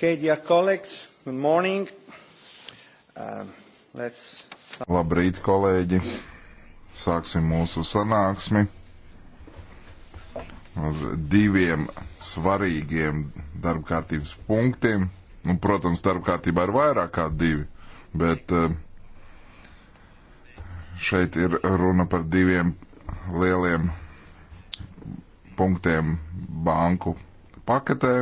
Okay, dear colleagues, good morning. Uh, let's... Labrīt, kolēģi! Sāksim mūsu sanāksmi ar diviem svarīgiem darbkārtības punktiem. Nu, protams, darbkārtībā ir vairāk kā divi, bet eh, šeit ir runa par diviem lieliem punktiem banku paketē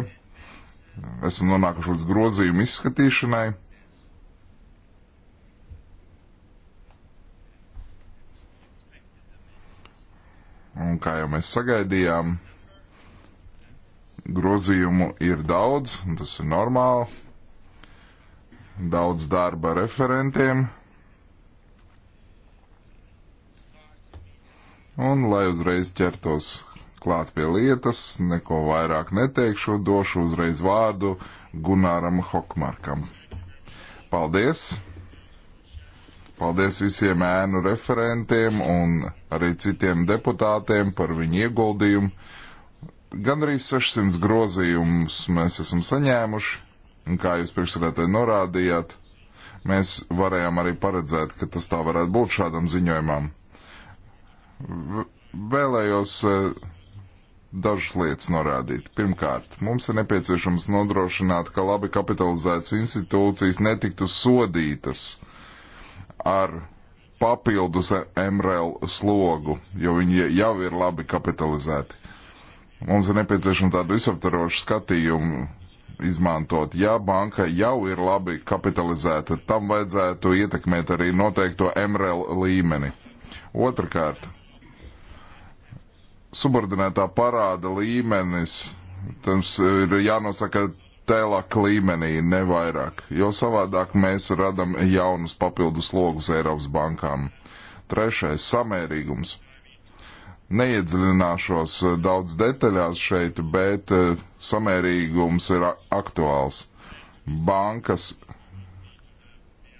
esam nonākuši līdz grozījumu izskatīšanai. Un kā jau mēs sagaidījām, grozījumu ir daudz, un tas ir normāli. Daudz darba referentiem. Un lai uzreiz ķertos klāt pie lietas, neko vairāk neteikšu, došu uzreiz vārdu Gunāram Hokmarkam. Paldies! Paldies visiem ēnu referentiem un arī citiem deputātiem par viņu ieguldījumu. Gan arī 600 grozījumus mēs esam saņēmuši, un kā jūs priekšsēdētāji norādījāt, mēs varējām arī paredzēt, ka tas tā varētu būt šādam ziņojumam. V vēlējos uh, dažas lietas norādīt. Pirmkārt, mums ir nepieciešams nodrošināt, ka labi kapitalizētas institūcijas netiktu sodītas ar papildus MRL slogu, jo viņi jau ir labi kapitalizēti. Mums ir nepieciešama tāda visaptaroša skatījuma izmantot. Ja banka jau ir labi kapitalizēta, tam vajadzētu ietekmēt arī noteikto MRL līmeni. Otrakārt, subordinētā parāda līmenis, tas ir jānosaka tēlāk līmenī, ne vairāk, jo savādāk mēs radam jaunus papildus logus Eiropas bankām. Trešais - samērīgums. Neiedziļināšos eh, daudz detaļās šeit, bet eh, samērīgums ir aktuāls. Bankas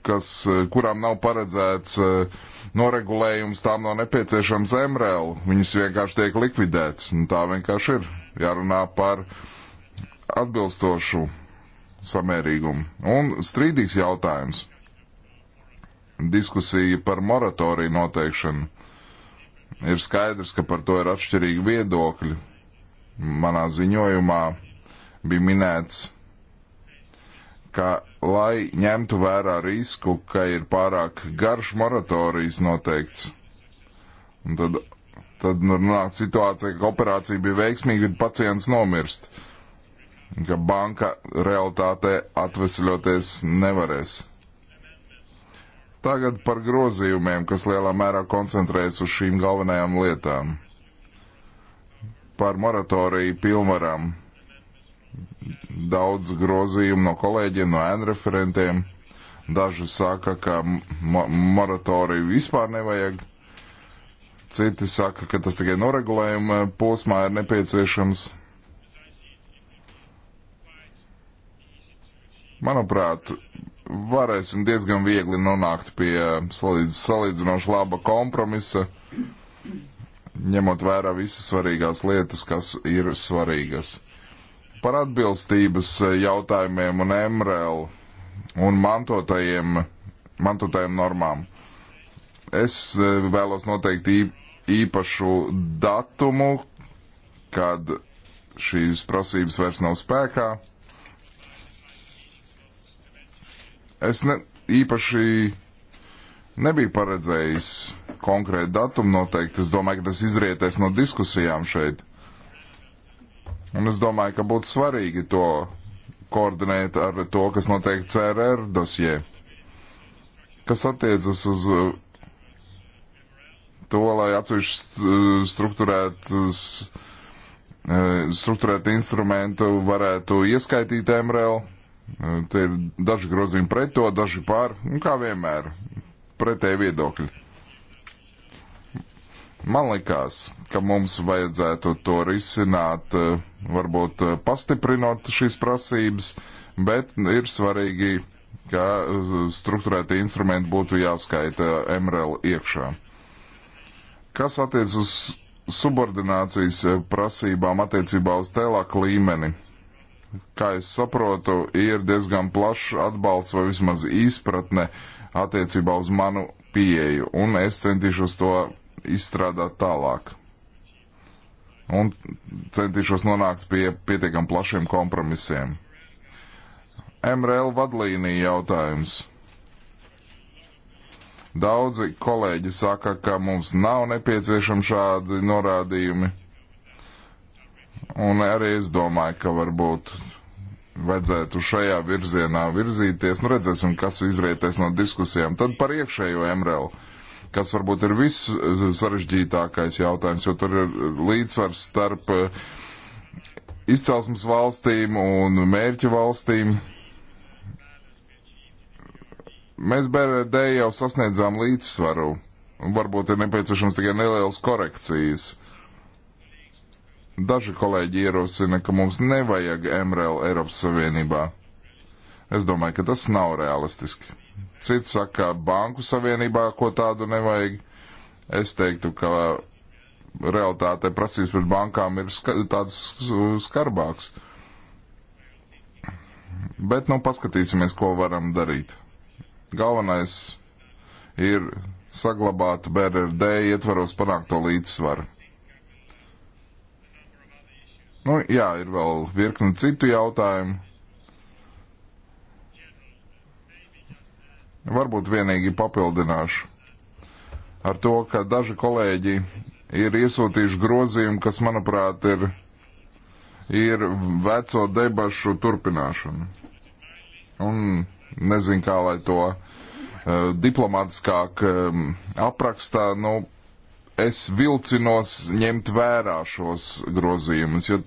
kas, eh, kurām nav paredzēts eh, noregulējums, tām nav nepieciešams MRL. Viņas vienkārši tiek likvidētas. Nu, tā vienkārši ir. Jārunā par atbilstošu samērīgumu. Un strīdīgs jautājums. Diskusija par moratoriju noteikšanu. Ir skaidrs, ka par to ir atšķirīgi viedokļi. Manā ziņojumā bija minēts ka, lai ņemtu vērā risku, ka ir pārāk garš moratorijas noteikts, un tad, tad nu, nāk situācija, ka operācija bija veiksmīga, bet pacients nomirst, ka banka realitātē atvesļoties nevarēs. Tagad par grozījumiem, kas lielā mērā koncentrējas uz šīm galvenajām lietām. Par moratoriju pilnvarām daudz grozījumu no kolēģiem, no ēnu referentiem. Daži saka, ka moratoriju vispār nevajag. Citi saka, ka tas tikai noregulējuma posmā ir nepieciešams. Manuprāt, varēsim diezgan viegli nonākt pie salīdz, salīdzinoši laba kompromisa, ņemot vērā visas svarīgās lietas, kas ir svarīgas. Par atbilstības eh, jautājumiem un MRL un mantotajiem, mantotajiem normām. Es eh, vēlos noteikt īpašu datumu, kad šīs prasības vairs nav spēkā. Es ne, īpaši nebiju paredzējis konkrētu datumu noteikti. Es domāju, ka tas izrietēs no diskusijām šeit. Un es domāju, ka būtu svarīgi to koordinēt ar to, kas notiek CRR dosjē. Kas attiecas uz uh, to, lai atsevišķi struktūrētas uh, struktūrēt uh, instrumentu varētu ieskaitīt MRL. Te ir daži grozījumi pret to, daži pār, un kā vienmēr, pretēji viedokļi. Man likās, ka mums vajadzētu to risināt, eh, varbūt eh, pastiprinot šīs prasības, bet ir svarīgi, ka eh, struktūrēti instrumenti būtu jāskaita MRL iekšā. Kas attiec uz subordinācijas prasībām attiecībā uz tēlāku līmeni? Kā es saprotu, ir diezgan plašs atbalsts vai vismaz izpratne attiecībā uz manu pieeju, un es centīšos to izstrādāt tālāk. Un centīšos nonākt pie pietiekam plašiem kompromisiem. MRL vadlīnija jautājums. Daudzi kolēģi saka, ka mums nav nepieciešami šādi norādījumi. Un arī es domāju, ka varbūt vajadzētu šajā virzienā virzīties. Nu, redzēsim, kas izrietēs no diskusijām. Tad par iekšējo MRL. Uh, kas varbūt ir viss sarežģītākais jautājums, jo tur ir līdzsvars starp eh, izcelsmes valstīm un mērķu valstīm. Mēs BRD jau sasniedzām līdzsvaru, un varbūt ir nepieciešams tikai nelielas korekcijas. Daži kolēģi ierosina, ka mums nevajag MRL Eiropas Savienībā. Es domāju, ka tas nav realistiski. Cits saka, banku savienībā ko tādu nevajag. Es teiktu, ka realitāte prasības pret bankām ir ska tāds skarbāks. Bet nu paskatīsimies, ko varam darīt. Galvenais ir saglabāt BRD ietvaros panākto līdzsvaru. Nu, jā, ir vēl virkni citu jautājumu, Varbūt vienīgi papildināšu ar to, ka daži kolēģi ir iesūtījuši grozījumu, kas, manuprāt, ir, ir veco debašu turpināšana. Un nezinu, kā lai to uh, diplomātiskāk um, aprakstā, nu, es vilcinos ņemt vērā šos grozījumus, jo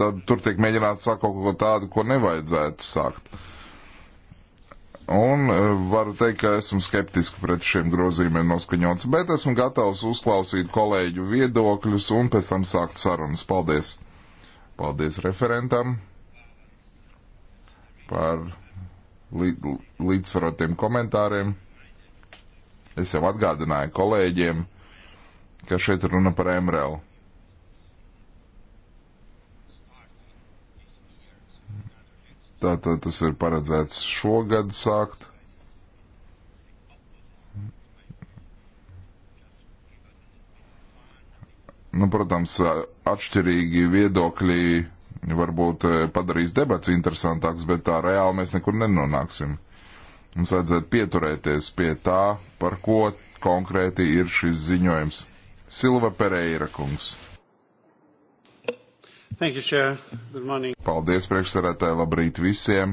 tad tur tiek mēģināts sākt kaut ko tādu, ko nevajadzētu sākt. Uh, Un e, varu teikt, ka esmu skeptiski pret šiem grozījumiem noskaņots, bet esmu gatavs uzklausīt kolēģu viedokļus un pēc tam sākt sarunas. Paldies! Paldies referentam par līdzsvarotiem komentāriem. Es jau atgādināju kolēģiem, ka šeit runa par MRL. Tātad tas ir paredzēts šogad sākt. Nu, protams, atšķirīgi viedokļi varbūt padarīs debats interesantāks, bet tā reāli mēs nekur nenonāksim. Mums vajadzētu pieturēties pie tā, par ko konkrēti ir šis ziņojums. Silva Pereira kungs. Thank you, Chair. Good morning. Paldies, priekšsarētāji. Labrīt visiem.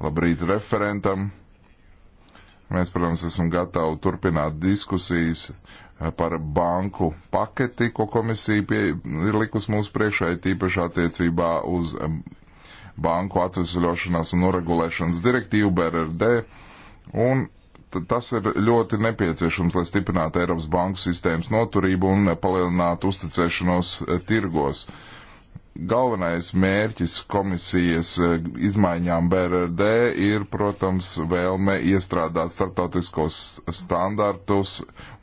Labrīt referentam. Mēs, protams, esam gatavi turpināt diskusijas par banku paketi, ko komisija pie, ir likus mūsu priekšā, tīpaši attiecībā uz um, banku atvesļošanās un noregulēšanas direktīvu BRRD. Un tas ir ļoti nepieciešams, lai stiprinātu Eiropas banku sistēmas noturību un palielinātu uzticēšanos eh, tirgos. Uh, Galvenais mērķis komisijas eh, izmaiņām BRD ir, protams, vēlme iestrādāt starptautiskos standartus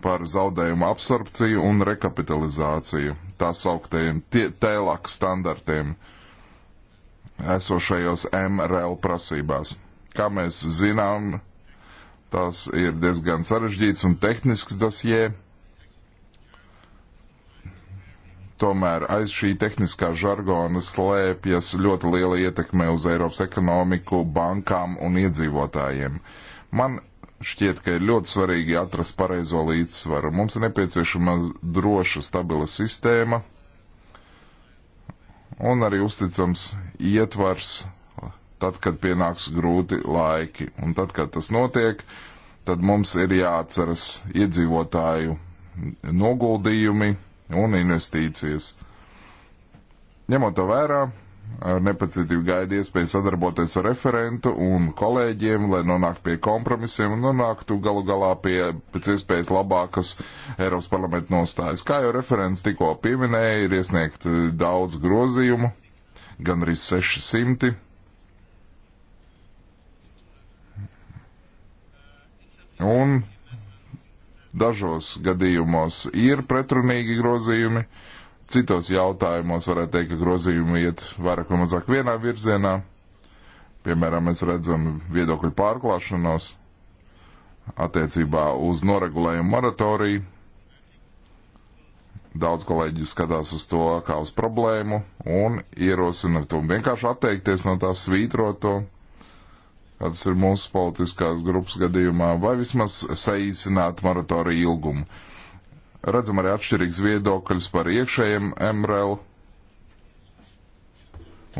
par zaudējumu absorpciju un rekapitalizāciju, tā sauktajiem tēlāk standartiem esošajos MRL prasībās. Kā mēs zinām, tas ir diezgan sarežģīts un tehnisks dosjē Tomēr aiz šī tehniskā žargona slēpjas ļoti liela ietekme uz Eiropas ekonomiku, bankām un iedzīvotājiem. Man šķiet, ka ir ļoti svarīgi atrast pareizo līdzsvaru. Mums ir nepieciešama droša, stabila sistēma un arī uzticams ietvars tad, kad pienāks grūti laiki. Un tad, kad tas notiek, tad mums ir jāatceras iedzīvotāju noguldījumi un investīcijas. Ņemot to vērā, ar nepacietību gaidu iespēju sadarboties ar referentu un kolēģiem, lai nonāktu pie kompromisiem un nonāktu galu galā pie pēc iespējas labākas Eiropas parlamenta nostājas. Kā jau referents tikko pieminēja, ir iesniegt eh, daudz grozījumu, gan arī 600. Un Dažos gadījumos ir pretrunīgi grozījumi, citos jautājumos varētu teikt, ka grozījumi iet vairāk vai mazāk vienā virzienā. Piemēram, mēs redzam viedokļu pārklāšanos attiecībā uz noregulējumu moratoriju. Daudz kolēģi skatās uz to kā uz problēmu un ierosina to vienkārši atteikties no tā svītroto kādas ir mūsu politiskās grupas gadījumā, vai vismaz saīsināt moratoriju ilgumu. Redzam arī atšķirīgs viedokļus par iekšējiem MRL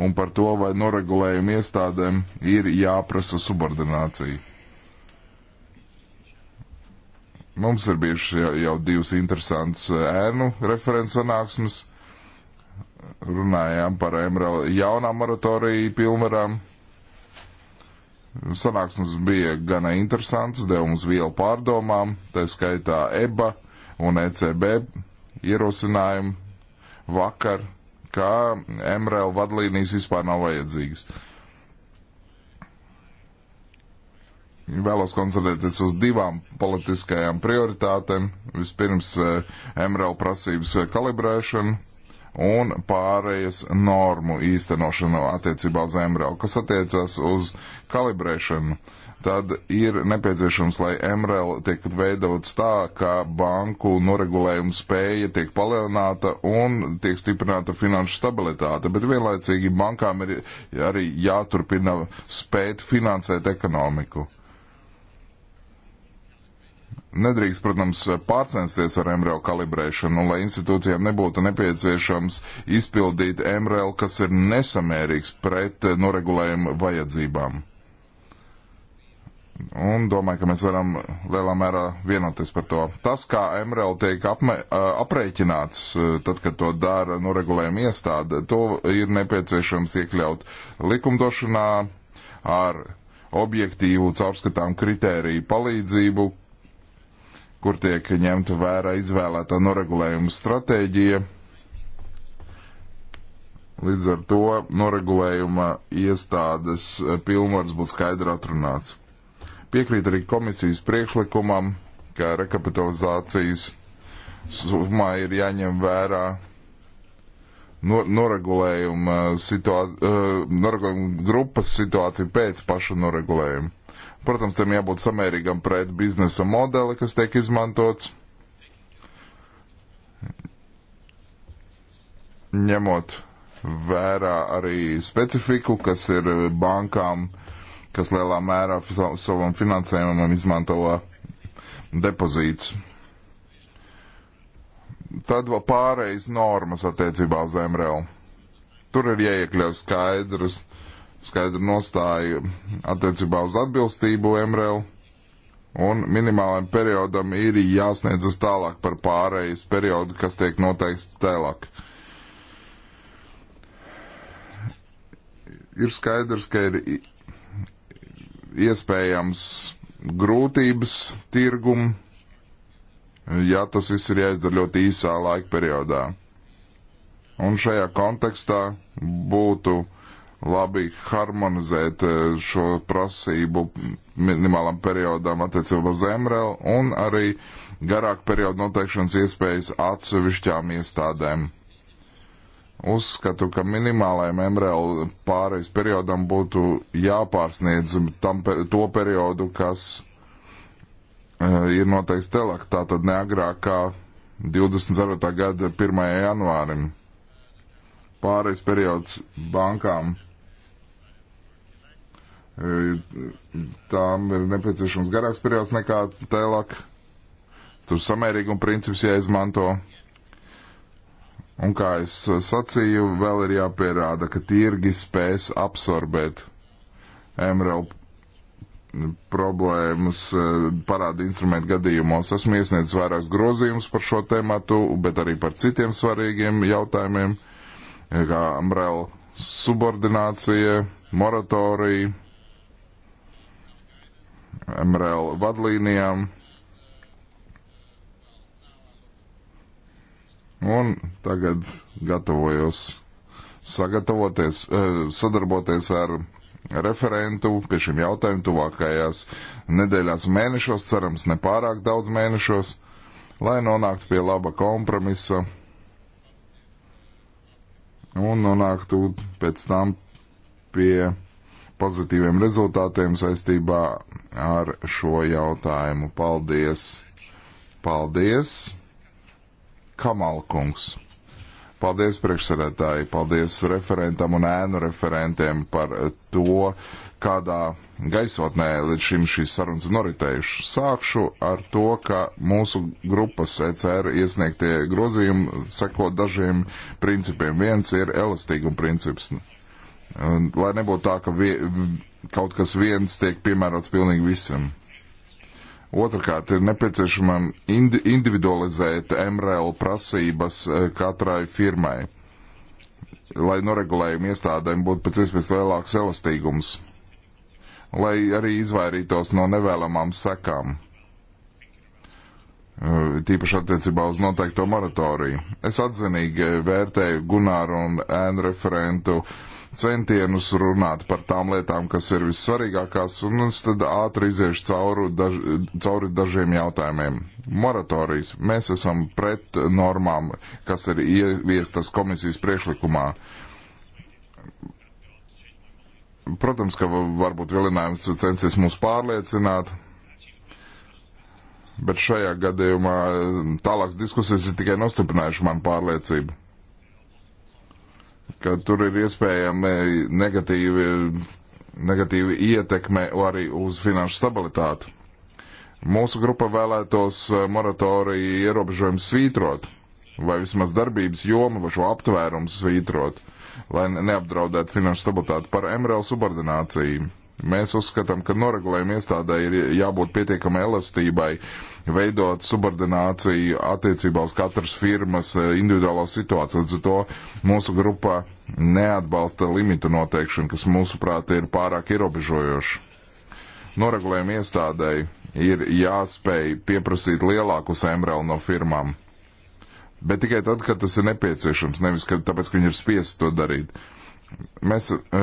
un par to, vai noregulējumu iestādēm ir jāprasa subordinācija. Mums ir bijuši jau divas interesantas ēnu referents sanāksmes. Runājām par MRL jaunām moratoriju pilnvarām Sanāksmes bija gana interesants, deva mums vielu pārdomām, tā skaitā EBA un ECB ierosinājumu vakar, ka MRL vadlīnijas vispār nav vajadzīgas. Vēlos koncentrēties uz divām politiskajām prioritātēm. Vispirms eh, MRL prasības kalibrēšana, un pārējas normu īstenošanu attiecībā uz MRL, kas attiecas uz kalibrēšanu. Tad ir nepieciešams, lai MRL tiek veidots tā, ka banku noregulējuma spēja tiek palielināta un tiek stiprināta finanšu stabilitāte, bet vienlaicīgi bankām ir arī jāturpina spēt finansēt ekonomiku. Nedrīkst, protams, pārcensties ar MRL kalibrēšanu, lai institūcijām nebūtu nepieciešams izpildīt MRL, kas ir nesamērīgs pret noregulējumu vajadzībām. Un domāju, ka mēs varam lielā mērā vienoties par to. Tas, kā MRL tiek apme, aprēķināts, tad, kad to dara noregulējuma iestāde, to ir nepieciešams iekļaut likumdošanā ar objektīvu, caurskatām kritēriju palīdzību, kur tiek ņemta vērā izvēlētā noregulējuma stratēģija. Līdz ar to noregulējuma iestādes pilnvars būtu skaidri atrunāts. Piekrīt arī komisijas priekšlikumam, ka rekapitalizācijas summā ir jāņem vērā noregulējuma, situā, eh, noregulējuma grupas situācija pēc paša noregulējuma. Protams, tam jābūt samērīgam pret biznesa modeli, kas tiek izmantots. Ņemot vērā arī specifiku, kas ir bankām, kas lielā mērā savam finansējumam izmanto depozīts. Tad vēl pārējais normas attiecībā uz MRL. Tur ir jāiekļaus skaidrs skaidru nostāju attiecībā uz atbilstību MRL, un minimālajam periodam ir jāsniedzas tālāk par pārējais periodu, kas tiek noteikts tālāk. Ir skaidrs, ka ir iespējams grūtības tirgumu, ja tas viss ir jāizdara ļoti īsā laika periodā. Un šajā kontekstā būtu labi harmonizēt eh, šo prasību minimālam periodam attiecībā uz MRL un arī garāku periodu noteikšanas iespējas atsevišķām iestādēm. Uzskatu, ka minimālajam MRL pārejas periodam būtu jāpārsniedz tam, to periodu, kas uh, ir noteikts telak, tātad neagrāk kā 24. gada 1. janvārim. Pārejas periods bankām Tām ir nepieciešams garāks periods nekā tēlāk. Tur samērīguma princips jāizmanto. Un kā es sacīju, vēl ir jāpierāda, ka tirgi spēs absorbēt MRL problēmas parāda instrumentu gadījumos. Esmu iesniedzis vairākus grozījumus par šo tēmatu, bet arī par citiem svarīgiem jautājumiem, kā MRL subordinācija, moratorija MRL vadlīnijām. Un tagad gatavojos sagatavoties, eh, sadarboties ar referentu pie šiem jautājumiem tuvākajās nedēļās mēnešos, cerams, nepārāk daudz mēnešos, lai nonāktu pie laba kompromisa un nonāktu pēc tam pie pozitīviem rezultātiem saistībā ar šo jautājumu. Paldies! Paldies! Kamalkungs! Paldies priekšsarētāji, paldies referentam un ēnu referentiem par to, kādā gaisotnē līdz šim šīs sarunas noritējuši. Sākšu ar to, ka mūsu grupas ECR iesniegtie grozījumi seko dažiem principiem. Viens ir elastīguma princips Lai nebūtu tā, ka vie, kaut kas viens tiek piemērots pilnīgi visam. Otrakārt, ir nepieciešama indi individualizēt MRL prasības eh, katrai firmai, lai noregulējuma iestādēm būtu pēc iespējas lielāks elastīgums, lai arī izvairītos no nevēlamām sekām eh, tīpaši attiecībā uz noteikto moratoriju. Es atzinīgi vērtēju Gunāru un ēnu referentu centienus runāt par tām lietām, kas ir vissvarīgākās, un es tad ātri iziešu cauri, daž, cauri dažiem jautājumiem. Moratorijas. Mēs esam pret normām, kas ir ieviestas komisijas priekšlikumā. Protams, ka varbūt vilinājums censties mūs pārliecināt, bet šajā gadījumā eh, tālākas diskusijas ir tikai nostiprinājuši manu pārliecību ka tur ir iespējama negatīva, negatīva ietekme arī uz finanšu stabilitāti. Mūsu grupa vēlētos eh, moratoriju ierobežojumu svītrot, vai vismaz darbības jomu vai šo aptvērumu svītrot, lai neapdraudētu finanšu stabilitāti par MRL subordināciju. Mēs uzskatām, ka noregulējuma iestādē ir jābūt pietiekamai elastībai, veidot subordināciju attiecībā uz katras firmas eh, individuālo situāciju. Līdz ar to mūsu grupā neatbalsta limitu noteikšanu, kas mūsuprāt ir pārāk ierobežojoši. Noregulējuma iestādēji ir jāspēj pieprasīt lielākus MRL no firmām. Bet tikai tad, kad tas ir nepieciešams, nevis kad, tāpēc, ka viņi ir spiesti to darīt. Uh, Mēs eh,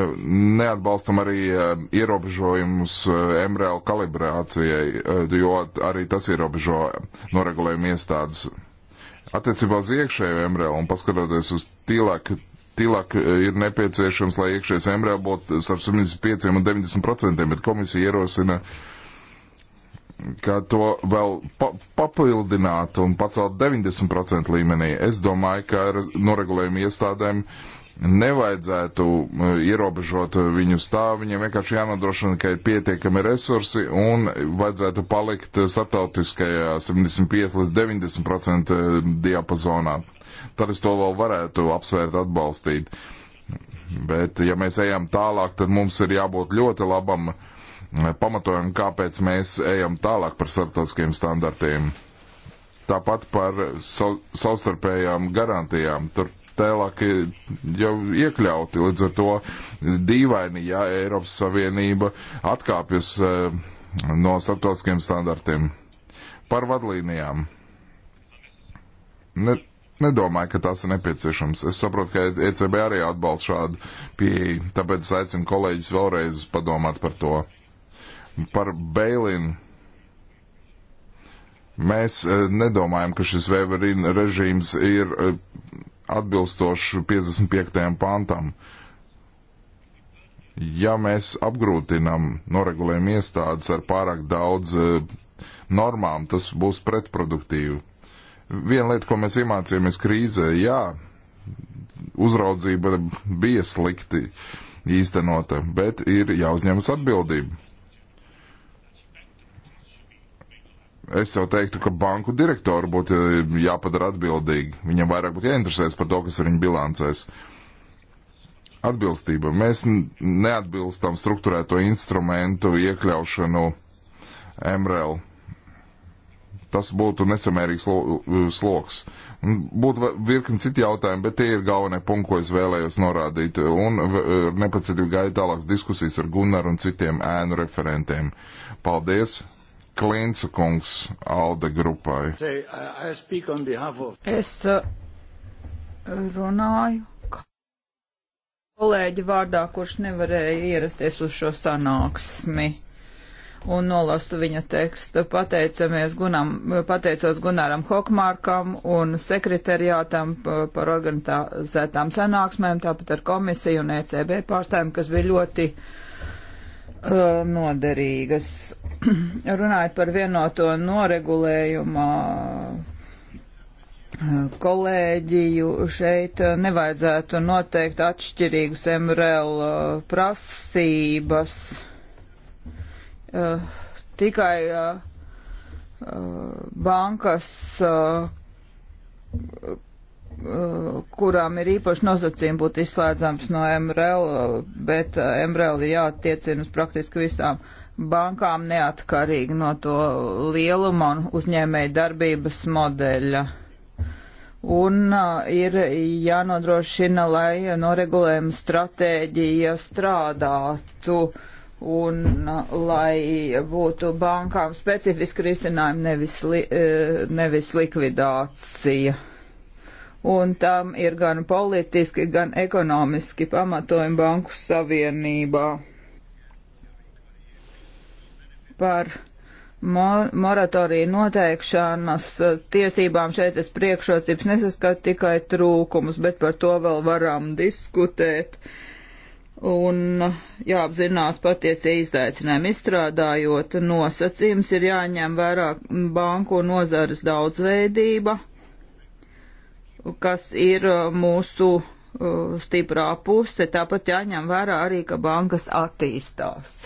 neatbalstam arī eh, ierobežojumus eh, MRL kalibrācijai, jo arī tas ierobežo noregulējumu iestādes. Attiecībā uz iekšējo MRL un paskatoties uz tīlāku Tīlāk ir nepieciešams, lai iekšējais MRL būtu starp 75 un 90 procentiem, bet komisija ierosina, ka to vēl pa papildināt un pacelt 90 procentu līmenī. Es domāju, ka ar noregulējumu iestādēm uh, nevajadzētu uh, ierobežot uh, viņu stāvu, viņiem vienkārši jānodrošina, ka ir pietiekami resursi un vajadzētu palikt uh, starptautiskajā 75 līdz 90% diapazonā. Tad es to vēl varētu apsvērt atbalstīt. Bet, ja mēs ejam tālāk, tad mums ir jābūt ļoti labam pamatojumam, kāpēc mēs ejam tālāk par starptautiskiem standartiem. Tāpat par savstarpējām garantijām. Tur tēlāk eh, jau iekļauti. Līdz ar to dīvaini, ja Eiropas Savienība atkāpjas eh, no starptautiskiem standartiem par vadlīnijām. Ne, nedomāju, ka tās ir nepieciešams. Es saprotu, ka ECB arī atbalsta šādu pieeju, tāpēc es aicinu kolēģis vēlreiz padomāt par to. Par Bēlinu. Mēs eh, nedomājam, ka šis Weverina režīms ir atbilstoši 55. pantam. Ja mēs apgrūtinam noregulējumu iestādes ar pārāk daudz e, normām, tas būs pretproduktīvi. Viena lieta, ko mēs iemācījāmies krīzē, jā, uzraudzība bija slikti īstenota, bet ir jāuzņemas atbildība. Es jau teiktu, ka banku direktoru būtu eh, jāpadara atbildīgi. Viņam vairāk būtu jāinteresēs par to, kas ir viņa bilancēs. Atbilstība. Mēs neatbilstam struktūrēto instrumentu iekļaušanu MRL. Tas būtu nesamērīgs sloks. Būtu virkni citi jautājumi, bet tie ir galvenie punkti, ko es vēlējos norādīt. Un nepacietību gaida tālākas diskusijas ar Gunnaru un citiem ēnu referentiem. Paldies! Klīnca kungs Alde grupai. Es uh, runāju kolēģi vārdā, kurš nevarēja ierasties uz šo sanāksmi un nolasu viņa tekstu. Pateicamies Gunam, pateicos Gunaram Hokmārkam un sekretariātam par organizētām sanāksmēm, tāpat ar komisiju un ECB pārstāvjiem, kas bija ļoti uh, Uh, noderīgas. Runājot par vienoto noregulējumu uh, kolēģiju, šeit uh, nevajadzētu noteikt atšķirīgus MRL prasības. Tikai bankas Uh, kurām ir īpaši nosacījumi būt izslēdzams no MRL, bet uh, MRL ir jātiecina uz praktiski visām bankām neatkarīgi no to lieluma un uzņēmēja darbības modeļa. Un uh, ir jānodrošina, lai noregulējuma stratēģija strādātu un uh, lai būtu bankām specifiski risinājumi, nevis, li, uh, nevis likvidācija un tam ir gan politiski, gan ekonomiski pamatojumi Banku Savienībā. Par moratoriju noteikšanas eh, tiesībām šeit es priekšrocības nesaskatu tikai trūkumus, bet par to vēl varam diskutēt. Un eh, jāapzinās patiesie izaicinājumi izstrādājot nosacījums, ir jāņem vērā banku nozares daudzveidība kas ir uh, mūsu uh, stiprā puse. Tāpat jāņem vērā arī, ka bankas attīstās.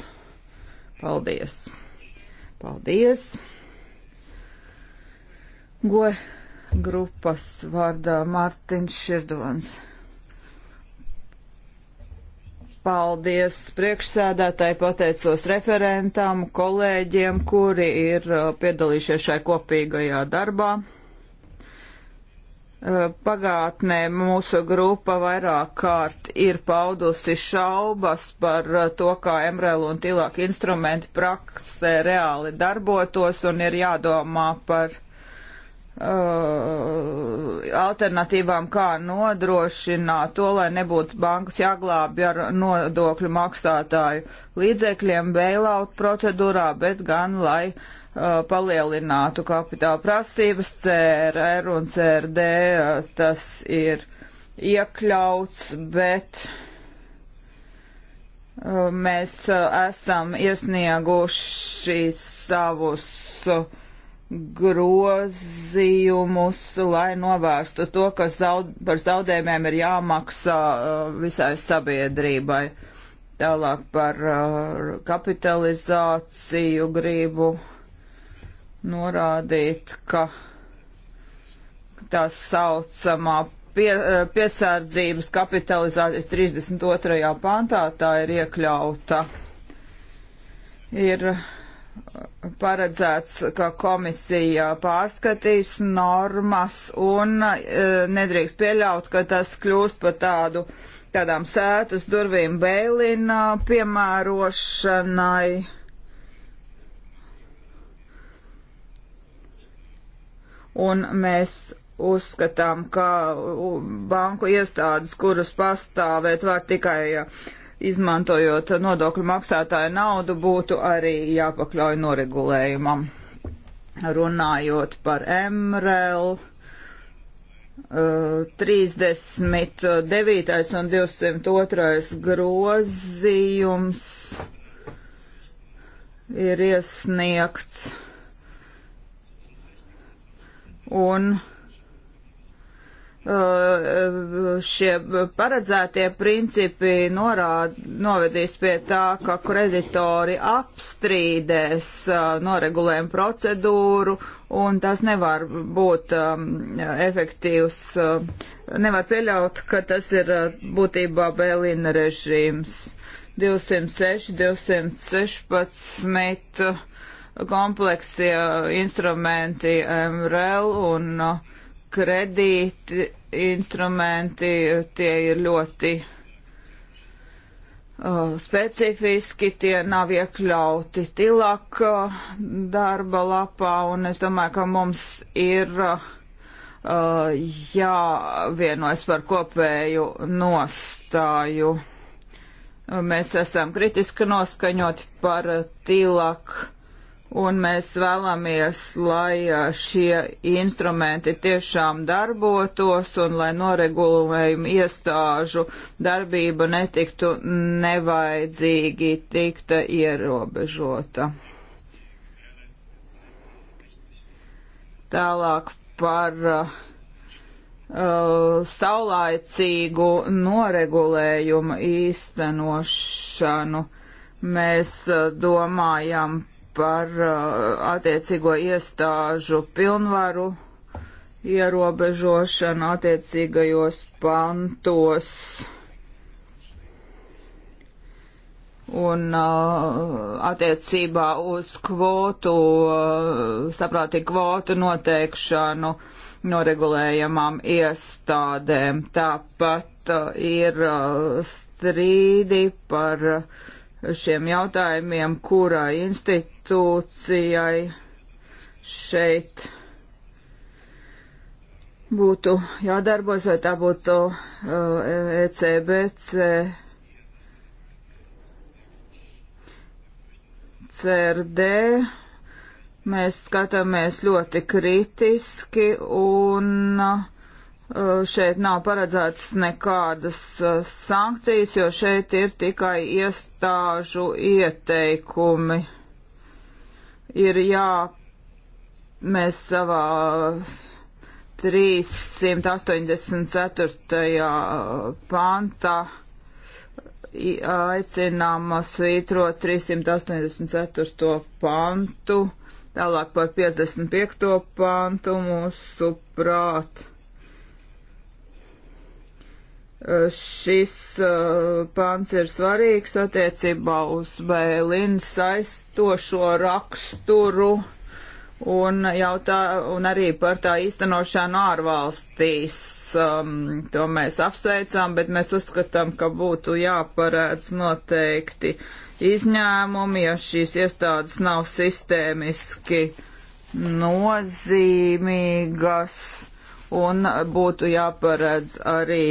Paldies! Paldies! Go grupas vārdā Mārtiņš Širdvans. Paldies priekšsēdētāji, pateicos referentam, kolēģiem, kuri ir uh, piedalījušies šai kopīgajā darbā. Eh, pagātnē mūsu grupa vairāk kārt ir paudusi šaubas par eh, to, kā MRL un tilāk instrumenti praksē reāli darbotos un ir jādomā par Uh, alternatīvām, kā nodrošināt to, lai nebūtu bankas jāglābj ar nodokļu maksātāju līdzekļiem bailout procedūrā, bet gan lai uh, palielinātu kapitāla prasības CRR un CRD, uh, tas ir iekļauts, bet uh, mēs uh, esam iesnieguši savus uh, grozījumus, lai novērstu to, ka zaud, par zaudējumiem ir jāmaksā uh, visai sabiedrībai. Tālāk par uh, kapitalizāciju gribu norādīt, ka tā saucamā pie, uh, piesārdzības kapitalizācijas 32. pantā tā ir iekļauta. Ir uh, paredzēts, ka komisija pārskatīs normas un e, nedrīkst pieļaut, ka tas kļūst par tādu tādām sētas durvīm bēlina piemērošanai. Un mēs uzskatām, ka banku iestādes, kuras pastāvēt var tikai e, izmantojot nodokļu maksātāju naudu, būtu arī jāpakļauj noregulējumam. Runājot par MRL, 39. Eh, un 202. grozījums ir iesniegts un Uh, šie paredzētie principi norād, novedīs pie tā, ka kreditori apstrīdēs uh, noregulējumu procedūru, un tas nevar būt um, efektīvs. Uh, nevar pieļaut, ka tas ir būtībā Bēlina režīms 206, 216 kompleksie instrumenti MRL un uh, kredīti, instrumenti, tie ir ļoti uh, specifiski, tie nav iekļauti tilāk uh, darba lapā, un es domāju, ka mums ir uh, jāvienojas par kopēju nostāju. Mēs esam kritiski noskaņoti par tilāk un mēs vēlamies, lai šie instrumenti tiešām darbotos un lai noregulējumu iestāžu darbība netiktu nevajadzīgi tikta ierobežota. Tālāk par uh, saulaicīgu noregulējumu īstenošanu mēs uh, domājam par uh, attiecīgo iestāžu pilnvaru ierobežošanu attiecīgajos pantos. Un uh, attiecībā uz kvotu, uh, saprātīgi kvotu noteikšanu noregulējamām iestādēm. Tāpat uh, ir uh, strīdi par uh, šiem jautājumiem, kura institūcija institūcijai šeit būtu jādarbojas, vai tā būtu uh, ECBC, CRD. Mēs skatāmies ļoti kritiski un uh, šeit nav paredzētas nekādas uh, sankcijas, jo šeit ir tikai iestāžu ieteikumi ir jā, mēs savā 384. pantā aicinām svītrot 384. pantu, tālāk par 55. pantu mūsu prātu šis uh, pāns ir svarīgs attiecībā uz Bēlina saistošo raksturu un, jautā, un arī par tā īstenošanu ārvalstīs. Um, to mēs apsveicām, bet mēs uzskatām, ka būtu jāparēdz noteikti izņēmumi, ja šīs iestādes nav sistēmiski nozīmīgas un būtu jāparedz arī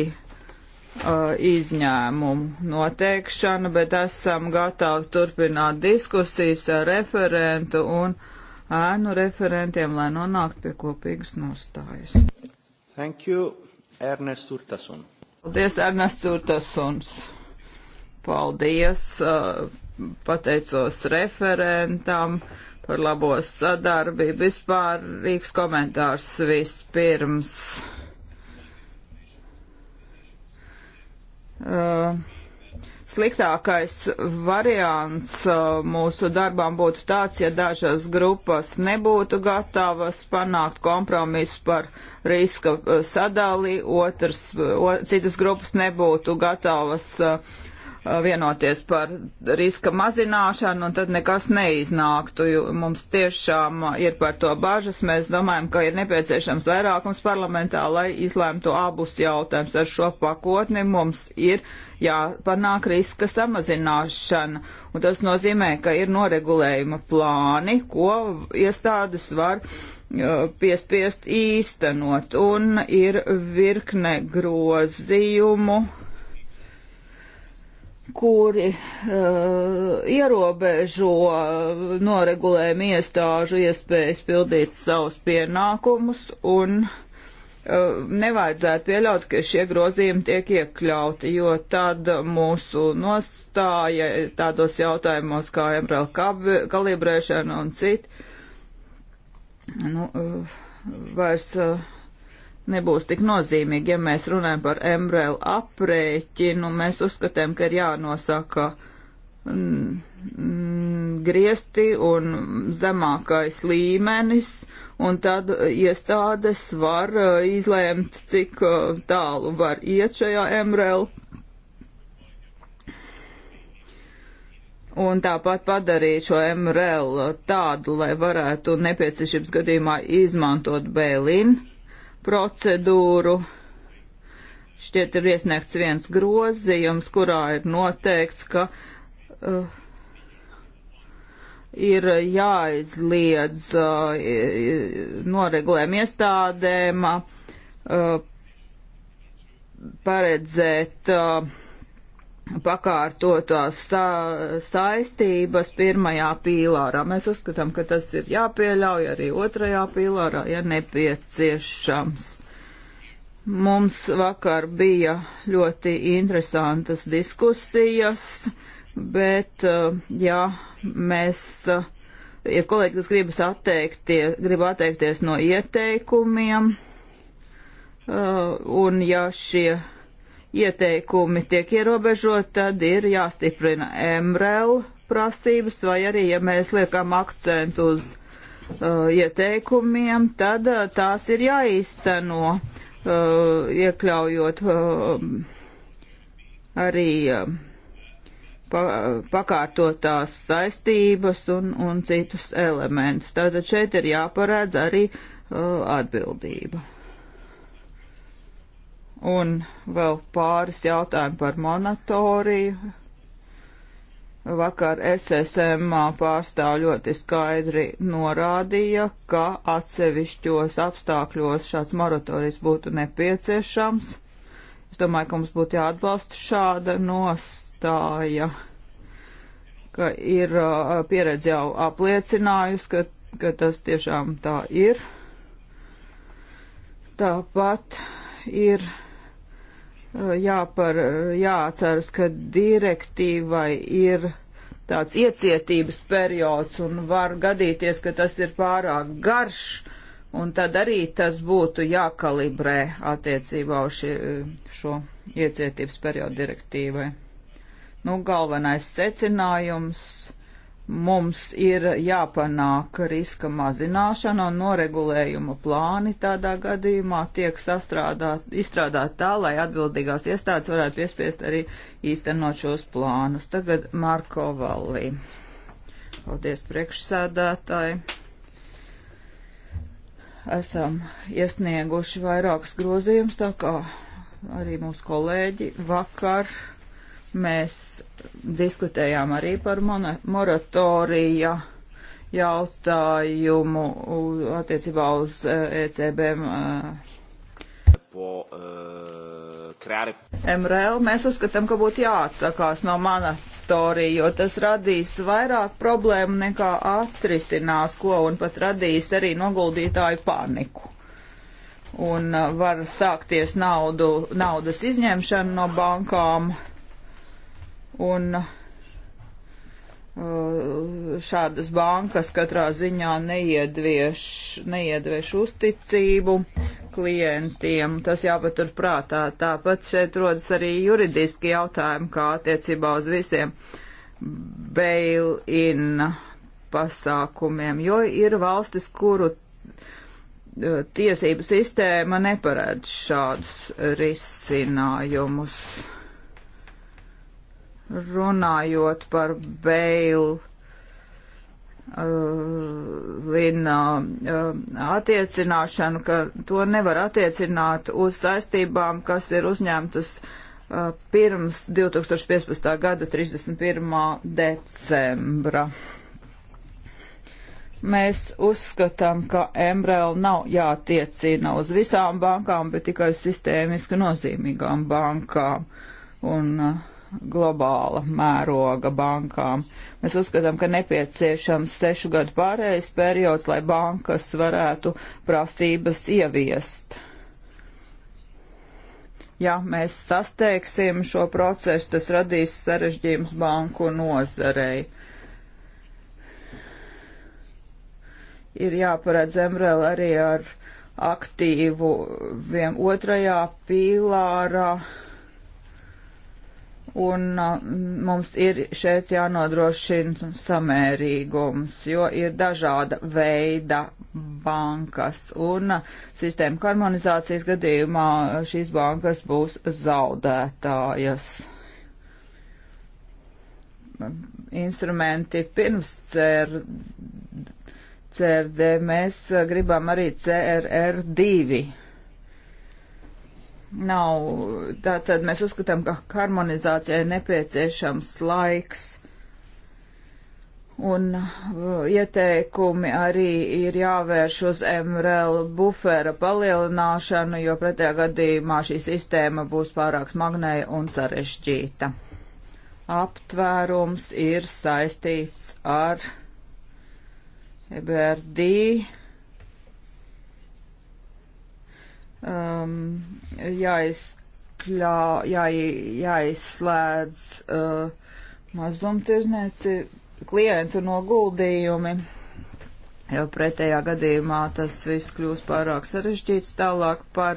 Uh, izņēmumu noteikšanu, bet esam gatavi turpināt diskusijas ar referentu un ēnu referentiem, lai nonāktu pie kopīgas nostājas. Thank you, Ernest Urtasun. Paldies, Ernest Urtasuns. Paldies, uh, pateicos referentam par labo sadarbību. Vispār rīks komentārs vispirms. Uh, sliktākais variants eh, mūsu darbām būtu tāds, ja dažas grupas nebūtu gatavas panākt kompromisu par riska eh, sadali, otrs, citas grupas nebūtu gatavas uh, vienoties par riska mazināšanu, un tad nekas neiznāktu. Mums tiešām ir par to bažas. Mēs domājam, ka ir nepieciešams vairākums parlamentā, lai izlēmtu abus jautājumus ar šo pakotni. Mums ir jāpanāk riska samazināšana, un tas nozīmē, ka ir noregulējuma plāni, ko iestādes var uh, piespiest īstenot, un ir virkne grozījumu kuri uh, ierobežo eh, noregulējumu iestāžu iespējas pildīt savus pienākumus un uh, nevajadzētu pieļaut, ka šie grozījumi tiek iekļauti, jo tad mūsu nostāja tādos jautājumos kā MRL kalibrēšana un citi nu, uh, vairs uh, nebūs tik nozīmīgi. Ja mēs runājam par MRL aprēķinu, mēs uzskatām, ka ir jānosaka mm, mm, griesti un zemākais līmenis, un tad iestādes var uh, izlēmt, cik uh, tālu var iet šajā MRL. un tāpat padarīt šo MRL tādu, lai varētu nepieciešams gadījumā izmantot Bēlinu procedūru. Šķiet ir iesniegts viens grozījums, kurā ir noteikts, ka uh, ir jāizliedz uh, noreglēm iestādēm uh, paredzēt uh, pakārtotās sa saistības pirmajā pīlārā. Mēs uzskatām, ka tas ir jāpieļauj arī otrajā pīlārā, ja nepieciešams. Mums vakar bija ļoti interesantas diskusijas, bet, eh, ja mēs ir eh, kolēģi, kas gribas atteikties, grib atteikties no ieteikumiem, eh, un ja šie ieteikumi tiek ierobežot, tad ir jāstiprina MRL prasības, vai arī, ja mēs liekam akcentu uz uh, ieteikumiem, tad uh, tās ir jāīsteno, uh, iekļaujot uh, arī uh, pa, pakārtotās saistības un, un citus elementus. Tātad šeit ir jāparedz arī uh, atbildība. Un vēl pāris jautājumi par monitoriju. Vakar SSM pārstāv ļoti skaidri norādīja, ka atsevišķos apstākļos šāds moratorijas būtu nepieciešams. Es domāju, ka mums būtu jāatbalsta šāda nostāja, ka ir uh, pieredze jau apliecinājusi, ka, ka tas tiešām tā ir. Tāpat ir jāpar, jāatceras, ka direktīvai ir tāds iecietības periods un var gadīties, ka tas ir pārāk garš, un tad arī tas būtu jākalibrē attiecībā uz šie, šo iecietības periodu direktīvai. Nu, galvenais secinājums Mums ir jāpanāk riska mazināšana un noregulējuma plāni tādā gadījumā tiek sastrādāt, izstrādāt tā, lai atbildīgās iestādes varētu piespiest arī īstenot šos plānus. Tagad Marko Valī. Paldies priekšsēdētāji esam iesnieguši vairākus grozījumus, tā kā arī mūsu kolēģi vakar Mēs diskutējām arī par moratorija jautājumu attiecībā uz ECB. E MRL e. e, mēs uzskatām, ka būtu jāatsakās no moratorija, jo tas radīs vairāk problēmu nekā atrisinās ko un pat radīs arī noguldītāju paniku un var sākties naudu, naudas izņemšana no bankām un uh, šādas bankas katrā ziņā neiedvieš, neiedvieš uzticību klientiem. Tas jāpatur prātā. Tāpat šeit rodas arī juridiski jautājumi, kā attiecībā uz visiem bail-in pasākumiem, jo ir valstis, kuru uh, tiesību sistēma neparedz šādus risinājumus. Runājot par beilu uh, līna uh, uh, attiecināšanu, ka to nevar attiecināt uz saistībām, kas ir uzņemtas pirms 2015. gada 31. decembra. Mēs uzskatām, ka MRL nav jātiecina uz visām bankām, bet tikai uz sistēmiski nozīmīgām bankām. Un uh, globāla mēroga bankām. Mēs uzskatām, ka nepieciešams sešu gadu pārējais periods, lai bankas varētu prasības ieviest. Ja mēs sasteigsim šo procesu, tas radīs sarežģījums banku nozarei. Ir jāparedz MRL arī ar aktīvu viem otrajā pīlārā un mums ir šeit jānodrošina samērīgums, jo ir dažāda veida bankas, un sistēma harmonizācijas gadījumā šīs bankas būs zaudētājas. Instrumenti pirms CR, CRD mēs gribam arī CRR2 nav. Tātad mēs uzskatām, ka harmonizācijai nepieciešams laiks. Un uh, ieteikumi arī ir jāvērš uz MRL bufera palielināšanu, jo pretējā gadījumā šī sistēma būs pārāk smagnēja un sarežģīta. Aptvērums ir saistīts ar EBRD um, jāizkļā, jā, jāizslēdz uh, mazumtirznieci klientu noguldījumi, jo pretējā gadījumā tas viss kļūs pārāk sarežģīts tālāk par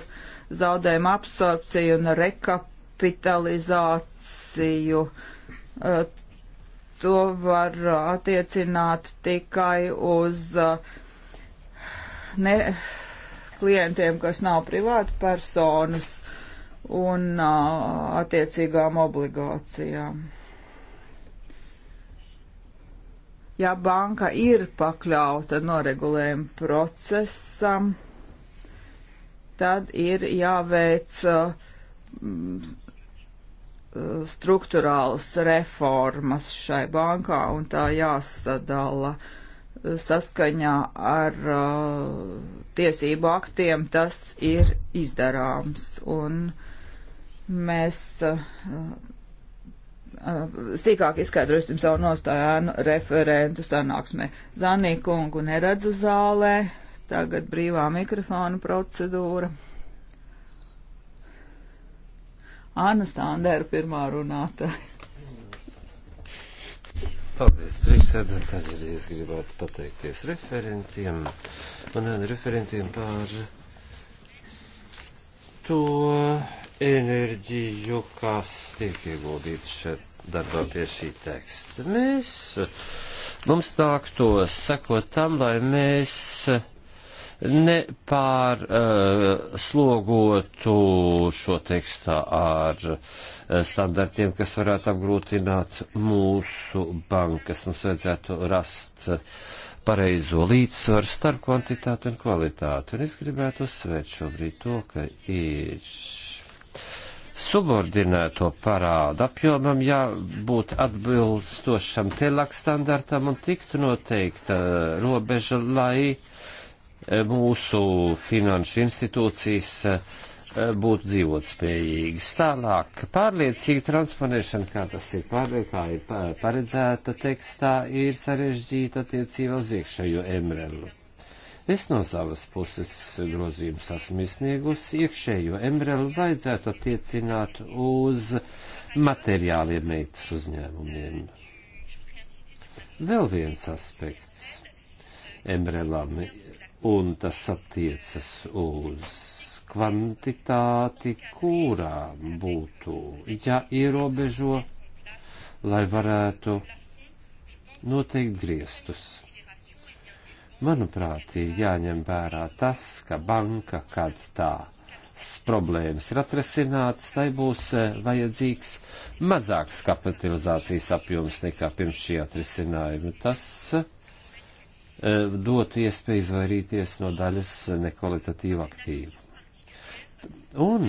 zaudējumu absorpciju un rekapitalizāciju. Uh, to var attiecināt tikai uz uh, ne, klientiem, kas nav privāti personas un attiecīgām obligācijām. Ja banka ir pakļauta noregulējuma procesam, tad ir jāveic struktūrāls reformas šai bankā un tā jāsadala uh, saskaņā ar uh, tiesību aktiem tas ir izdarāms. Un mēs uh, uh, sīkāk izskaidrosim savu nostāju referentu sanāksmē. Zanī kungu neredzu zālē, tagad brīvā mikrofona procedūra. Anna Sandēra pirmā runātāja. Paldies, priekšsēdētāji, arī es gribētu pateikties referentiem, maniem referentiem par to enerģiju, kas tiek ieguldīts šeit darbā pie šī teksta. Mēs, mums nāktos sekot tam, lai mēs nepārslogotu uh, šo tekstu ar eh, standartiem, kas varētu apgrūtināt mūsu bankas. Mums vajadzētu rast pareizo līdzsvaru starp kvantitāti un kvalitāti. Un es gribētu uzsvērt šobrīd to, ka ir subordinēto parādu apjomam jābūt atbilstošam telak standartam un tiktu noteikta eh, robeža, lai uh, mūsu finanšu institūcijas eh, būtu dzīvotspējīgas. Tālāk, pārliecīga transponēšana, kā tas ir, pārliec, kā ir paredzēta tekstā, ir sarežģīta attiecībā uz iekšējo emrelu. Es no savas puses grozījumus esmu izsniegusi, iekšējo emrelu vajadzētu attiecināt uz materiāliem meitas uzņēmumiem. Vēl viens aspekts. Emrelam un tas attiecas uz kvantitāti, kurā būtu jāierobežo, ja lai varētu noteikt griestus. Manuprāt, ir jāņem vērā tas, ka banka, kad tā problēmas ir atrasinātas, tai būs eh, vajadzīgs mazāks kapitalizācijas apjoms nekā pirms šī atrisinājuma. Tas Eh, dotu iespēju izvairīties no daļas nekvalitatīvu aktīvu. Un,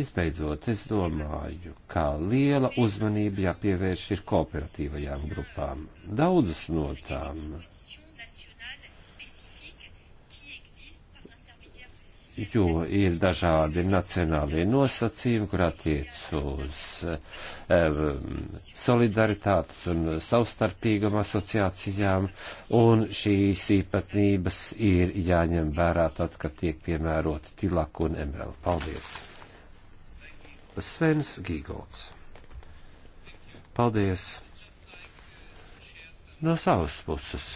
visbeidzot, es domāju, ka liela uzmanība jāpievērš ir kooperatīvajām grupām. Daudzas no tām jo ir dažādi nacionālie nosacījumi, kur attiec uz um, solidaritātes un savstarpīguma asociācijām, un šīs īpatnības ir jāņem vērā tad, kad tiek piemēroti Tilak un Emrel. Paldies! Svens Gīgolds. Paldies! No savas puses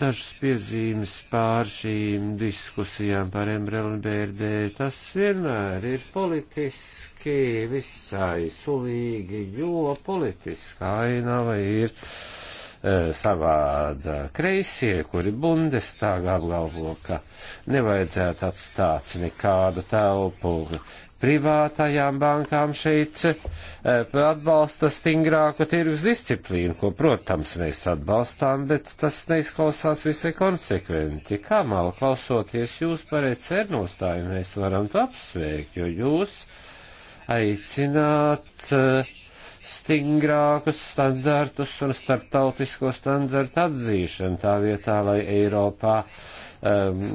dažas piezīmes pār šīm diskusijām par MRL un BRD. Tas vienmēr ir politiski visai sulīgi, jo politiskā ainava ir. Uh, Eh, savāda kreisie, kuri bundestāgā apgalvo, ka nevajadzētu atstāt nekādu telpu privātajām bankām šeit eh, atbalsta stingrāku tirgus disciplīnu, ko, protams, mēs atbalstām, bet tas neizklausās visai konsekventi. Kā mal klausoties jūs par ECR nostāju, mēs varam to apsveikt, jo jūs aicināt uh, stingrākus standartus un starptautisko standartu atzīšanu tā vietā, lai Eiropā um,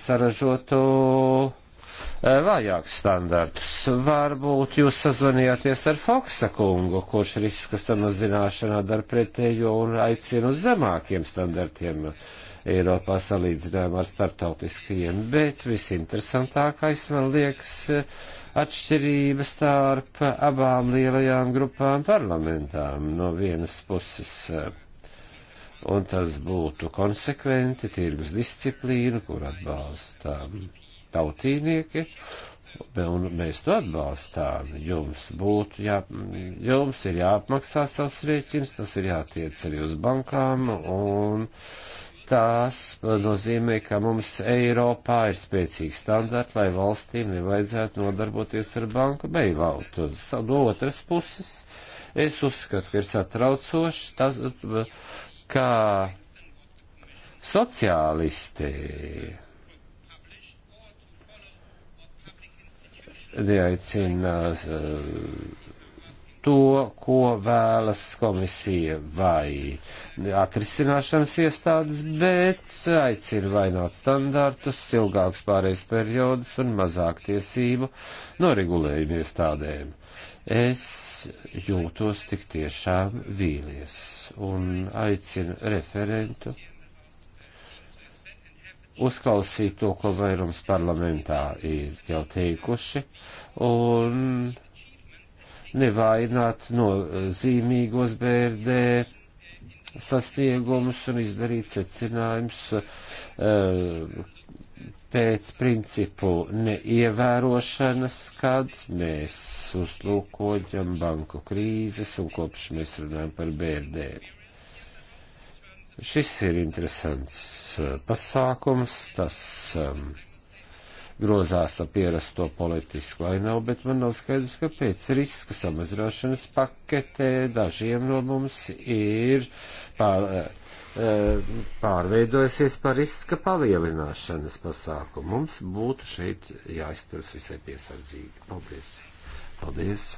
saražotu uh, vājākus standartus. Varbūt jūs sazvanījāties ar Foksa kungu, kurš risku samazināšanā dar pretējo un aicina uz zemākiem standartiem. Uh, Eiropā salīdzinājumā ar starptautiskajiem, bet visinteresantākais, man liekas, atšķirība starp abām lielajām grupām parlamentām no vienas puses. Un tas būtu konsekventi tirgus disciplīnu, kur atbalstām tautīnieki, un mēs to atbalstām. Jums būtu, jā, jums ir jāapmaksā savs rēķins, tas ir jātiec arī uz bankām, un tās nozīmē, ka mums Eiropā ir spēcīgi standarti, lai valstīm nevajadzētu nodarboties ar banku beilautu. No otras puses, es uzskatu, ka ir satraucoši tas, kā sociālisti neaicina uh, to, ko vēlas komisija vai atrisināšanas iestādes, bet aicina vainot standartus, ilgākus pārējais periodus un mazāk tiesību no regulējuma iestādēm. Es jūtos tik tiešām vīlies un aicinu referentu uzklausīt to, ko vairums parlamentā ir jau teikuši, un nevainot nozīmīgos BRD sasniegumus un izdarīt secinājumus eh, pēc principu neievērošanas, kad mēs uzlūkojam banku krīzes un kopš mēs runājam par BRD. Šis ir interesants eh, pasākums, tas um, grozās ap ierasto politisku ainavu, bet man nav skaidrs, kāpēc riska samazināšanas paketē dažiem no mums ir pār, eh, pārveidojusies par riska palielināšanas pasākumu. Mums būtu šeit jāizturas visai piesardzīgi. Paldies! Paldies!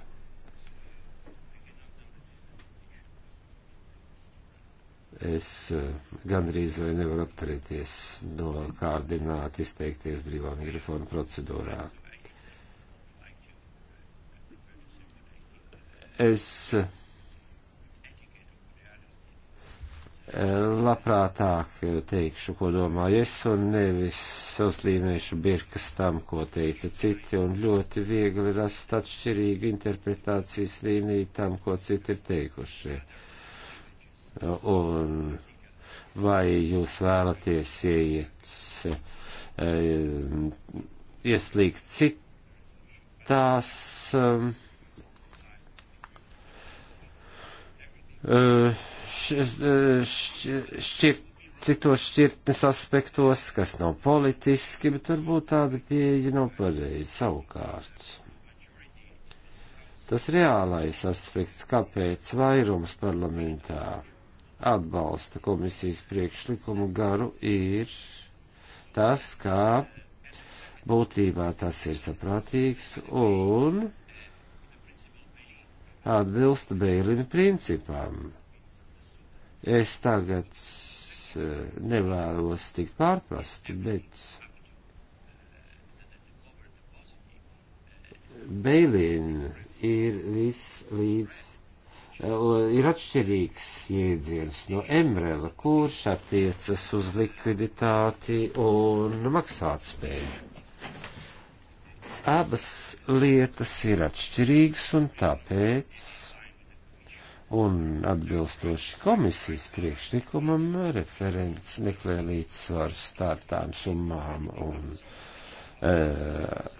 Es eh, gandrīz vai nevaru atturēties no kārdināt izteikties brīvā mikrofona procedūrā. Es eh, labprātāk teikšu, ko domāju es, un nevis uzlīmēšu birkas tam, ko teica citi, un ļoti viegli rast atšķirīgu interpretācijas līniju tam, ko citi ir teikuši. Uh, Un vai jūs vēlaties ieiet, e, ieslīgt citās e, e, šķirt citos šķirtnes aspektos, kas nav politiski, bet varbūt tāda pieeja nav pareizi savukārt. Tas reālais aspekts, kāpēc vairums parlamentā atbalsta komisijas priekšlikumu garu ir tas, kā būtībā tas ir saprātīgs un atbilst Beilina principām. Es tagad eh, nevēlos tikt pārprasti, bet Beilina ir viss līdz ir atšķirīgs jēdziens no Emrela, kurš attiecas uz likviditāti un maksātspēju. Abas lietas ir atšķirīgas un tāpēc, un atbilstoši komisijas priekšlikumam, referents meklē līdzsvaru starp tām summām un uh,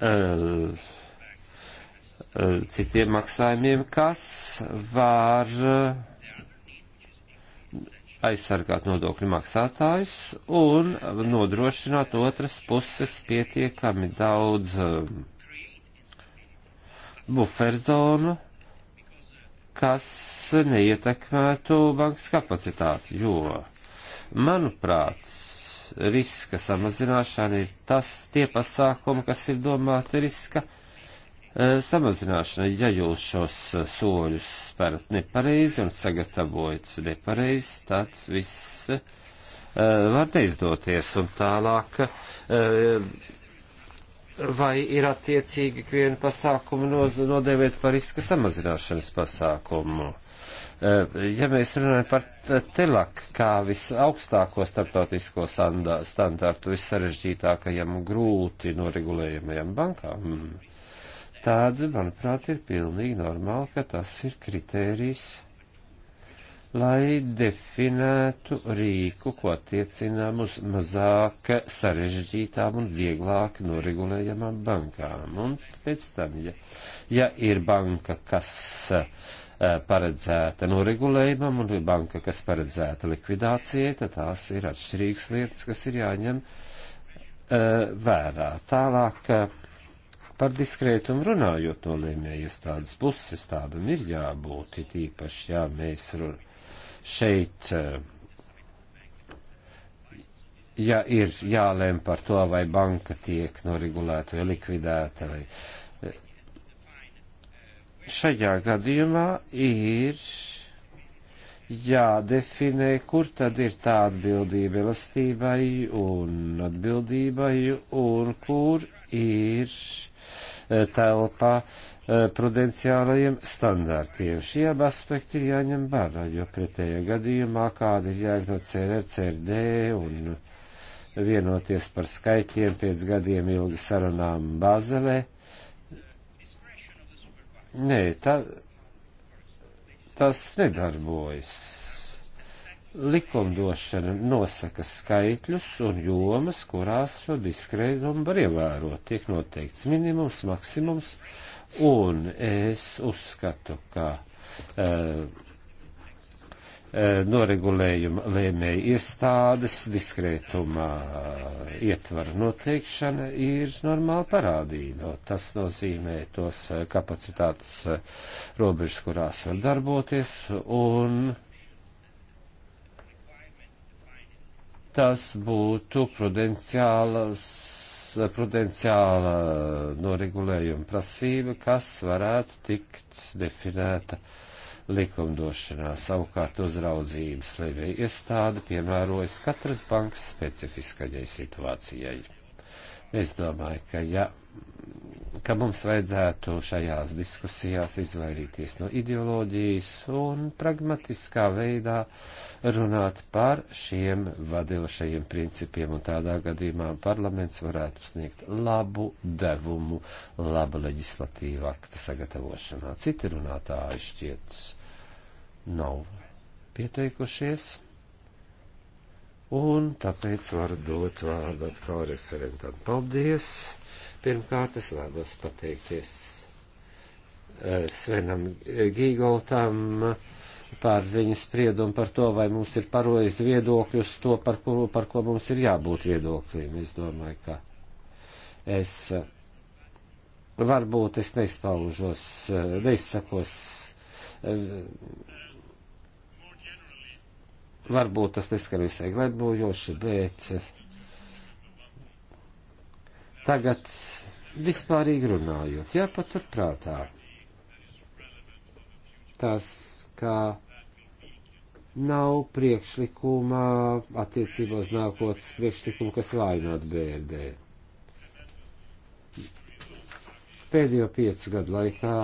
uh, Eh, citiem maksājumiem, kas var eh, aizsargāt nodokļu maksātājus un nodrošināt otras puses pietiekami daudz eh, buferzonu, kas neietekmētu bankas kapacitāti, jo, manuprāt, riska samazināšana ir tas tie pasākumi, kas ir domāti riska samazināšana Eh, samazināšanai, ja jūs šos eh, soļus spērat nepareizi un sagatavojat nepareizi, tad viss eh, var neizdoties un tālāk. Vai ir attiecīgi ikvienu pasākumu nodēvēt par riska samazināšanas pasākumu? ja mēs runājam par telak kā visaugstāko starptautisko standārtu, vissarežģītākajam un grūti noregulējamajam bankām, mm tad, manuprāt, ir pilnīgi normāli, ka tas ir kritērijs, lai definētu rīku, ko attiecinām uz mazāk sarežģītām un vieglāk noregulējamām bankām. Un pēc tam, ja, ja ir banka, kas eh, paredzēta noregulējumam un banka, kas paredzēta likvidācijai, tad tās ir atšķirīgas lietas, kas ir jāņem uh, vērā. Tālāk eh, Par diskrētumu runājot no lēmēja iestādes puses, tādam ir jābūt, it īpaši, jā, mēs run... šeit, eh, ja ir jālēm par to, vai banka tiek noregulēta vai likvidēta, vai eh, šajā gadījumā ir jādefinē, kur tad ir tā atbildība elastībai un atbildībai, un kur ir telpā eh, prudenciālajiem standārtiem. Šie abi aspekti ir jāņem vērā, jo pretējā gadījumā kāda ir jēga no CRR, CRD un vienoties par skaitļiem pēc gadiem ilgi sarunām Bāzelē. Nē, tā, tas nedarbojas likumdošana nosaka skaitļus un jomas, kurās šo diskrējumu var ievērot. Tiek noteikts minimums, maksimums, un es uzskatu, ka e, e noregulējuma lēmēja iestādes diskrētumā eh, ietvara noteikšana ir normāla parādība. Tas nozīmē tos kapacitātes robežas, kurās var darboties, un tas būtu prudenciāls prudenciāla noregulējuma prasība, kas varētu tikt definēta likumdošanā. Savukārt uzraudzības levija iestāde piemērojas katras bankas specifiskajai situācijai. Es domāju, ka ja ka mums vajadzētu šajās diskusijās izvairīties no ideoloģijas un pragmatiskā veidā runāt par šiem vadošajiem principiem, un tādā gadījumā parlaments varētu sniegt labu devumu, labu leģislatīvu aktu sagatavošanā. Citi runātāji šķiet nav pieteikušies. Un tāpēc varu dot vārdu atkal referentam. Paldies! Pirmkārt, es vēlos pateikties eh, Svenam Gīgoltam eh, par viņa spriedumu par to, vai mums ir parojas viedokļus, to, par, kuru, par ko mums ir jābūt viedoklim. Es domāju, ka es eh, varbūt es neizpaužos, neizsakos, varbūt tas neskan visai gledbojoši, bet Tagad vispārīgi runājot, jāpaturprātā tas, ka nav priekšlikumā attiecībā uz nākotnes priekšlikumu, kas vainot BRD. Pēdējo piecu gadu laikā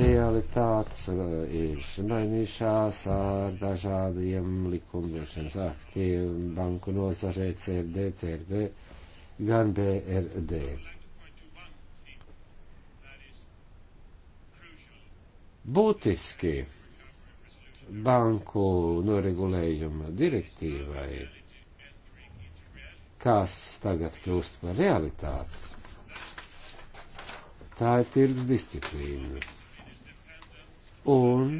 realitātes uh, ir mainījušās ar dažādiem likumdošanas aktiem, banku nozarē, CRD, CRB. CRB gan BRD. Būtiski banku noregulējuma direktīvai, kas tagad kļūst par realitāti, tā ir tirgus disciplīna. Un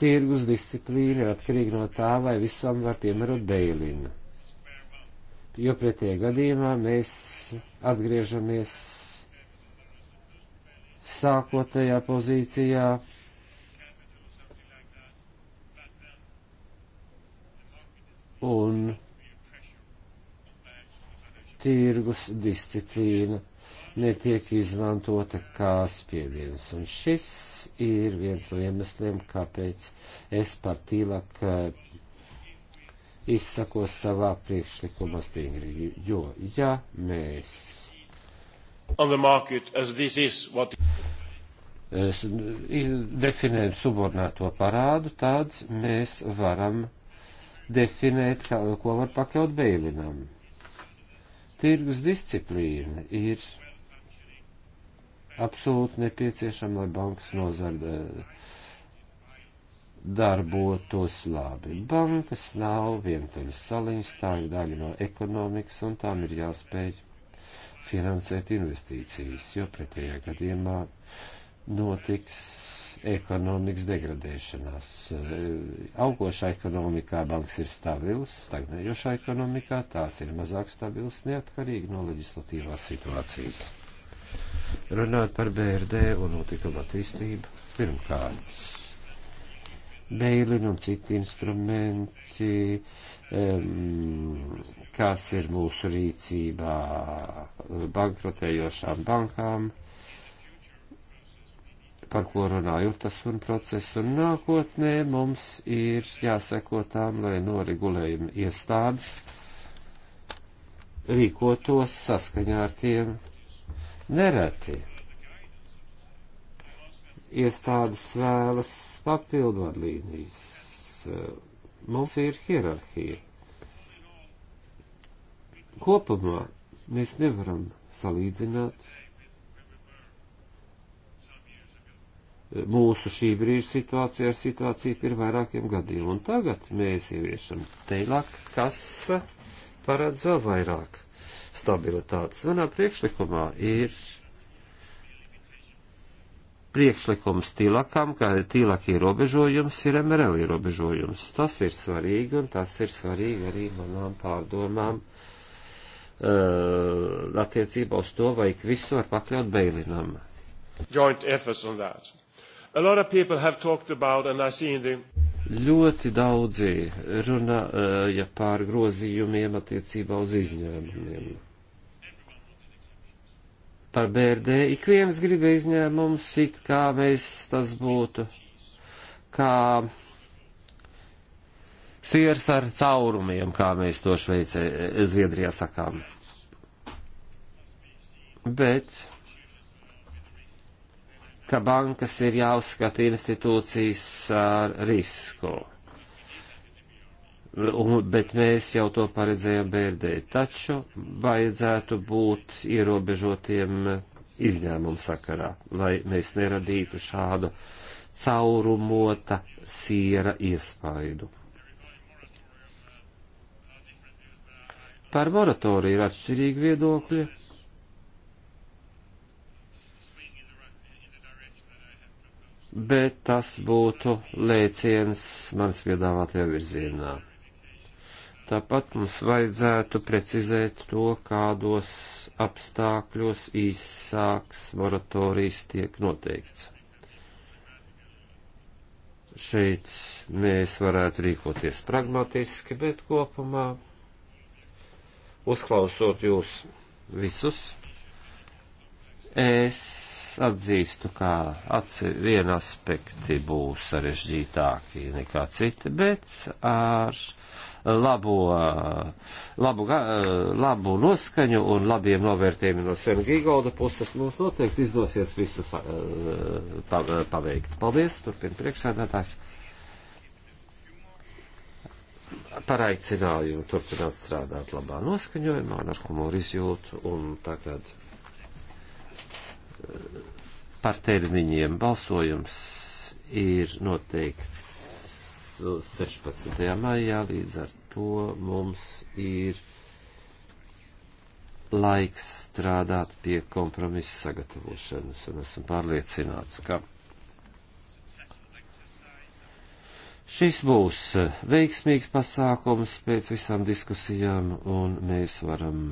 tirgus disciplīna ir atkarīga no tā, vai visam var piemērot beilinu jo pretējā gadījumā mēs atgriežamies sākotnējā pozīcijā. Un tirgus disciplīna netiek izmantota kā spiediens. Un šis ir viens no iemesliem, kāpēc es par tīlāk izsakos savā priekšlikumā stingri, jo ja mēs. Market, what... definējam subordināto parādu, tad mēs varam definēt, kā, ko var pakļaut bēlinam. Tirgus disciplīna ir absolūti nepieciešama, lai bankas nozara eh, darbotos labi. Bankas nav vientuļas saliņas, tā ir daļa no ekonomikas un tām ir jāspēj finansēt investīcijas, jo pretējā gadījumā notiks ekonomikas degradēšanās. Augošā ekonomikā banks ir stabils, stagnējošā ekonomikā tās ir mazāk stabils neatkarīgi no leģislatīvās situācijas. Runāt par BRD un notikumu attīstību pirmkārt beilini un citi instrumenti, um, kas ir mūsu rīcībā bankrotējošām bankām, par ko runāju tas un process, un nākotnē mums ir jāseko tām, lai noregulējumi iestādes rīkotos saskaņā ar tiem nereti. Iestādes vēlas papildu vadlīnijas. Mums ir hierarhija. Kopumā mēs nevaram salīdzināt mūsu šī brīža situācija ar situāciju pirms vairākiem gadiem. Un tagad mēs ieviešam teilāk, kas paredz vēl vairāk stabilitātes. Manā priekšlikumā ir priekšlikums tīlakam, ka tīlak ierobežojums ir MRL ierobežojums. Tas ir svarīgi, un tas ir svarīgi arī manām pārdomām uh, attiecībā uz to, vai visu var pakļaut beilinam. About, the... Ļoti daudzi runāja uh, par grozījumiem attiecībā uz izņēmumiem par BRD. Ik viens grib izņēmums, it kā mēs tas būtu kā siers ar caurumiem, kā mēs to Šveicē, Zviedrijā sakām. Bet ka bankas ir jāuzskata institūcijas ar risku un, bet mēs jau to paredzējām BRD. Taču vajadzētu būt ierobežotiem izņēmumu sakarā, lai mēs neradītu šādu caurumota siera iespaidu. Par moratoriju ir atšķirīgi viedokļi. Bet tas būtu lēciens manas piedāvātajā virzienā. Tāpat mums vajadzētu precizēt to, kādos apstākļos īsāks moratorijas tiek noteikts. Šeit mēs varētu rīkoties pragmatiski, bet kopumā uzklausot jūs visus, es atzīstu, ka viena aspekti būs sarežģītāki nekā citi, bet ar labo, labu, labu noskaņu un labiem novērtējumiem no Svena Gīgolda puses. Mums noteikti izdosies visu paveikt. Paldies, turpina priekšsēdētājs par aicinājumu turpināt strādāt labā noskaņojumā un ar humoru izjūtu un tagad eh, par termiņiem balsojums ir noteikts visu 16. maijā, līdz ar to mums ir laiks strādāt pie kompromisa sagatavošanas, un esmu pārliecināts, ka šis būs veiksmīgs pasākums pēc visām diskusijām, un mēs varam,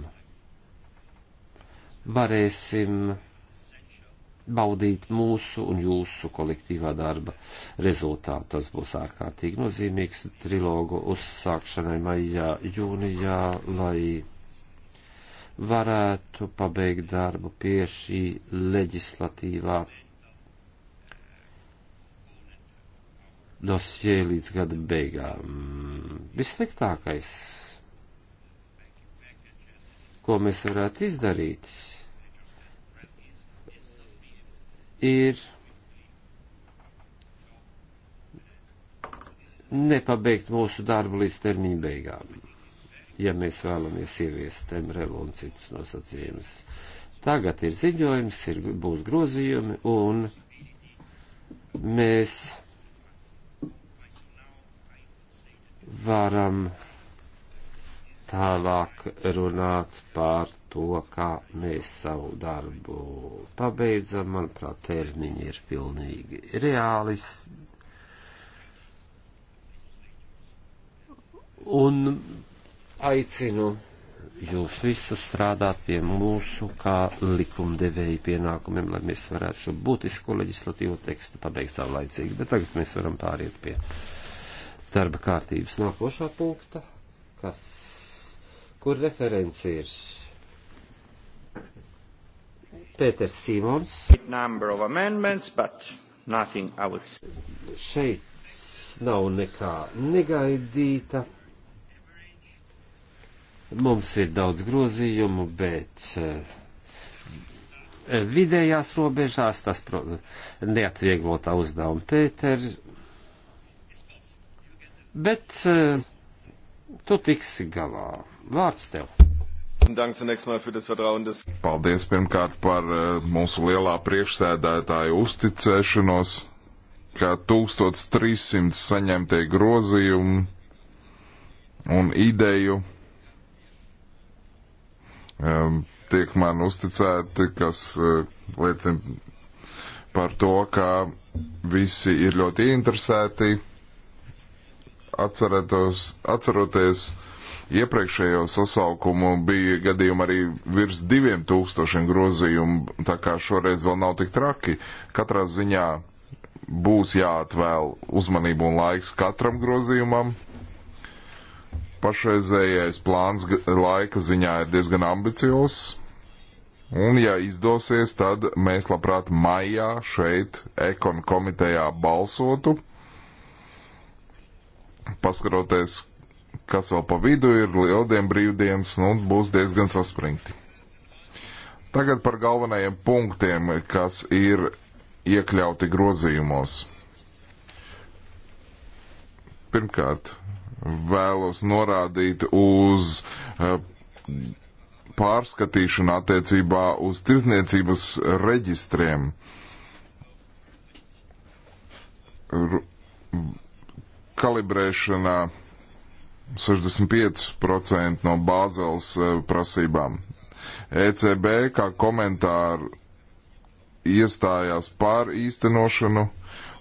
varēsim baudīt mūsu un jūsu kolektīvā darba rezultātu. Tas būs ārkārtīgi nozīmīgs trilogu uzsākšanai maijā, jūnijā, lai varētu pabeigt darbu pie šī leģislatīvā dosie līdz gada beigām. Vissliktākais, ko mēs varētu izdarīt, ir nepabeigt mūsu darbu līdz termiņa beigām, ja mēs vēlamies ieviest MRL un citus nosacījumus. Tagad ir ziņojums, ir, būs grozījumi un mēs varam tālāk runāt par to, kā mēs savu darbu pabeidzam. Manuprāt, termiņi ir pilnīgi reālis. Un aicinu jūs visus strādāt pie mūsu kā likumdevēju pienākumiem, lai mēs varētu šo būtisko leģislatīvo tekstu pabeigt savlaicīgi. Bet tagad mēs varam pāriet pie darba kārtības nākošā punkta, kas kur referents ir Pēters Simons. Šeit nav nekā negaidīta. Mums ir daudz grozījumu, bet eh, vidējās robežās tas neatvieglotā uzdevuma Pēter. Bet eh, tu tiksi galā. Vārds tev! Paldies pirmkārt par eh, mūsu lielā priekšsēdētāja uzticēšanos, ka 1300 saņemtie grozījumi un ideju eh, tiek man uzticēti, kas eh, liecina par to, ka visi ir ļoti interesēti atcerētos, atceroties, atceroties Iepriekšējo sasaukumu bija gadījumi arī virs diviem tūkstošiem grozījumu, tā kā šoreiz vēl nav tik traki. Katrā ziņā būs jāatvēl uzmanību un laiks katram grozījumam. Pašreizējais plāns laika ziņā ir diezgan ambiciozs. Un, ja izdosies, tad mēs labprāt maijā šeit ekon komitejā balsotu. Paskaroties, kas vēl pa vidu ir lieldienu brīvdienas, nu, būs diezgan saspringti. Tagad par galvenajiem punktiem, kas ir iekļauti grozījumos. Pirmkārt, vēlos norādīt uz eh, pārskatīšanu attiecībā uz tirzniecības reģistriem. R kalibrēšana 65% no Bāzeles e, prasībām. ECB kā komentāru iestājās par īstenošanu,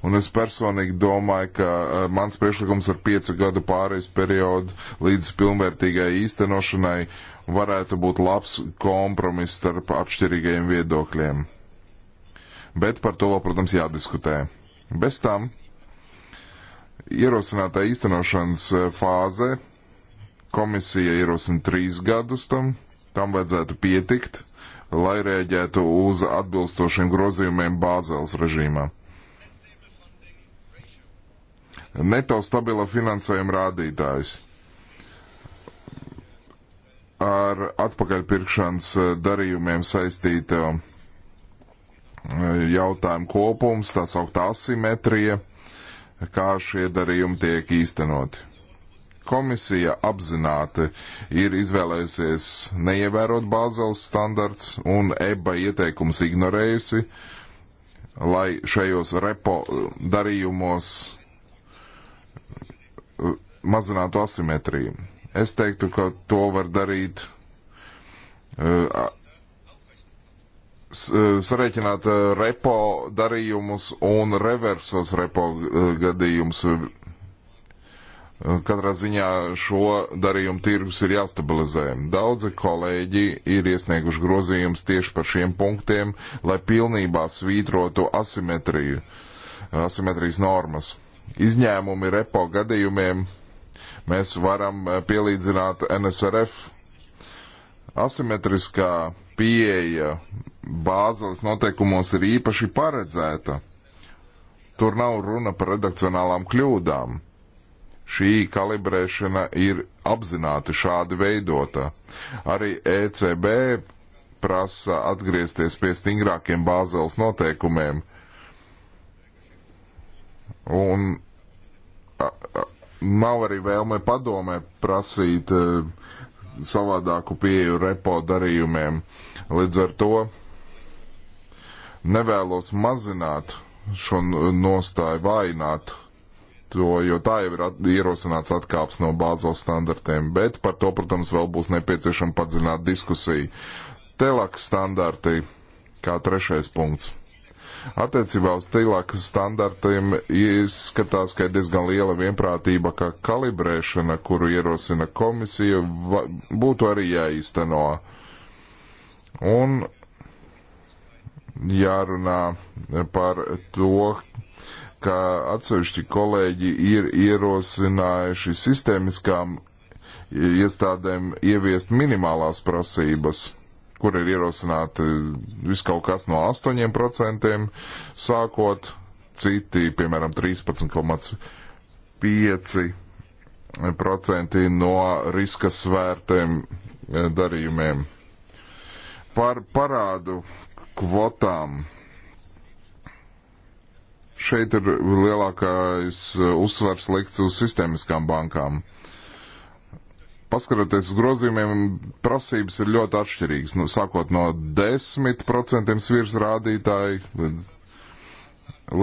un es personīgi domāju, ka e, mans priekšlikums ar piecu gadu pārejas periodu līdz pilnvērtīgai īstenošanai varētu būt labs kompromiss starp atšķirīgajiem viedokļiem. Bet par to, protams, jādiskutē. Bez tam ierosinātā īstenošanas eh, fāze komisija ierosina trīs gadus tam, tam vajadzētu pietikt, lai rēģētu uz atbilstošiem grozījumiem Bāzeles režīmā. Neto stabila finansējuma rādītājs ar atpakaļpirkšanas eh, darījumiem saistīta eh, jautājuma kopums, tā sauktā asimetrija – kā šie darījumi tiek īstenoti. Komisija apzināti ir izvēlējusies neievērot Bāzeles standarts un EBA ieteikums ignorējusi, lai šajos repo darījumos uh, mazinātu asimetriju. Es teiktu, ka to var darīt uh, Eh, sarēķināt eh, repo darījumus un reversos repo eh, gadījumus. Katrā ziņā šo darījumu tirgus ir jāstabilizē. Daudzi kolēģi ir iesnieguši grozījumus tieši par šiem punktiem, lai pilnībā svītrotu asimetriju, asimetrijas normas. Izņēmumi repo gadījumiem mēs varam pielīdzināt NSRF asimetriskā pieeja bāzes noteikumos ir īpaši paredzēta. Tur nav runa par redakcionālām kļūdām. Šī kalibrēšana ir apzināti šādi veidota. Arī ECB prasa atgriezties pie stingrākiem bāzēles noteikumiem. Un a, a, nav arī vēlme padomē prasīt uh, savādāku pieeju repo darījumiem. Līdz ar to nevēlos mazināt šo nostāju, vājināt to, jo tā jau ir at, ierosināts atkāps no bāzes standartiem, bet par to, protams, vēl būs nepieciešama padziļināta diskusija. Telaks standarti kā trešais punkts. Attiecībā uz tīlākas standartiem izskatās, ka ir diezgan liela vienprātība, ka kalibrēšana, kuru ierosina komisija, va, būtu arī jāīsteno. Un jārunā par to, ka atsevišķi kolēģi ir ierosinājuši sistēmiskām iestādēm ieviest minimālās prasības kur ir ierosināti viskaut kas no 8% sākot, citi, piemēram, 13,5% no riska svērtiem eh, darījumiem. Par parādu kvotām. Šeit ir lielākais eh, uzsvars likts uz sistēmiskām bankām paskaroties uz grozījumiem, prasības ir ļoti atšķirīgas. Nu, sākot no 10% svirs rādītāji līdz,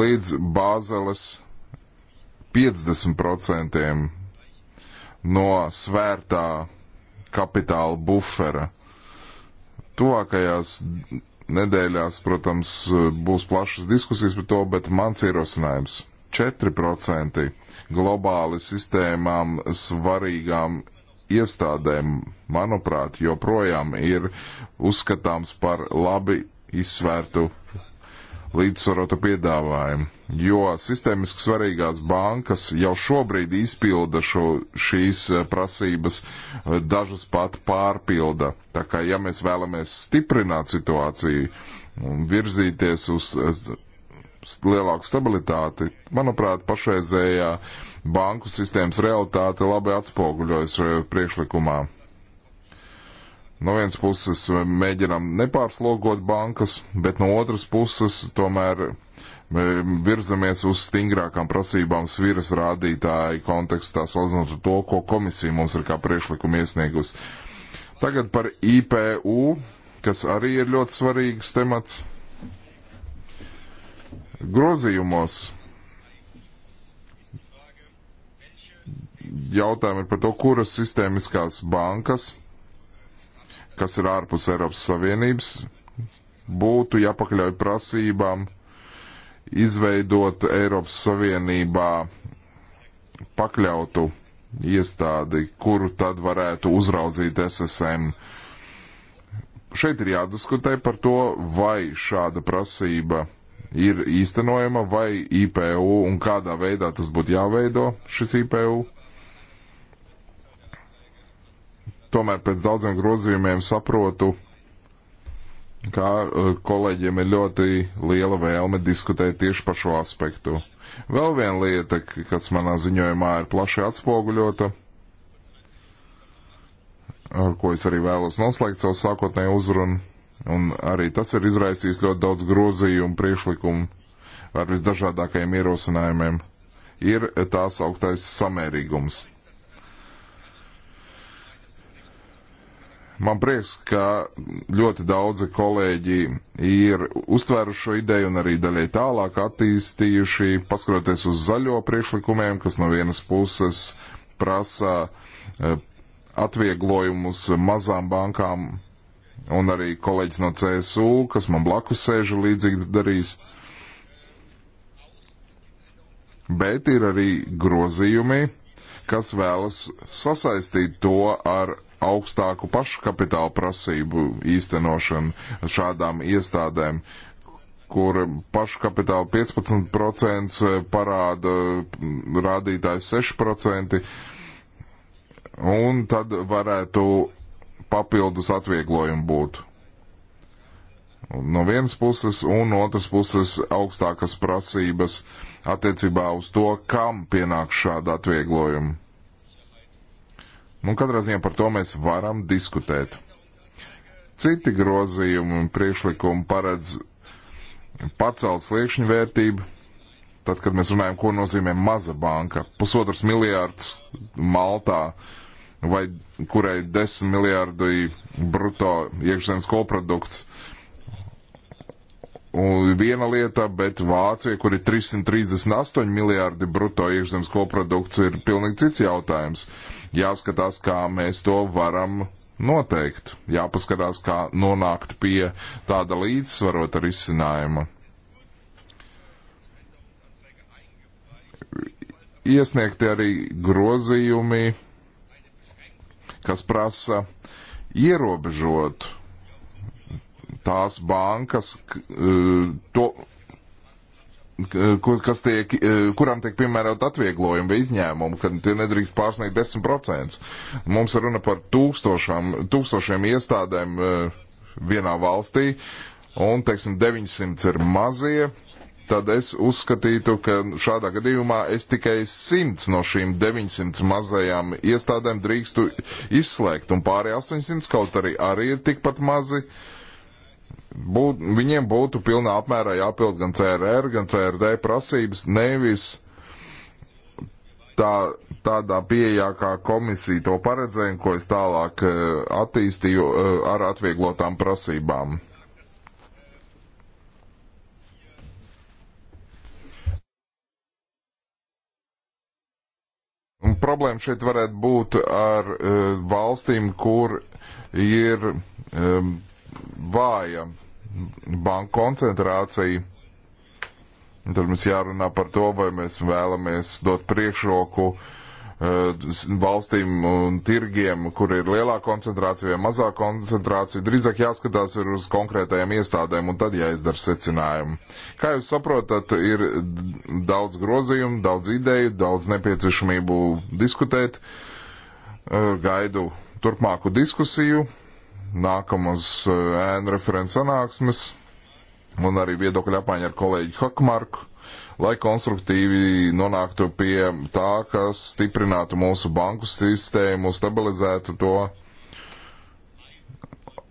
līdz bāzeles 50% no svērtā kapitāla bufera. Tuvākajās nedēļās, protams, būs plašas diskusijas par to, bet mans ierosinājums 4% globāli sistēmām svarīgām iestādēm, manuprāt, joprojām ir uzskatāms par labi izsvērtu līdzsvarotu piedāvājumu, jo sistēmiski svarīgās bankas jau šobrīd izpilda šo, šīs eh, prasības, eh, dažas pat pārpilda. Tā kā ja mēs vēlamies stiprināt situāciju un virzīties uz eh, lielāku stabilitāti, manuprāt, pašreizējā uh, banku sistēmas realitāte labi atspoguļojas eh, priekšlikumā. No vienas puses eh, mēģinam nepārslogot bankas, bet no otras puses tomēr eh, virzamies uz stingrākām prasībām sviras rādītāju kontekstā, salīdzinot ar to, ko komisija mums ir kā priekšlikumu iesniegus. Tagad par IPU, kas arī ir ļoti svarīgs temats. Grozījumos jautājumi ir par to, kuras sistēmiskās bankas, kas ir ārpus Eiropas Savienības, būtu jāpakļauj prasībām izveidot Eiropas Savienībā pakļautu iestādi, kuru tad varētu uzraudzīt SSM. Šeit ir jādiskutē par to, vai šāda prasība ir īstenojama, vai IPU un kādā veidā tas būtu jāveido šis IPU. Tomēr pēc daudziem grozījumiem saprotu, ka e, kolēģiem ir ļoti liela vēlme diskutēt tieši par šo aspektu. Vēl viena lieta, kas manā ziņojumā ir plaši atspoguļota, ar ko es arī vēlos noslēgt savu sākotnēju uzrunu, un arī tas ir izraisījis ļoti daudz grozījumu priekšlikumu ar visdažādākajiem ierosinājumiem, ir tās augtais samērīgums. Man prieks, ka ļoti daudzi kolēģi ir uztvēruši šo ideju un arī daļai tālāk attīstījuši, paskatoties uz zaļo priekšlikumiem, kas no vienas puses prasa eh, atvieglojumus mazām bankām, un arī kolēģis no CSU, kas man blakus sēž, līdzīgi darīs. Bet ir arī grozījumi, kas vēlas sasaistīt to ar augstāku paškapitāla prasību īstenošanu šādām iestādēm, kur paškapitāla 15% eh, parāda mm, rādītājs 6%, un tad varētu papildus atvieglojumu būt. No vienas puses, un otras puses augstākas prasības attiecībā uz to, kam pienāk šāda atvieglojuma. Nu, katrā ziņā par to mēs varam diskutēt. Citi grozījumi un priekšlikumi paredz pacelt sliekšņu vērtību. Tad, kad mēs runājam, ko nozīmē maza banka, pusotrs miljārds Maltā vai kurai desmit miljārdi bruto iekšzemes koprodukts. Un viena lieta, bet Vācija, kur ir 338 miljārdi bruto iekšzemes koprodukts, ir pilnīgi cits jautājums. Uh, jāskatās, kā mēs to varam noteikt. Jāpaskatās, kā nonākt pie tāda līdzsvarota risinājuma. Iesniegti arī grozījumi, kas prasa ierobežot tās bankas, eh, to, kas tiek, e, kurām tiek piemērot atvieglojumi vai izņēmumi, kad tie nedrīkst pārsniegt 10%. Mums ir runa par tūkstošām, tūkstošiem iestādēm e, vienā valstī, un, teiksim, 900 ir mazie, tad es uzskatītu, ka šādā gadījumā es tikai 100 no šīm 900 mazajām iestādēm drīkstu izslēgt, un pārējie 800 kaut arī arī ir tikpat mazi. Uh, būt, viņiem būtu pilnā apmērā jāpild gan CRR, gan CRD prasības, nevis tā, tādā pieejā, kā komisija to paredzēja, un ko es tālāk eh, attīstīju eh, ar atvieglotām prasībām. Un problēma šeit varētu būt ar uh, valstīm, kur ir um, vāja banku koncentrāciju. Un tad mums jārunā par to, vai mēs vēlamies dot priekšroku uh, valstīm un tirgiem, kur ir lielā koncentrācija vai mazā koncentrācija. Drīzāk jāskatās ir uz konkrētajām iestādēm un tad jāizdara secinājumi. Kā jūs saprotat, ir daudz grozījumu, daudz ideju, daudz nepieciešamību diskutēt. Uh, gaidu turpmāku diskusiju nākamas eh, ēnu referents sanāksmes un arī viedokļu apmaiņa ar kolēģi Hakmarku, lai konstruktīvi nonāktu pie tā, kas stiprinātu mūsu banku sistēmu, stabilizētu to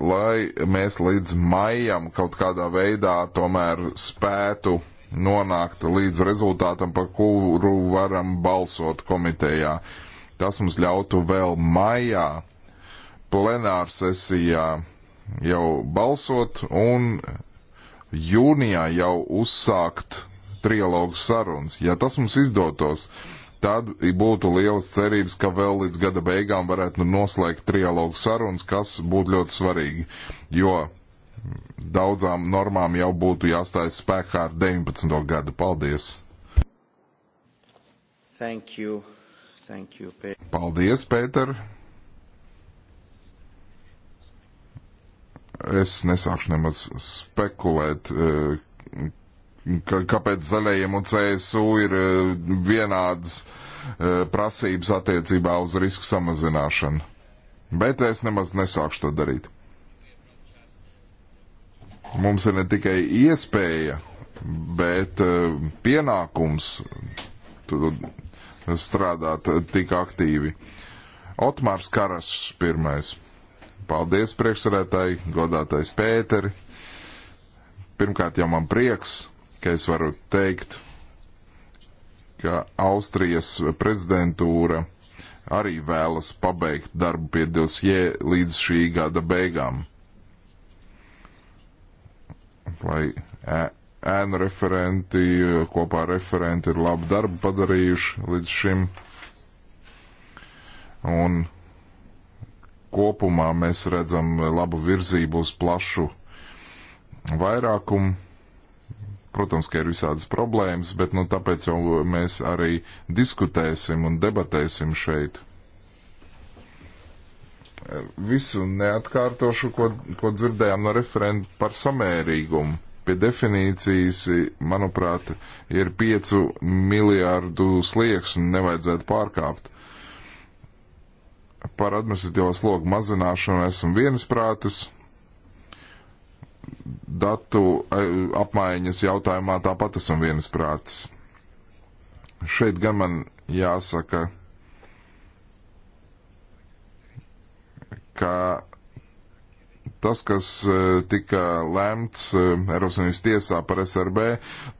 lai mēs līdz maijam kaut kādā veidā tomēr spētu nonākt līdz rezultātam, par kuru varam balsot komitejā. Tas mums ļautu vēl maijā plenārsesijā jau balsot un jūnijā jau uzsākt trialogu sarunas. Ja tas mums izdotos, tad būtu lielas cerības, ka vēl līdz gada beigām varētu nu noslēgt trialogu sarunas, kas būtu ļoti svarīgi, jo daudzām normām jau būtu jāstājas spēkā ar 19. gadu. Paldies! Thank you. Thank you, Pēter. Paldies, Pēter! Es nesākšu nemaz spekulēt, e, kāpēc zaļajiem un CSU ir e, vienādas e, prasības attiecībā uz risku samazināšanu. Bet es nemaz nesākšu to darīt. Mums ir ne tikai iespēja, bet pienākums strādāt tik aktīvi. Otmārs Karas pirmais. Paldies, priekšsarētāji, godātais Pēteri. Pirmkārt jau man prieks, ka es varu teikt, ka Austrijas prezidentūra arī vēlas pabeigt darbu pie dosjē līdz šī gada beigām. Lai ēnu referenti kopā ar referenti ir labu darbu padarījuši līdz šim. Un kopumā mēs redzam labu virzību uz plašu vairākumu. Protams, ka ir visādas problēmas, bet nu, tāpēc jau mēs arī diskutēsim un debatēsim šeit. Visu neatkārtošu, ko, ko dzirdējām no referenta par samērīgumu. Pie definīcijas, manuprāt, ir 5 miljārdu slieksni, nevajadzētu pārkāpt par administratīvo slogu mazināšanu esam vienisprātis. Datu e, apmaiņas jautājumā tāpat esam vienisprātis. Šeit gan man jāsaka, ka tas, kas e, tika lēmts e, Eiropas Unības tiesā par SRB,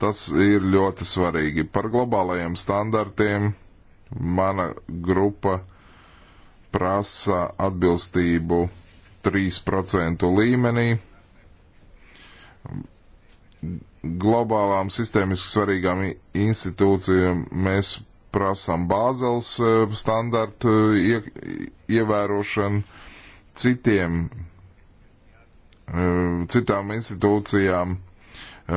tas ir ļoti svarīgi. Par globālajiem standartiem mana grupa prasa atbilstību 3% līmenī globālām sistēmiski svarīgām institūcijām mēs prasām bāzels e, standartu e, ie, ievērošanu citiem, e, citām institūcijām.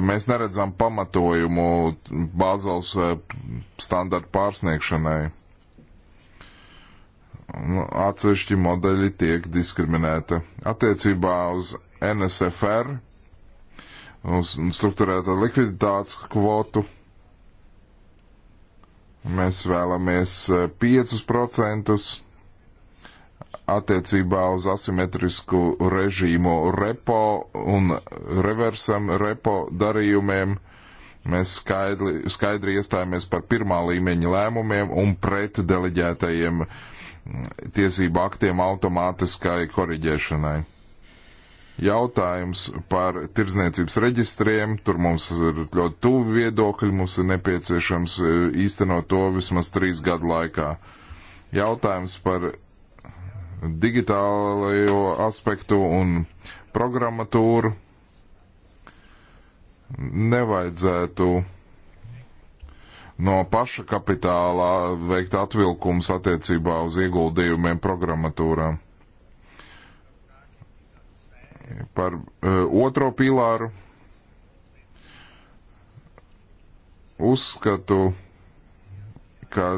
Mēs neredzam pamatojumu bāzels standartu pārsniegšanai. Nu, atsevišķi modeļi tiek diskriminēta. Attiecībā uz NSFR, uz struktūrēta likviditātes kvotu, mēs vēlamies 5% eh, attiecībā uz asimetrisku režīmu repo un reversam repo darījumiem. Mēs skaidri, skaidri iestājāmies par pirmā līmeņa lēmumiem un pret deleģētajiem uh, tiesību aktiem automātiskai koriģēšanai. Jautājums par tirdzniecības reģistriem, tur mums ir ļoti tuvi viedokļi, mums ir nepieciešams e, īstenot to vismaz trīs gadu laikā. Jautājums par digitālajo aspektu un programmatūru nevajadzētu no paša kapitāla veikt atvilkums attiecībā uz ieguldījumiem programmatūrā. Par uh, otro pīlāru uzskatu, ka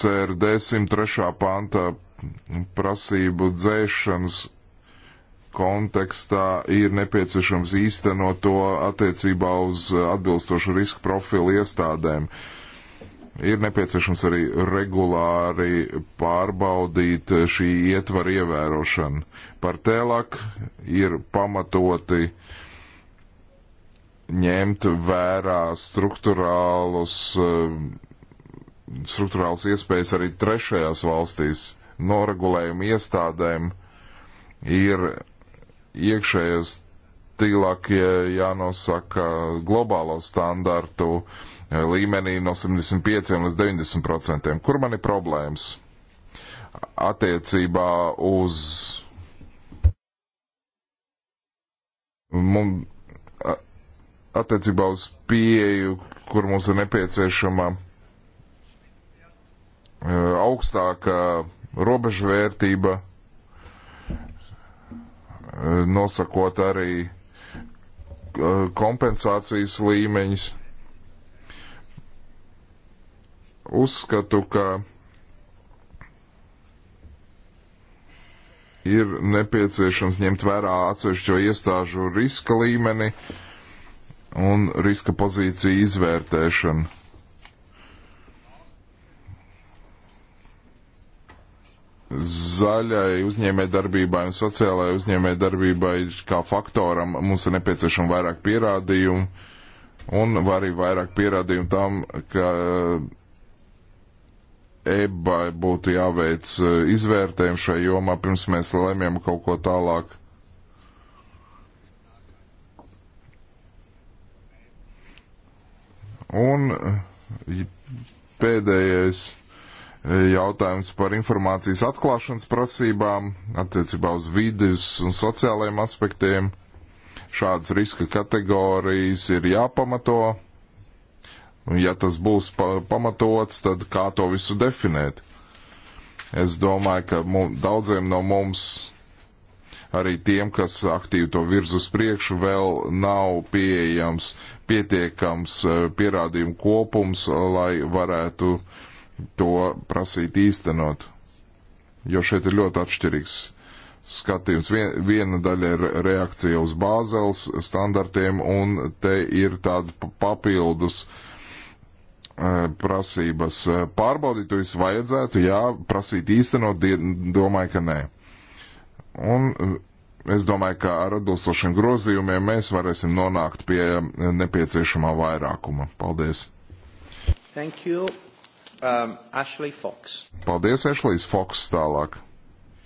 CRD 103. panta prasību dzēšanas kontekstā ir nepieciešams īstenot to attiecībā uz atbilstošu risku profilu iestādēm. Ir nepieciešams arī regulāri pārbaudīt šī ietvara ievērošanu. Par telak ir pamatoti ņemt vērā struktūrālus, struktūrāls iespējas arī trešajās valstīs noregulējuma iestādēm ir iekšējos tīlāk jānosaka globālo standartu eh, līmenī no 75 līdz 90 procentiem. Kur man ir problēmas? Attiecībā uz mums, attiecībā uz pieeju, kur mums ir nepieciešama eh, augstāka robežvērtība nosakot arī uh, kompensācijas līmeņus. Uzskatu, ka ir nepieciešams ņemt vērā atsevišķo iestāžu riska līmeni un riska pozīciju izvērtēšanu. zaļai uzņēmējdarbībai un sociālajai uzņēmējdarbībai kā faktoram mums ir nepieciešama vairāk pierādījumu un var arī vairāk pierādījumu tam, ka eh, EBA būtu jāveic eh, izvērtējumu šajā jomā, pirms mēs lemjam kaut ko tālāk. Un eh, pēdējais jautājums par informācijas atklāšanas prasībām attiecībā uz vidas un sociālajiem aspektiem. Šādas riska kategorijas ir jāpamato. Ja tas būs pa pamatots, tad kā to visu definēt? Es domāju, ka mums, daudziem no mums, arī tiem, kas aktīvi to virz uz priekšu, vēl nav pieejams pietiekams eh, pierādījumu kopums, lai varētu uh, to prasīt īstenot, jo šeit ir ļoti atšķirīgs skatījums. Viena daļa ir reakcija uz bāzels standartiem, un te ir tāda papildus e, prasības pārbaudīt, to visu vajadzētu, jā, prasīt īstenot, domāju, ka nē. Un e, es domāju, ka ar atbilstošiem grozījumiem mēs varēsim nonākt pie nepieciešamā vairākuma. Paldies! Thank you. Um, Ashley Fox. Paldies, Ashley Fox, tālāk.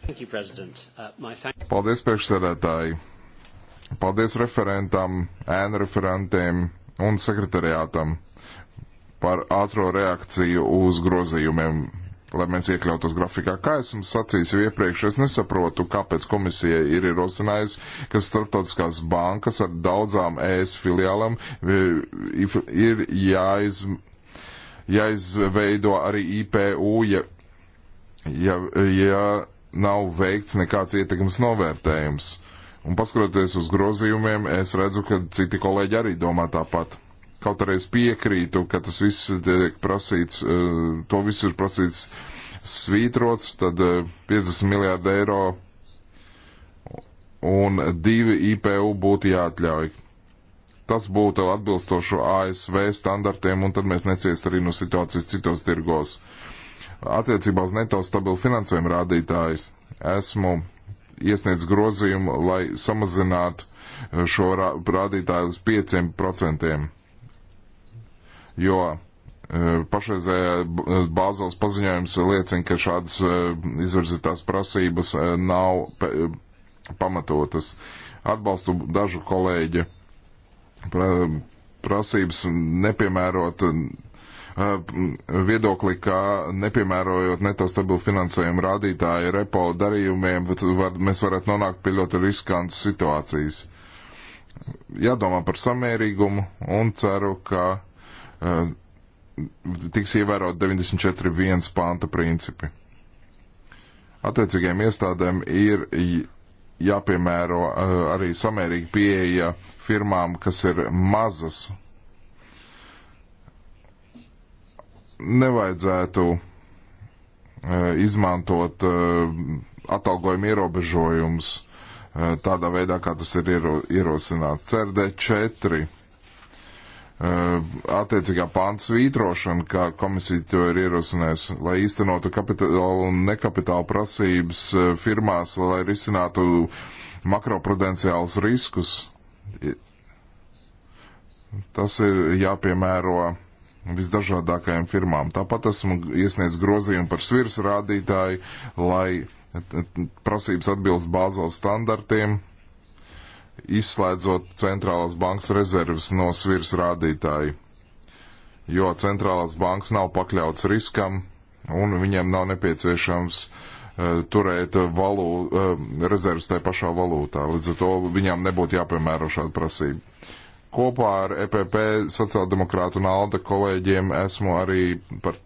Thank you, President. Uh, my thank Paldies, priekšsēdētāji. Paldies referentam, ēnu referentiem un sekretariātam par ātro reakciju uz grozījumiem, lai mēs iekļautos grafikā. Kā esmu sacījis jau iepriekš, es nesaprotu, kāpēc komisija ir ierosinājusi, ka starptautiskās bankas ar daudzām ES filiālam ir jāizmanto jāizveido arī IPU, ja, ja, ja nav veikts nekāds ietekmes novērtējums. Un paskatoties uz grozījumiem, es redzu, ka citi kolēģi arī domā tāpat. Kaut arī es piekrītu, ka tas viss tiek prasīts, eh, to viss ir prasīts svītrots, tad 50 eh, miljārdi eiro un divi IPU būtu jāatļauj tas būtu atbilstoši ASV standartiem, un tad mēs neciest arī no situācijas citos tirgos. Attiecībā uz neto stabilu finansējumu rādītājus esmu iesniedz grozījumu, lai samazinātu eh, šo rādītāju uz 5%, jo eh, pašreizējā eh, bāzels paziņojums liecina, ka šādas izvirzītās prasības nav pamatotas. Atbalstu dažu kolēģu prasības nepiemērot viedokli, ka nepiemērojot netastabilu finansējumu rādītāju repo darījumiem, var, mēs varētu nonākt pie ļoti riskantas situācijas. Jādomā par samērīgumu un ceru, ka uh, tiks ievērot 94.1 panta principi. Attiecīgajiem iestādēm ir jāpiemēro eh, arī samērīga pieeja firmām, kas ir mazas. Nevajadzētu eh, izmantot eh, atalgojuma ierobežojumus tādā veidā, kā tas ir ierosināts. CRD 4 Uh, attiecīgā pāns svītrošana, kā komisija to ir ierosinājusi, lai īstenotu kapitāla un nekapitāla prasības uh, firmās, lai risinātu makroprudenciālus riskus. Tas ir jāpiemēro visdažādākajām firmām. Tāpat esmu iesniedz grozījumu par svirs rādītāju, lai prasības atbilst bāzels standartiem, izslēdzot centrālās bankas rezerves no svirs rādītāji, jo centrālās bankas nav pakļauts riskam un viņiem nav nepieciešams uh, turēt valū, uh, rezerves tajā pašā valūtā. Līdz ar to viņām nebūtu jāpiemēro šāda prasība. Kopā ar EPP sociāldemokrātu un ALDE kolēģiem esmu arī par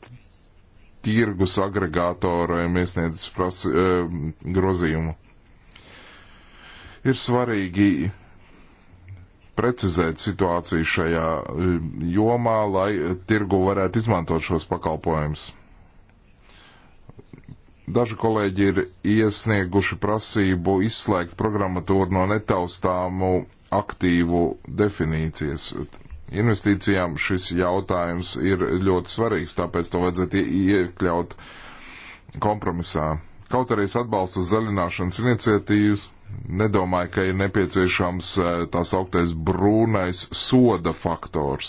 tirgus agregātoriem iesniedzis prasi, uh, grozījumu Ir svarīgi precizēt situāciju šajā e, jomā, lai e, tirgu varētu izmantot šos pakalpojumus. Daži kolēģi ir iesnieguši prasību izslēgt programmatūru no netaustāmu aktīvu definīcijas. Investīcijām šis jautājums ir ļoti svarīgs, tāpēc to vajadzētu iekļaut kompromisā. Kaut arī es atbalstu zaļināšanas iniciatīvas, nedomāju, ka ir nepieciešams eh, tās augtais brūnais soda faktors.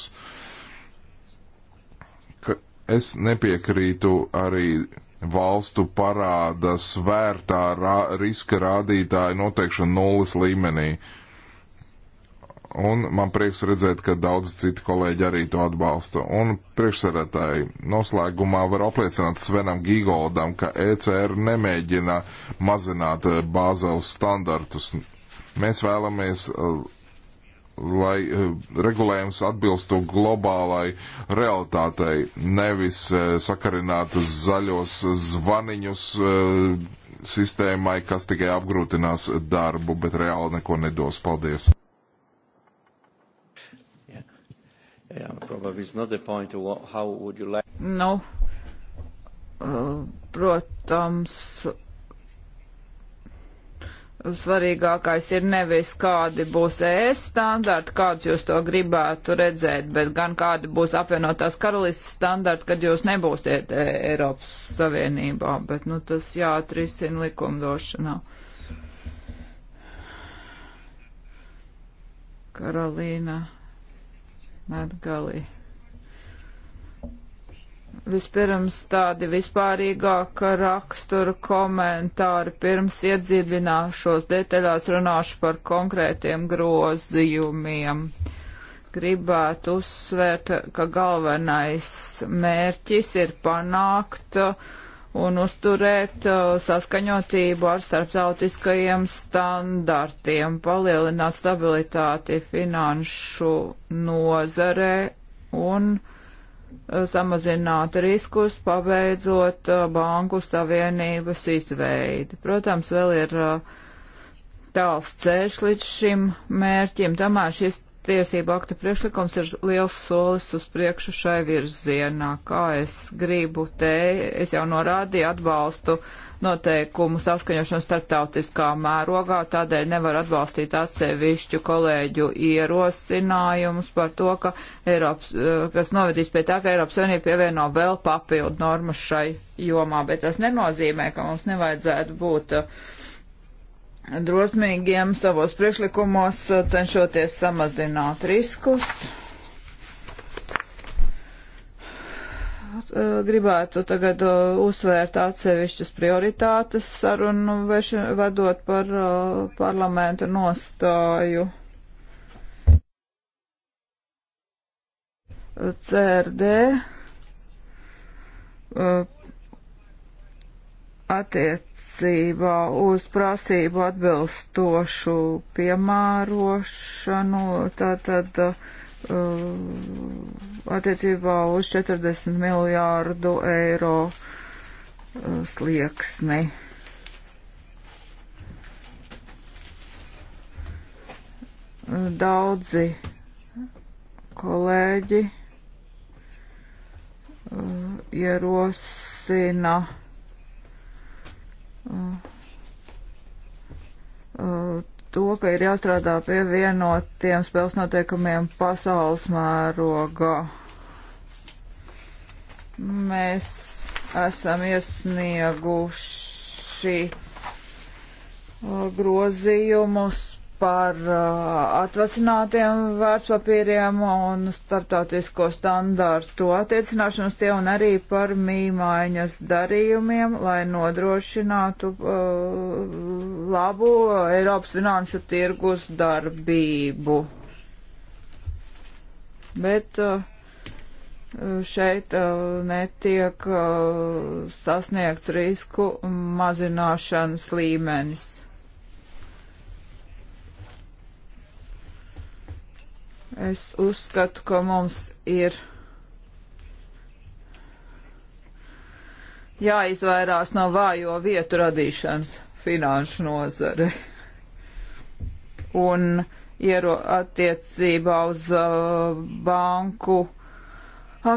Ka es nepiekrītu arī valstu parāda svērtā rā, riska rādītāja noteikšana nulles līmenī. Uh, un man prieks redzēt, ka daudz citi kolēģi arī to atbalsta. Un priekšsarētāji noslēgumā var apliecināt Svenam Gigoldam, ka ECR nemēģina mazināt eh, bāzels standartus. Mēs vēlamies, eh, lai eh, regulējums atbilstu globālai realitātei, nevis sakarināt zaļos zvaniņus sistēmai, kas tikai apgrūtinās darbu, bet reāli neko nedos. Paldies! Yeah, probably it's not the point of what, how would you like. Nu, eh, protams, svarīgākais ir nevis kādi būs ES standarti, kāds jūs to gribētu redzēt, bet gan kādi būs apvienotās karalistas standarti, kad jūs nebūsiet e Eiropas Savienībā, bet nu tas jāatrisina likumdošanā. Karolīna. Natgali. Vispirms tādi vispārīgāka rakstura komentāri, pirms iedziļināšos detaļās runāšu par konkrētiem grozījumiem. Gribētu uzsvērt, ka galvenais mērķis ir panākt uh, un uzturēt uh, saskaņotību ar starptautiskajiem standartiem, palielināt stabilitāti finanšu nozarē un uh, samazināt riskus, pabeidzot uh, banku savienības izveidi. Protams, vēl ir uh, tāls ceļš līdz šim mērķim, tomēr šis tiesību akta priekšlikums ir liels solis uz priekšu šai virzienā. Kā es gribu te, es jau norādīju atbalstu noteikumu saskaņošanu starptautiskā mērogā, tādēļ nevar atbalstīt atsevišķu kolēģu ierosinājumus par to, ka Eiropas, eh, kas novedīs pie tā, ka Eiropas Savienība pievieno vēl papildu normas šai jomā, bet tas nenozīmē, ka mums nevajadzētu būt uh, drosmīgiem savos priekšlikumos, eh, cenšoties samazināt riskus. Eh, gribētu tagad eh, uzsvērt atsevišķas prioritātes sarunu vedot par parlamenta nostāju. CRD attiecībā uz prasību atbilstošu piemērošanu, tātad uh, attiecībā uz 40 miljārdu eiro uh, slieksni. Daudzi kolēģi uh, ierosina. Ja Mm. Uh, to, ka ir jāstrādā pie vienotiem spēles noteikumiem pasaules mēroga. Mēs esam iesnieguši uh, grozījumus par uh, atvasinātiem vērtspapīriem un starptautisko standārtu attiecināšanos tie un arī par mīmaiņas darījumiem, lai nodrošinātu uh, labu Eiropas finanšu tirgus darbību. Bet uh, šeit uh, netiek uh, sasniegts risku mazināšanas līmenis. Es uzskatu, ka mums ir jāizvairās no vājo vietu radīšanas finanšu nozare. Un iero attiecībā uz uh, banku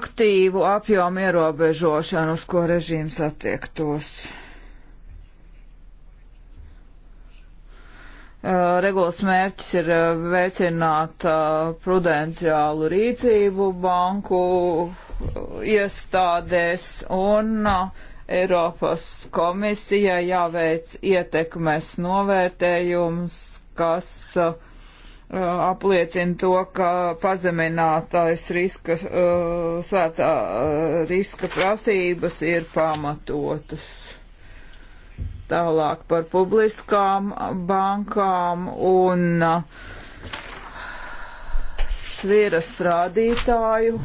aktīvu apjomu ierobežošanu, uz ko režīms attiektos. Uh, regulas mērķis ir uh, veicināt uh, prudenciālu rīcību banku iestādēs un Eiropas komisija jāveic ietekmes novērtējums, kas apliecina to, ka pazeminātais riska, svērtā riska prasības ir pamatotas tālāk par publiskām bankām un uh, sviras rādītāju.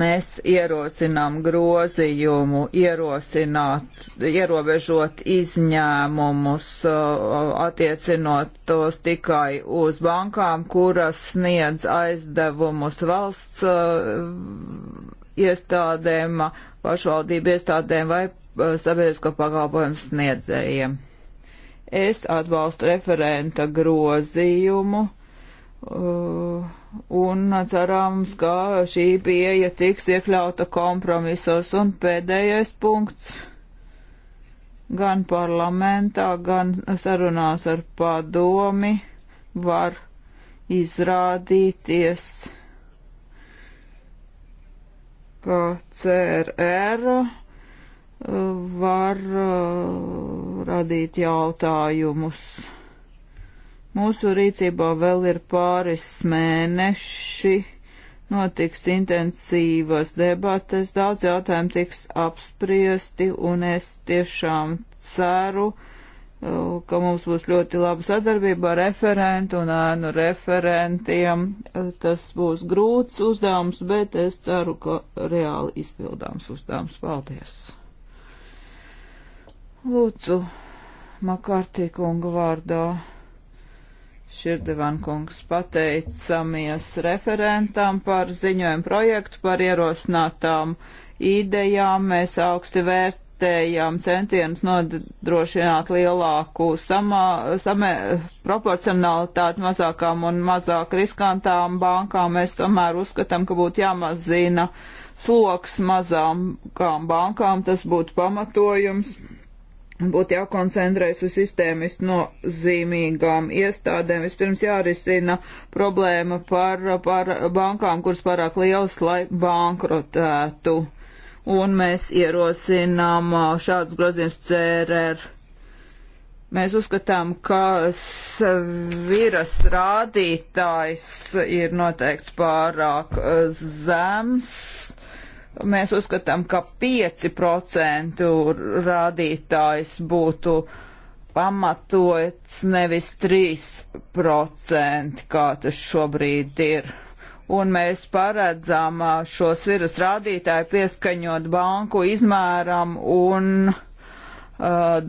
Mēs ierosinām grozījumu, ierosināt, ierobežot izņēmumus, uh, attiecinot tos tikai uz bankām, kuras sniedz aizdevumus valsts uh, iestādēm, pašvaldību iestādēm vai eh, sabiedrisko pakalpojumu sniedzējiem. Es atbalstu referenta grozījumu eh, un cerams, ka šī pieeja tiks iekļauta kompromisos. Un pēdējais punkts gan parlamentā, gan sarunās ar padomi var izrādīties ka CRR uh, var uh, radīt jautājumus. Mūsu rīcībā vēl ir pāris mēneši, notiks intensīvas debates, daudz jautājumu tiks apspriesti, un es tiešām ceru, Uh, ka mums būs ļoti laba sadarbība ar referentu un ēnu referentiem. Uh, tas būs grūts uzdevums, bet es ceru, ka reāli izpildāms uzdevums. Paldies! Lūdzu, Makārtī kunga vārdā. Širdevan kungs pateicamies referentam par ziņojumu projektu par ierosinātām idejām. Mēs augsti vērt vērtējam centienus nodrošināt lielāku samā, samē, proporcionalitāti mazākām un mazāk riskantām bankām. Mēs tomēr uzskatām, ka būtu jāmazina sloks mazākām bankām, tas būtu pamatojums. Būtu jākoncentrējas uz sistēmiski nozīmīgām iestādēm. Vispirms jārisina problēma par, par bankām, kuras pārāk lielas, lai bankrotētu un mēs ierosinām šādus grozījumus CRR. Mēs uzskatām, ka viras rādītājs ir noteikts pārāk zems. Mēs uzskatām, ka 5% rādītājs būtu pamatots nevis 3%, kā tas šobrīd ir un mēs paredzam šo sviras rādītāju pieskaņot banku izmēram un uh,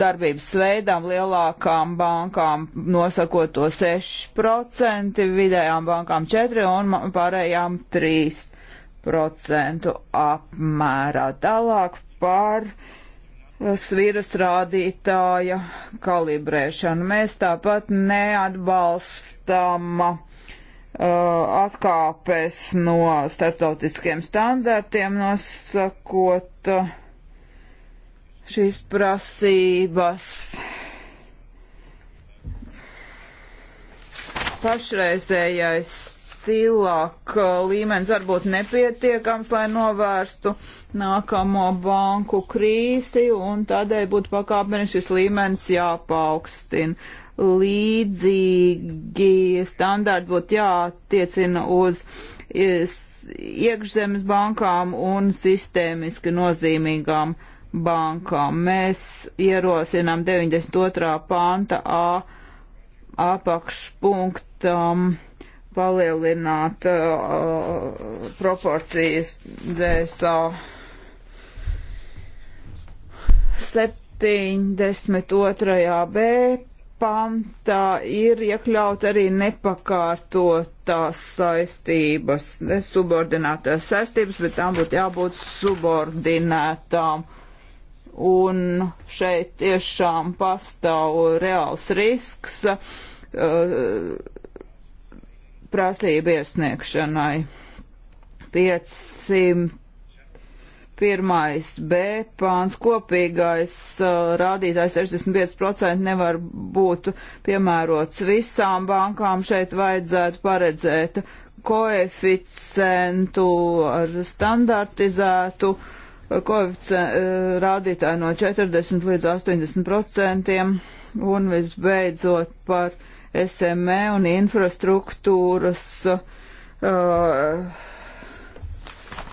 darbības veidām lielākām bankām nosakot to 6%, vidējām bankām 4% un pārējām 3% apmērā. Tālāk par sviras rādītāja kalibrēšanu. Mēs tāpat neatbalstam uh, Uh, atkāpes no starptautiskiem standartiem nosakot uh, šīs prasības. Pašreizējais stilāk uh, līmenis varbūt nepietiekams, lai novērstu nākamo banku krīzi, un tādēļ būtu pakāpeniski šis līmenis jāpaukstina līdzīgi standarti būtu jātiecina uz iekšzemes bankām un sistēmiski nozīmīgām bankām. Mēs ierosinām 92. panta A apakšpunktam palielināt uh, proporcijas DSA 72. B pantā ir iekļaut arī nepakārtotās saistības, ne subordinātās saistības, bet tām būtu jābūt subordinētām. Un šeit tiešām pastāv reāls risks uh, prasību iesniegšanai. 500 pirmais B pāns kopīgais uh, rādītājs 65% nevar būt piemērots visām bankām. Šeit vajadzētu paredzēt koeficientu ar standartizētu uh, koeficien, uh, rādītāju no 40 līdz 80% un visbeidzot par SME un infrastruktūras uh,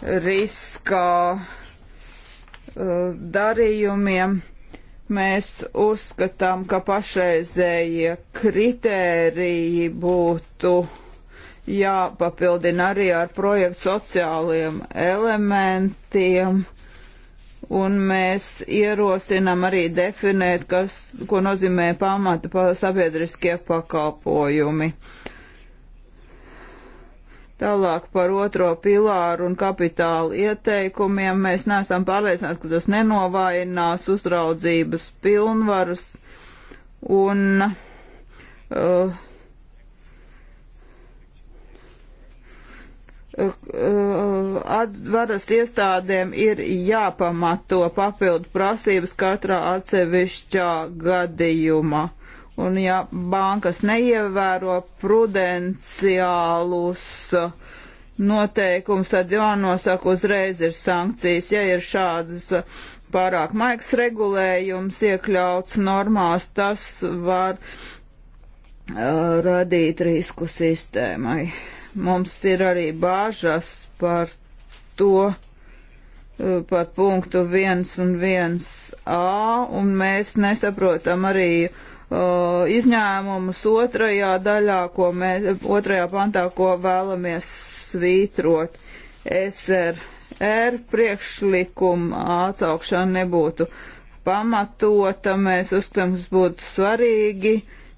riska uh, darījumiem. Mēs uzskatām, ka pašreizējie kritēriji būtu jāpapildina arī ar projektu sociāliem elementiem, un mēs ierosinām arī definēt, kas, ko nozīmē pamata sabiedriskie pakalpojumi. Uh, Tālāk par otro pilāru un kapitālu ieteikumiem mēs neesam pārliecināti, ka tas nenovājinās uzraudzības pilnvaras un uh, uh varas iestādēm ir jāpamato papildu prasības katrā atsevišķā gadījumā. Un ja bankas neievēro prudenciālus noteikums, tad jānosaka uzreiz ir sankcijas. Ja ir šādas pārāk maigs regulējums iekļauts normās, tas var uh, radīt risku sistēmai. Mums ir arī bāžas par to, uh, par punktu 1 un 1a, un mēs nesaprotam arī uh, uh, izņēmumus otrajā daļā, ko mēs, otrajā pantā, ko vēlamies svītrot. SRR priekšlikuma atsaukšana nebūtu pamatota, mēs uzskatām, tas būtu svarīgi,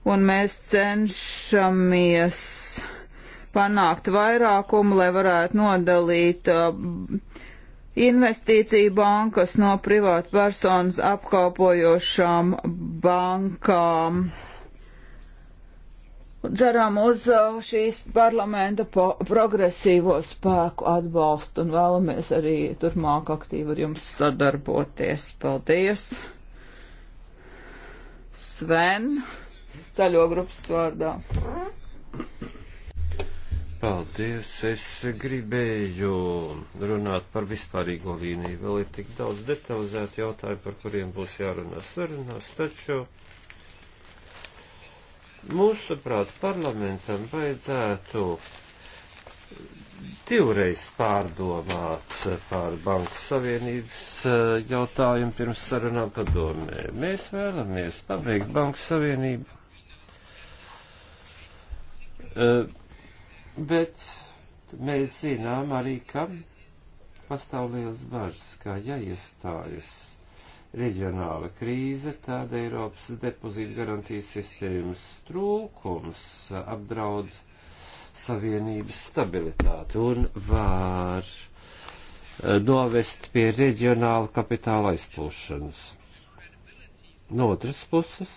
un mēs cenšamies panākt vairākumu, lai varētu nodalīt uh, Investīcija bankas no privātpersonas apkalpojošām bankām. Dzeram uz uh, šīs parlamenta progresīvo spēku atbalstu un vēlamies arī turpmāk aktīvi ar jums sadarboties. Paldies! Sven, zaļo grupas vārdā. Paldies! Es gribēju runāt par vispārīgo līniju. Vēl ir tik daudz detalizētu jautājumu, par kuriem būs jārunā sarunās, taču mūsuprāt parlamentam vajadzētu divreiz pārdomāt par Banku Savienības eh, jautājumu pirms sarunām padomē. Mēs vēlamies pabeigt Banku Savienību. Uh, Bet mēs zinām arī, ka pastāv liels bažas, ka ja iestājas reģionāla krīze, tad Eiropas depozīta garantijas sistēmas trūkums apdraud savienības stabilitāti un var eh, novest pie reģionāla kapitāla aizplūšanas. No otras puses,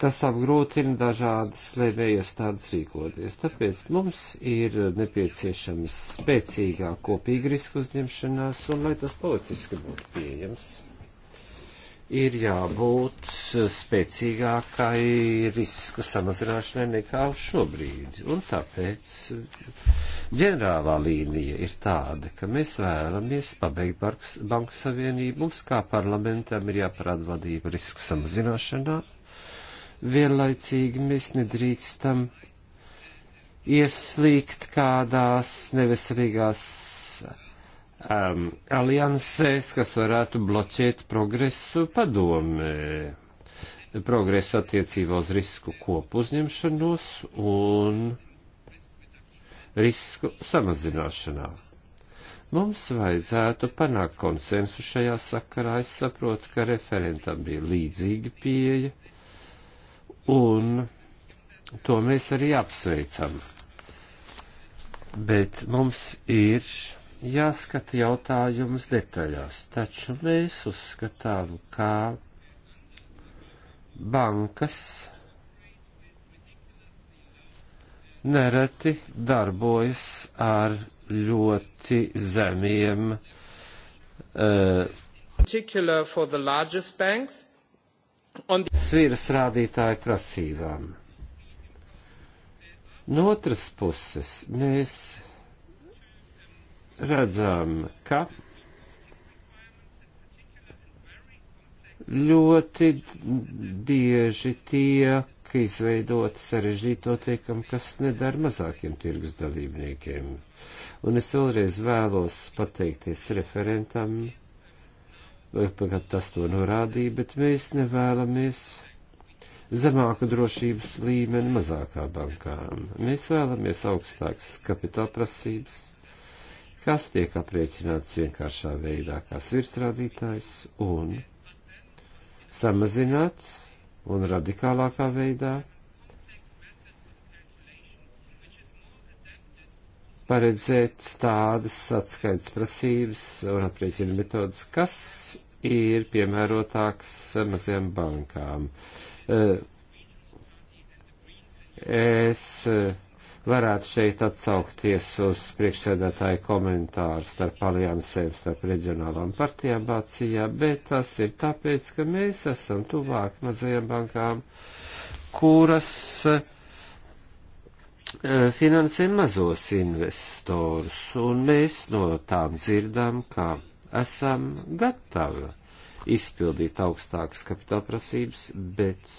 Tas apgrūtina dažādas lēmējas tādas rīkoties. Tāpēc mums ir nepieciešams spēcīgāk kopīgi risku uzņemšanās un lai tas politiski būtu pieejams. Ir jābūt spēcīgākai risku samazināšanai nekā šobrīd. Un tāpēc ģenerālā līnija ir tāda, ka mēs vēlamies pabeigt Banku Savienību. Mums kā parlamentam ir jāparāda vadība risku samazināšanā vienlaicīgi mēs nedrīkstam ieslīgt kādās neveselīgās um, aliansēs, kas varētu bloķēt progresu padomē, progresu attiecībā uz risku kopu uzņemšanos un risku samazināšanā. Mums vajadzētu panākt konsensu šajā sakarā. Es saprotu, ka referentam bija līdzīga pieeja un to mēs arī apsveicam. Bet mums ir jāskata jautājums detaļās, taču mēs uzskatām, kā bankas nereti darbojas ar ļoti zemiem uh, sviras rādītāju prasībām. No otras puses, mēs redzam, ka ļoti bieži tiek izveidot sarežģīti noteikumi, kas nedara mazākiem tirgus dalībniekiem. Un es vēlreiz vēlos pateikties referentam kad tas to norādīja, bet mēs nevēlamies zemāku drošības līmeni mazākām bankām. Mēs vēlamies augstākas kapitāla prasības, kas tiek aprēķināts vienkāršā veidā kā svirsrādītājs un samazināts un radikālākā veidā paredzēt tādas atskaites prasības un aprēķina metodas, kas ir piemērotāks maziem bankām. Eh, es eh, varētu šeit atsaukties uz priekšsēdētāju komentāru starp aliansēm, starp reģionālām partijām Vācijā, bet tas ir tāpēc, ka mēs esam tuvāk mazajām bankām, kuras eh, finansē mazos investorus, un mēs no tām dzirdam, ka esam gatavi izpildīt augstākas kapitāla prasības, bet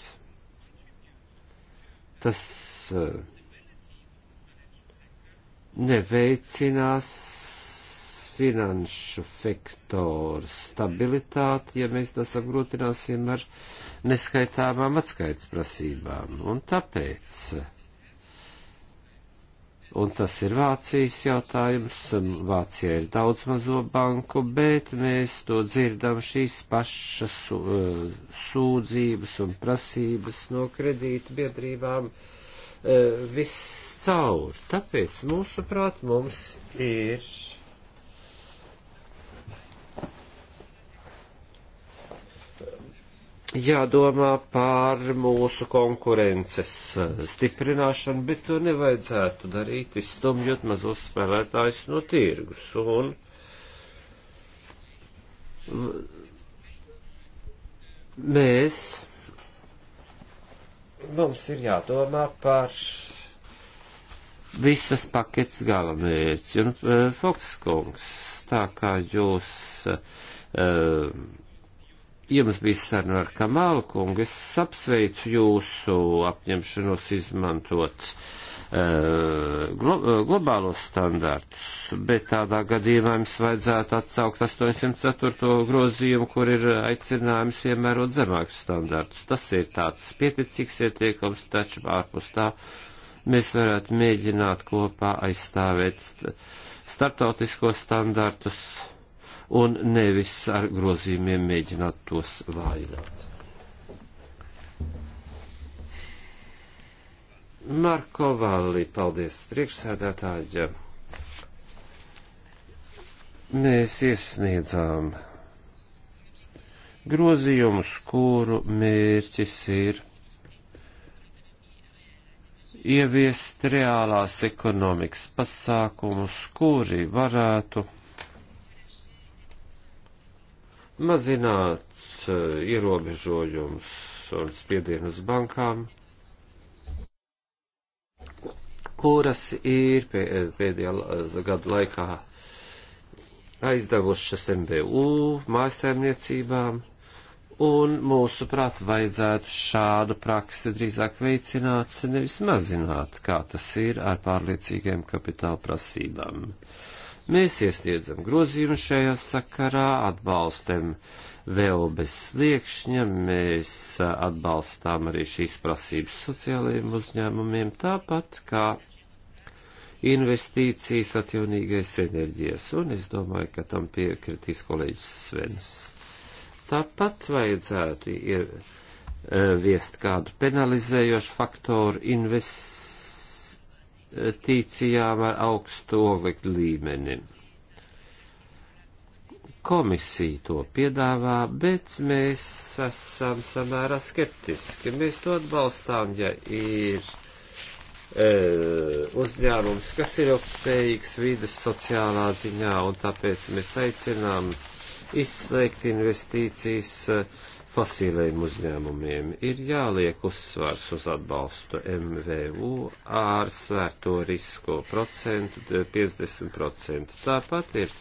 tas eh, neveicinās finanšu sektora stabilitāti, ja mēs to sagrūtināsim ar neskaitāmām atskaites prasībām. Un tāpēc un tas ir Vācijas jautājums. Vācijā ir daudz mazo banku, bet mēs to dzirdam šīs pašas e, sūdzības un prasības no kredīta biedrībām e, viscaur. Tāpēc, mūsuprāt, mums ir jādomā par mūsu konkurences eh, stiprināšanu, bet to nevajadzētu darīt, izstumjot mazos spēlētājus no tirgus. Un mēs, mums ir jādomā par visas paketes galamērķi. Un eh, Fokskungs, tā kā jūs. Uh, jums bija saruna ar Kamālu kungu. Es apsveicu jūsu apņemšanos izmantot uh, glo eh, globālos standārtus, bet tādā gadījumā jums vajadzētu atsaukt 804. grozījumu, kur ir aicinājums piemērot zemākus standārtus. Tas ir tāds pieticīgs ieteikums, taču ārpus tā mēs varētu mēģināt kopā aizstāvēt st starptautiskos standārtus un nevis ar grozījumiem mēģināt tos vājināt. Marko Valli, paldies priekšsēdētāja. Mēs iesniedzām grozījumus, kuru mērķis ir ieviest reālās ekonomikas pasākumus, kuri varētu mazināt eh, ierobežojumus un spiedienu uz bankām, kuras ir eh, pēdējā eh, gada laikā aizdevušas MBU mājasēmniecībām, un mūsuprāt vajadzētu šādu praksi drīzāk veicināt, nevis mazināt, kā tas ir ar pārliecīgiem kapitāla prasībām. Uh, Mēs iesniedzam grozījumu šajā sakarā, atbalstam vēl bez sliekšņa, mēs atbalstām arī šīs prasības sociālajiem uzņēmumiem, tāpat kā investīcijas atjaunīgais enerģijas, un es domāju, ka tam piekritīs kolēģis Svens. Tāpat vajadzētu ieviest e, kādu penalizējošu faktoru investīciju investīcijām ar augstu oglekļu līmeni. Komisija to piedāvā, bet mēs esam samērā skeptiski. Mēs to atbalstām, ja ir e, uzņēmums, kas ir ilgspējīgs vides sociālā ziņā, un tāpēc mēs aicinām izslēgt investīcijas fosilējiem uzņēmumiem ir jāliek uzsvars uz atbalstu MVU ar svērto risku procentu 50%. Tāpat ir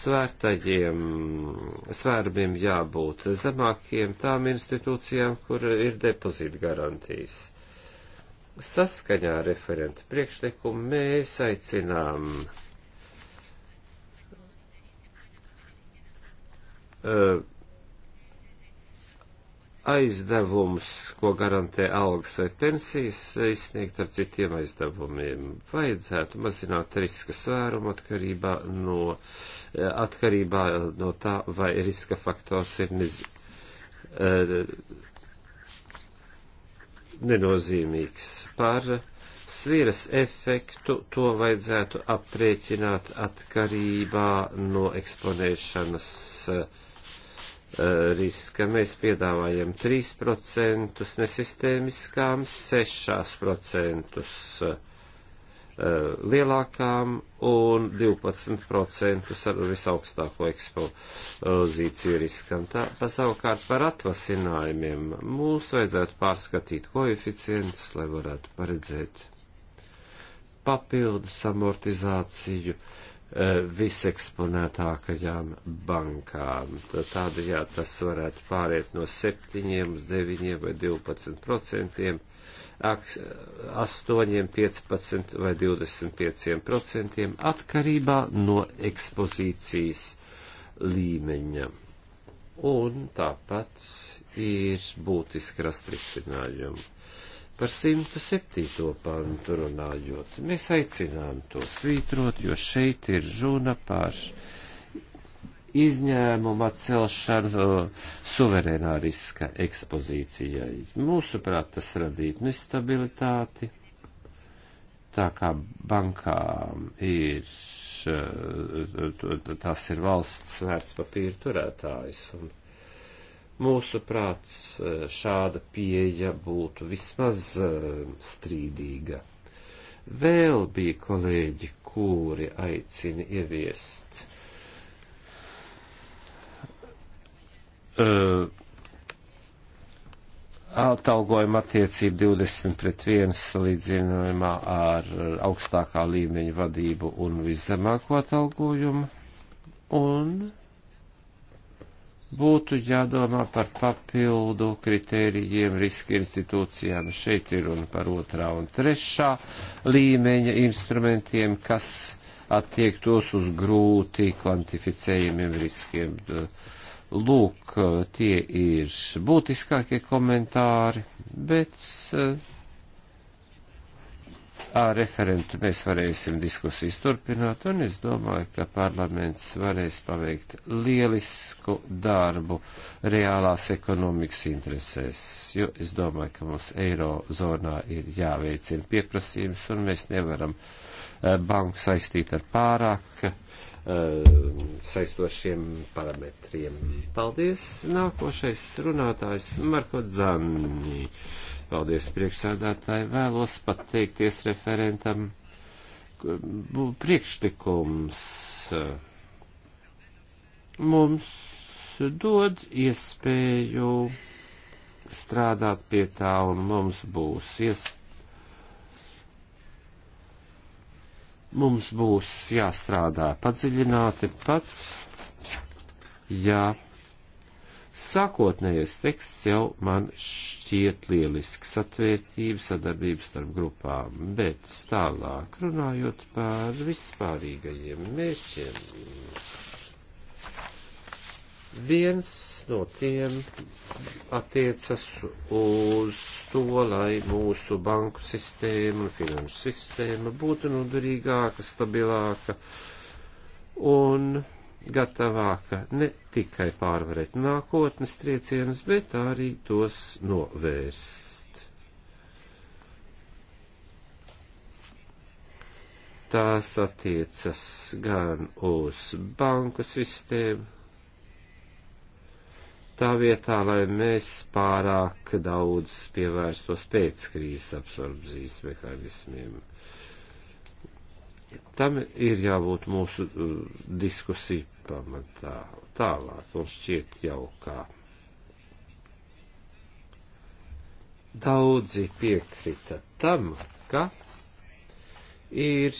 svērtajiem svērbiem jābūt zemākiem tām institūcijām, kur ir depozīta garantijas. Saskaņā ar referentu priekšlikumu mēs aicinām uh, aizdevumus, ko garantē algas vai pensijas, izsniegt ar citiem aizdevumiem. Vajadzētu mazināt riska svērumu atkarībā no, atkarībā no tā, vai riska faktors ir nez, eh, nenozīmīgs. Par sviras efektu to vajadzētu aprēķināt atkarībā no eksponēšanas uh, Eh, riska. Mēs piedāvājam 3% nesistēmiskām, 6% eh, lielākām un 12% ar visaugstāko ekspozīciju riskam. Tā pa savukārt par atvasinājumiem mums vajadzētu pārskatīt koeficientus, lai varētu paredzēt papildus amortizāciju. Uh, viseksponētākajām bankām. Tādējā tas varētu pāriet no 7 uz 9 vai 12 procentiem, 8, 15 vai 25 procentiem atkarībā no ekspozīcijas līmeņa. Un tāpat ir būtiski rast risinājumu Par 107. pantu runājot, mēs aicinām to svītrot, jo šeit ir runa par izņēmumu atcelšanu suverēnā riska ekspozīcijai. Mūsuprāt, tas radītu nestabilitāti, tā kā bankām ir, tās ir valsts vērts papīra turētājs. Un Mūsu prāts šāda pieeja būtu vismaz eh, strīdīga. Vēl bija kolēģi, kuri aicina ieviest uh, atalgojuma attiecību 20 pret 1 salīdzinājumā ar augstākā līmeņa vadību un viszemāko atalgojumu. Un būtu jādomā par papildu kritērijiem riska institūcijām. Šeit ir runa par otrā un trešā līmeņa instrumentiem, kas attiektos uz grūti kvantificējumiem riskiem. Lūk, tie ir būtiskākie komentāri, bet eh, ar referentu mēs varēsim diskusijas turpināt, un es domāju, ka parlaments varēs paveikt lielisku darbu reālās ekonomikas interesēs, jo es domāju, ka mums eirozonā ir jāveicina pieprasījums, un mēs nevaram banku saistīt ar pārāk saistošiem parametriem. Paldies! Nākošais runātājs Marko Dzanni. Paldies priekšsādātāji. Vēlos pateikties referentam. Priekšlikums eh, mums dod iespēju strādāt pie tā, un mums būs iespēja. Mums būs jāstrādā padziļināti pats, ja sākotnējais teksts jau man šķiet šķiet lieliski satvērtība, sadarbība starp grupām, bet tālāk runājot par vispārīgajiem mērķiem. Viens no tiem attiecas uz to, lai mūsu banku sistēma un finanšu sistēma būtu noderīgāka, stabilāka un gatavāka ne tikai pārvarēt nākotnes triecienus, bet arī tos novērst. Tās attiecas gan uz banku sistēmu, tā vietā, lai mēs pārāk daudz pievērstos pēckrīzes absorbzijas mehānismiem. Uh, Tam ir jābūt mūsu uh, diskusiju pamatā tālāk, un šķiet jau kā. Daudzi piekrita tam, ka ir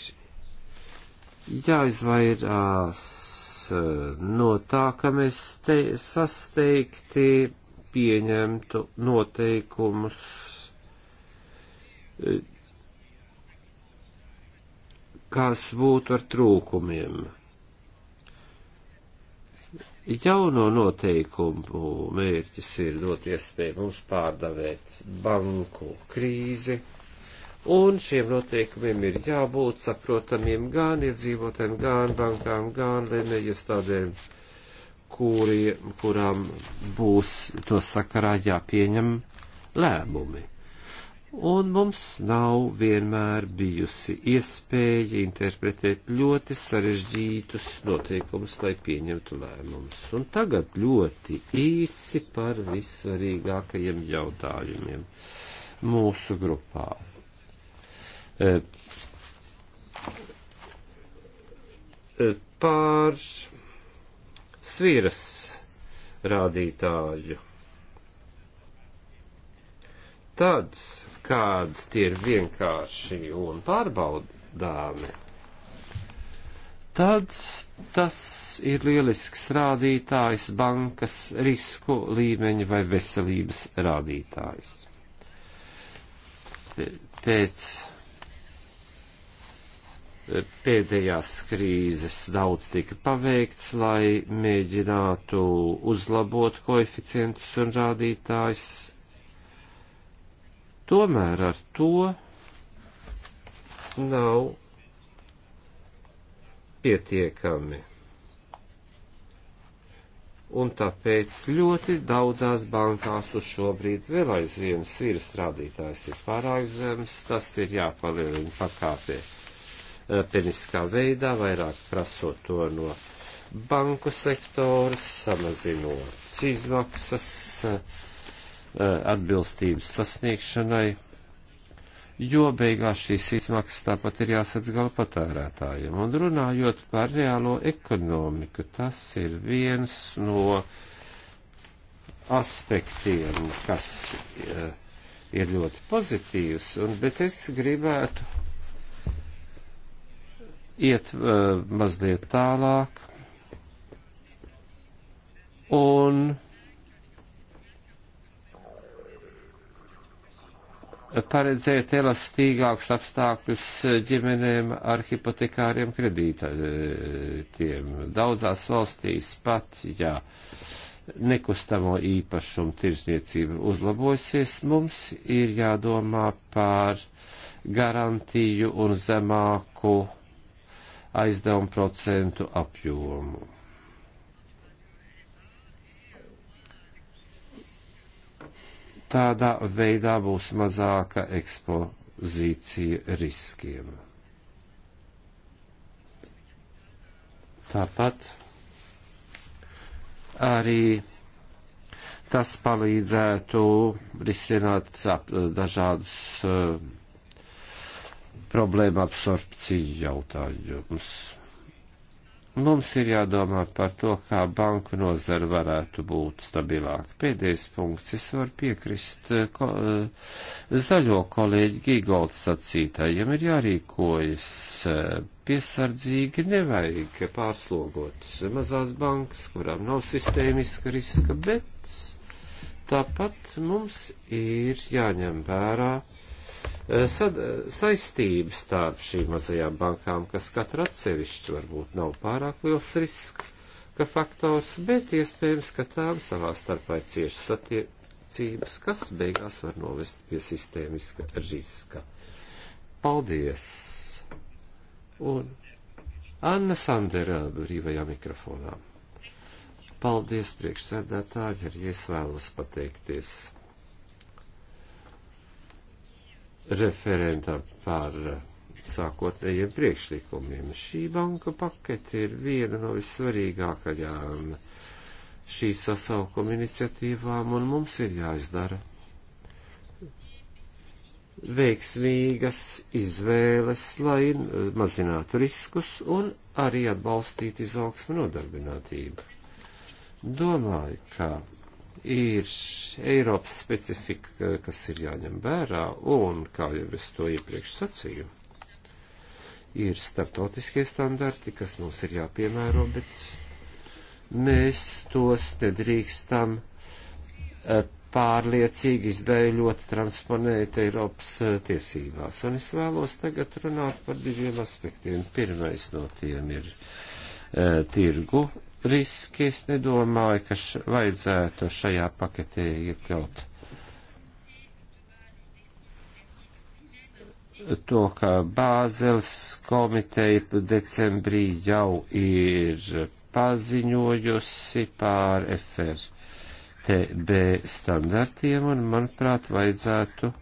jāizvairās uh, no tā, ka mēs te, sasteigti pieņemtu noteikumus uh, kas būtu ar trūkumiem. Jauno noteikumu mērķis ir dot iespēju mums pārdavēt banku krīzi, un šiem noteikumiem ir jābūt saprotamiem gan iedzīvotājiem, gan bankām, gan lēmējiestādēm, kuri, kurām būs to sakarā jāpieņem lēmumi un mums nav vienmēr bijusi iespēja interpretēt ļoti sarežģītus noteikumus, lai pieņemtu lēmumus. Un tagad ļoti īsi par vissvarīgākajiem jautājumiem mūsu grupā. E, e, pār sviras rādītāju. Tāds kādas tie ir vienkārši un pārbaudāmi, tad tas ir lielisks rādītājs bankas risku līmeņa vai veselības rādītājs. Pēc pēdējās krīzes daudz tika paveikts, lai mēģinātu uzlabot koeficientus un rādītājus Tomēr ar to nav pietiekami. Un tāpēc ļoti daudzās bankās uz šobrīd vēl aizvien sviras rādītājs ir pārāk zems, tas ir jāpalielina pakāpē peniskā veidā, vairāk prasot to no banku sektoras, samazinot izmaksas, uh, Eh, atbilstības sasniegšanai, jo beigās šīs izmaksas tāpat ir jāsadz gala patērētājiem. Un runājot par reālo ekonomiku, tas ir viens no aspektiem, kas eh, ir ļoti pozitīvs, un, bet es gribētu iet uh, mazliet tālāk. Un paredzēt elastīgākus apstākļus ģimenēm ar hipotekāriem kredītiem. Daudzās valstīs pat, ja nekustamo īpašumu tirzniecība uzlabosies, mums ir jādomā par garantiju un zemāku aizdevumu procentu apjomu. Tādā veidā būs mazāka ekspozīcija riskiem. Tāpat arī tas palīdzētu risināt ap, dažādus uh, problēma absorpcija jautājums. Mums ir jādomā par to, kā banku nozara varētu būt stabilāka. Pēdējais punkts, es varu piekrist eh, ko, eh, zaļo kolēģi Gigolda sacītājiem, ir jārīkojas eh, piesardzīgi, nevajag pārslogot mazās bankas, kurām nav sistēmiska riska, bet tāpat mums ir jāņem vērā Eh, sad, eh, saistības starp šīm mazajām bankām, kas katra atsevišķi varbūt nav pārāk liels risks, ka faktors, bet iespējams, ka tām savā starpā ir ciešas attiecības, kas beigās var novest pie sistēmiska riska. Paldies! Un Anna Sandera brīvajā mikrofonā. Paldies priekšsēdētāji, arī es vēlos pateikties referentam par sākotnējiem priekšlikumiem. Šī banka pakete ir viena no vissvarīgākajām šī sasaukuma iniciatīvām, un mums ir jāizdara veiksmīgas izvēles, lai mazinātu riskus un arī atbalstītu izaugsmu nodarbinātību. Domāju, ka ir Eiropas specifika, kas ir jāņem vērā, un, kā jau es to iepriekš sacīju, ir starptautiskie standarti, kas mums ir jāpiemēro, bet mēs tos nedrīkstam eh, pārliecīgi izdēļot, transponēt Eiropas eh, tiesībās. Un es vēlos tagad runāt par diviem aspektiem. Pirmais no tiem ir e, tirgu riski. Es nedomāju, ka š, vajadzētu šajā paketē iekļaut to, ka Bāzels komiteja decembrī jau ir paziņojusi pār FRTB standartiem un, manuprāt, vajadzētu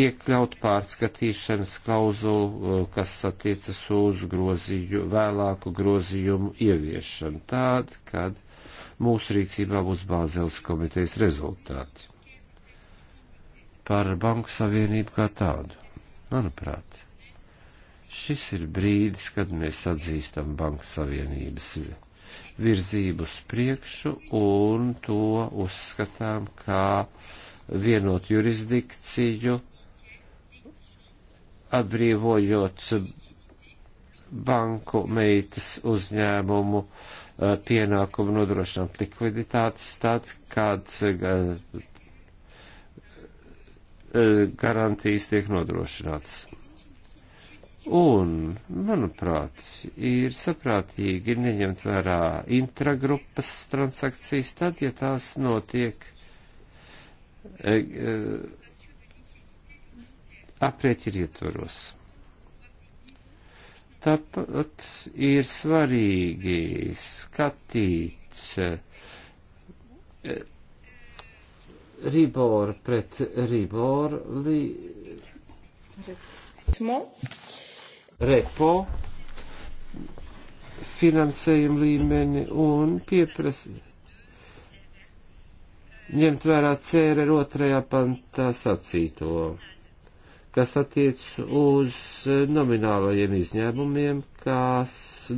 iekļaut pārskatīšanas klauzulu, eh, kas attiecas uz grozīju, vēlāku grozījumu ieviešanu, tād, kad mūsu rīcībā būs Bāzeles komitejas rezultāti. Par Banku Savienību kā tādu, manuprāt, šis ir brīdis, kad mēs atzīstam Banku Savienības virzību uz priekšu un to uzskatām kā vienot jurisdikciju, atbrīvojot banku meitas uzņēmumu eh, pienākumu nodrošināt likviditātes tad, kad eh, eh, garantijas tiek nodrošinātas. Un, manuprāt, ir saprātīgi neņemt vērā intragrupas transakcijas tad, ja tās notiek e, e, aprēķinu ietvaros. Tāpat ir svarīgi skatīt eh, riboru pret riboru li... repo finansējumu līmeni un pieprasīt ņemt vērā cēra ar otrajā pantā sacīto kas attiec uz eh, nominālajiem izņēmumiem, kas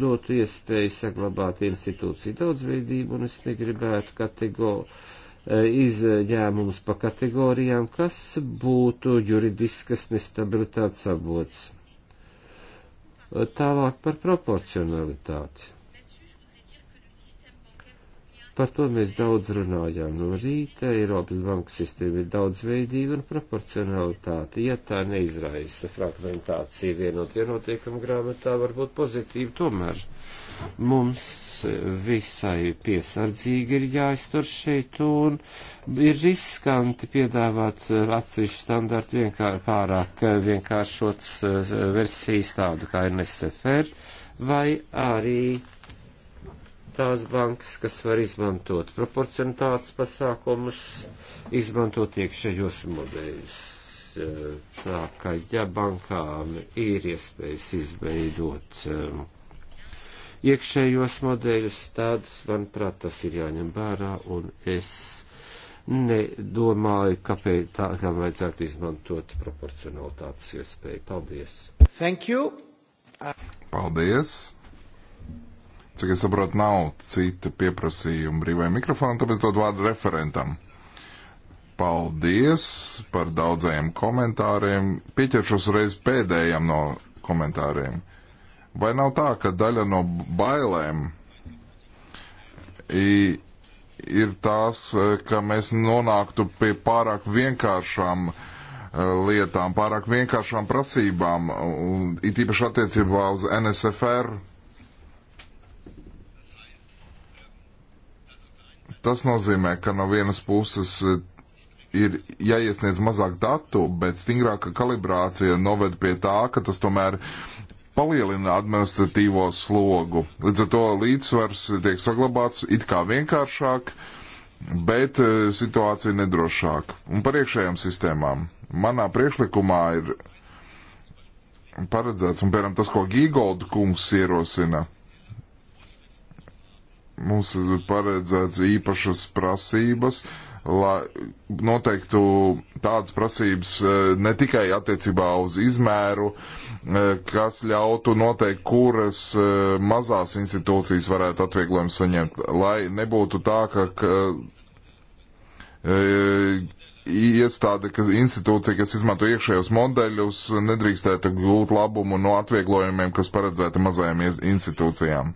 dotu iespēju saglabāt institūciju daudzveidību, un es negribētu kategor, eh, izņēmumus pa kategorijām, kas būtu juridiskas nestabilitātes avots. Tālāk par proporcionalitāti. Par to mēs daudz runājām no rīta. Eiropas banku sistēma ir daudzveidīga un proporcionalitāte. Ja tā neizraisa fragmentāciju vienot vienotiekam grāmatā, var būt pozitīva tomēr. Mums visai piesardzīgi ir jāiztur šeit un ir riskanti piedāvāt atsevišķu standartu vienkār, pārāk vienkāršots eh, versijas tādu kā NSFR vai arī tās bankas, kas var izmantot proporcionitātes pasākumus, izmantot iekšējos modeļus. Eh, tā kā, ja bankām ir iespējas izveidot eh, iekšējos modeļus, tad, manuprāt, tas ir jāņem vērā, un es nedomāju, kāpēc tā, tam vajadzētu izmantot proporcionalitātes iespēju. Paldies! Thank you! Paldies! Cik es saprotu, nav cita pieprasījuma brīvajam mikrofonam, tāpēc dod vārdu referentam. Paldies par daudzajiem komentāriem. Pieķeršos reiz pēdējam no komentāriem. Vai nav tā, ka daļa no bailēm ir tās, ka mēs nonāktu pie pārāk vienkāršām e, lietām, pārāk vienkāršām prasībām, it īpaši attiecībā uz NSFR Tas nozīmē, ka no vienas puses eh, ir jāiesniedz mazāk datu, bet stingrāka kalibrācija noved pie tā, ka tas tomēr palielina administratīvo slogu. Līdz ar to līdzsvars tiek saglabāts it kā vienkāršāk, bet eh, situācija nedrošāk. Un par iekšējām sistēmām. Manā priekšlikumā ir paredzēts, un piemēram tas, ko Gīgolda kungs ierosina, mums ir paredzēts īpašas prasības, lai noteiktu tādas prasības e, ne tikai attiecībā uz izmēru, e, kas ļautu noteikt, kuras e, mazās institūcijas varētu atvieglojumu saņemt, lai nebūtu tā, ka, ka iestāde, kas, institūcija, kas izmanto iekšējos modeļus, nedrīkstētu gūt labumu no atvieglojumiem, kas paredzēti mazajām institūcijām.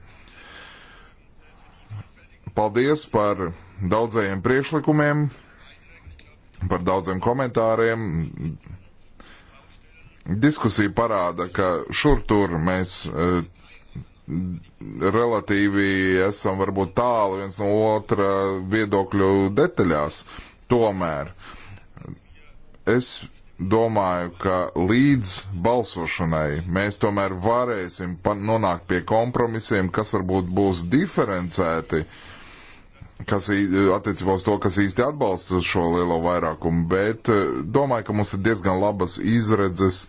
Paldies par daudzajiem priekšlikumiem, par daudziem komentāriem. Diskusija parāda, ka šur tur mēs eh, relatīvi esam varbūt tālu viens no otra viedokļu detaļās. Tomēr es domāju, ka līdz balsošanai mēs tomēr varēsim nonākt pie kompromisiem, kas varbūt būs diferencēti uh, kas eh, attiecībā uz to, kas īsti atbalsta šo lielo vairākumu, bet eh, domāju, ka mums ir diezgan labas izredzes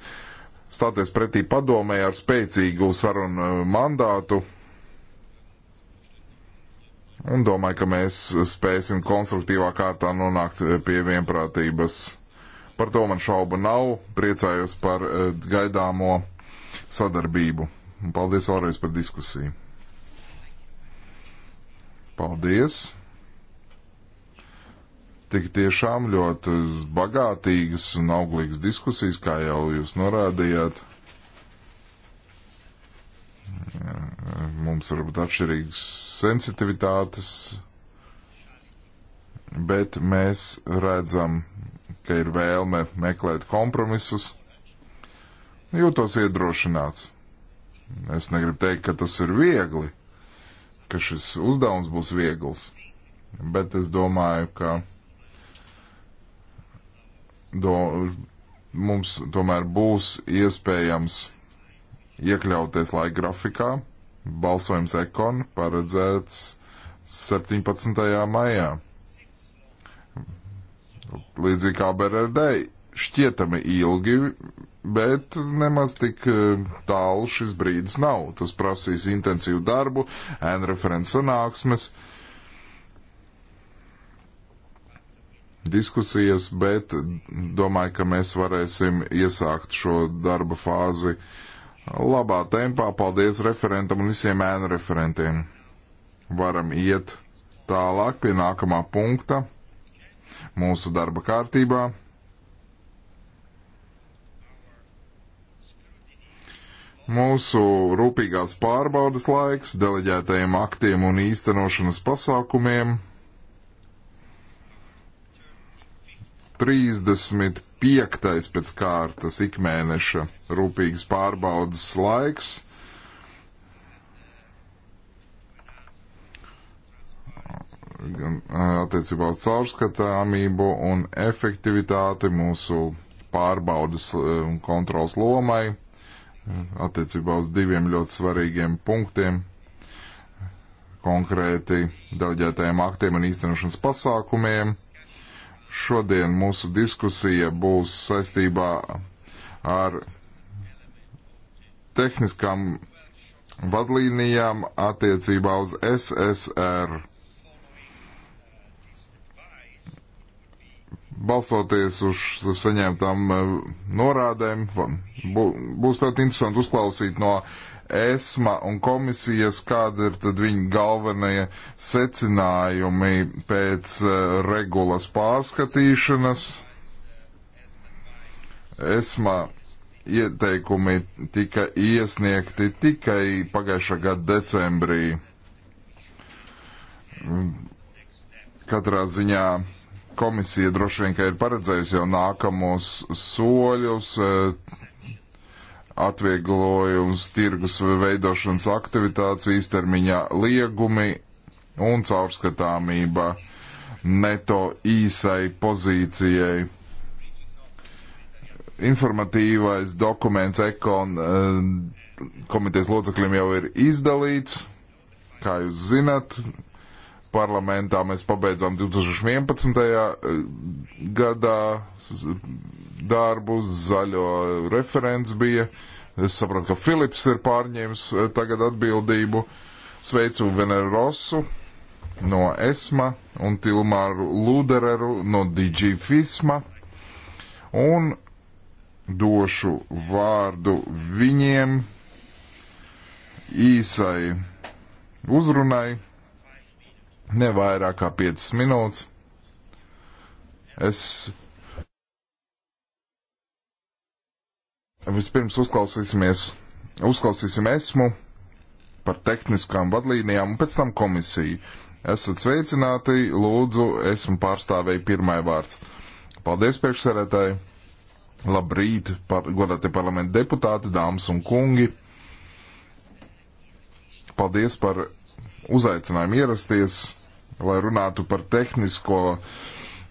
stāties pretī padomē ar spēcīgu sarunu eh, mandātu. Un domāju, ka mēs spēsim konstruktīvā kārtā nonākt pie vienprātības. Par to man šaubu nav. Priecājos par gaidāmo sadarbību. Paldies vēlreiz par diskusiju. Paldies! tik tiešām ļoti bagātīgas un auglīgas diskusijas, kā jau jūs norādījāt. Mums var būt atšķirīgas sensitivitātes, bet mēs redzam, ka ir vēlme meklēt kompromisus. Jūtos iedrošināts. Es negribu teikt, ka tas ir viegli, ka šis uzdevums būs viegls, bet es domāju, ka do, mums tomēr būs iespējams iekļauties laika grafikā. Balsojums ekon paredzēts 17. maijā. Līdzīgi kā BRD, šķietami ilgi, bet nemaz tik eh, tālu šis brīdis nav. Tas prasīs intensīvu darbu, ēnu referents sanāksmes. Uh, diskusijas, bet domāju, ka mēs varēsim iesākt šo darba fāzi labā tempā. Paldies referentam un visiem ēnu referentiem. Varam iet tālāk pie nākamā punkta mūsu darba kārtībā. Mūsu rūpīgās pārbaudas laiks deleģētajiem aktiem un īstenošanas pasākumiem 35. pēc kārtas ikmēneša rūpīgas pārbaudas laiks. gan attiecībā uz caurskatāmību un efektivitāti mūsu pārbaudas un kontrols lomai, attiecībā uz diviem ļoti svarīgiem punktiem, konkrēti daļģētajiem aktiem un īstenošanas pasākumiem. Šodien mūsu diskusija būs saistībā ar tehniskām vadlīnijām attiecībā uz SSR. balstoties uz saņemtām eh, norādēm, būs ļoti interesanti uzklausīt no ESMA un komisijas, kāda ir tad viņa galvenie secinājumi pēc eh, regulas pārskatīšanas. ESMA ieteikumi tika iesniegti tikai pagājušā gada decembrī. Katrā ziņā komisija droši vien, ka ir paredzējusi jau nākamos soļus, eh, atvieglojums, tirgus veidošanas aktivitātes, īstermiņā liegumi un caurskatāmība neto īsai pozīcijai. Informatīvais dokuments ekon eh, komitejas locekļiem jau ir izdalīts, kā jūs zinat, parlamentā mēs pabeidzām 2011. Eh, gadā darbu, zaļo referents bija. Es sapratu, ka Filips ir pārņēmis eh, tagad atbildību. Sveicu Veneru Rosu no ESMA un Tilmāru Lūdereru no DG Fisma. Un došu vārdu viņiem īsai uzrunai ne vairāk kā 5 minūtes. Es vispirms uzklausīsimies, uzklausīsim esmu par tehniskām vadlīnijām un pēc tam komisiju. Esat sveicināti, lūdzu, esmu pārstāvēji pirmai vārds. Paldies priekšsarētāji! Labrīt, par, godātie parlamenta deputāti, dāmas un kungi! Paldies par uzaicinājumu ierasties lai runātu par tehnisko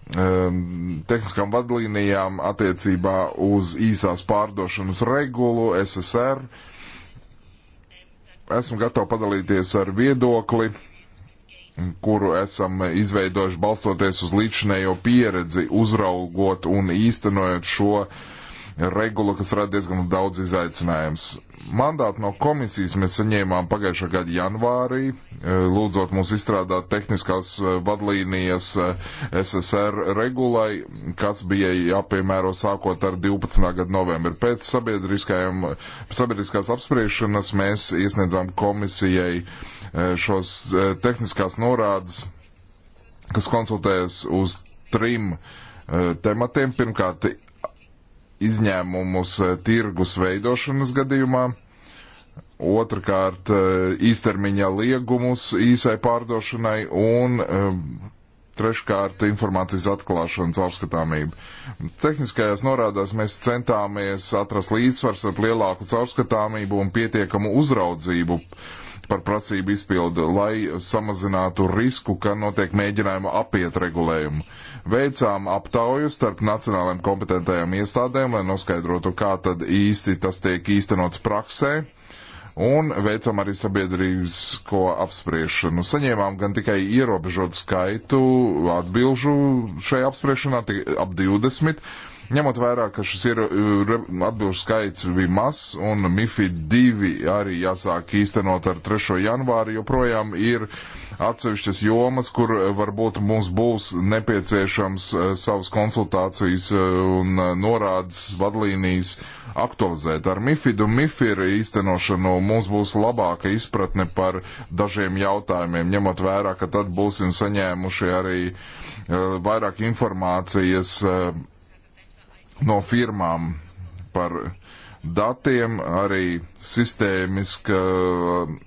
tehniskām vadlīnijām attiecībā uz īsās pārdošanas regulu SSR. Esmu gatavs padalīties ar viedokli, kuru esam izveidojuši balstoties uz līdzinējo pieredzi, uzraugot un īstenojot šo regulu, kas rada diezgan daudz izaicinājums. Mandātu no komisijas mēs saņēmām pagājušā gada janvārī, e, lūdzot mums izstrādāt tehniskās e, vadlīnijas e, SSR regulai, kas bija jāpiemēro sākot ar 12. gada novembri. Pēc sabiedriskās apspriešanas mēs iesniedzām komisijai šos tehniskās norādes, kas konsultējas uz trim tematiem. Pirmkārt, izņēmumus eh, tirgus veidošanas gadījumā, otrkārt eh, īstermiņa liegumus īsai pārdošanai un eh, treškārt informācijas atklāšanas caurskatāmību. Tehniskajās norādās mēs centāmies atrast līdzsvars ar lielāku caurskatāmību un pietiekamu uzraudzību uh, par prasību izpildu, lai samazinātu risku, ka notiek mēģinājuma apiet regulējumu. Veicām aptauju starp nacionālajām kompetentajām iestādēm, lai noskaidrotu, kā tad īsti tas tiek īstenots praksē. Un veicam arī sabiedrīsko apspriešanu. Saņēmām gan tikai ierobežotu skaitu atbilžu šajā apspriešanā, ap 20, Ņemot vērā, ka šis ir atbilžu skaits bija mazs un MIFID 2 arī jāsāk īstenot ar 3. janvāri, joprojām ir atsevišķas jomas, kur eh, varbūt mums būs nepieciešams eh, savas konsultācijas eh, un norādes vadlīnijas aktualizēt. Ar MIFID un MIFIR īstenošanu mums būs labāka izpratne par dažiem jautājumiem, ņemot vērā, ka tad būsim saņēmuši arī vairāk informācijas no firmām par datiem, arī sistēmiska uh,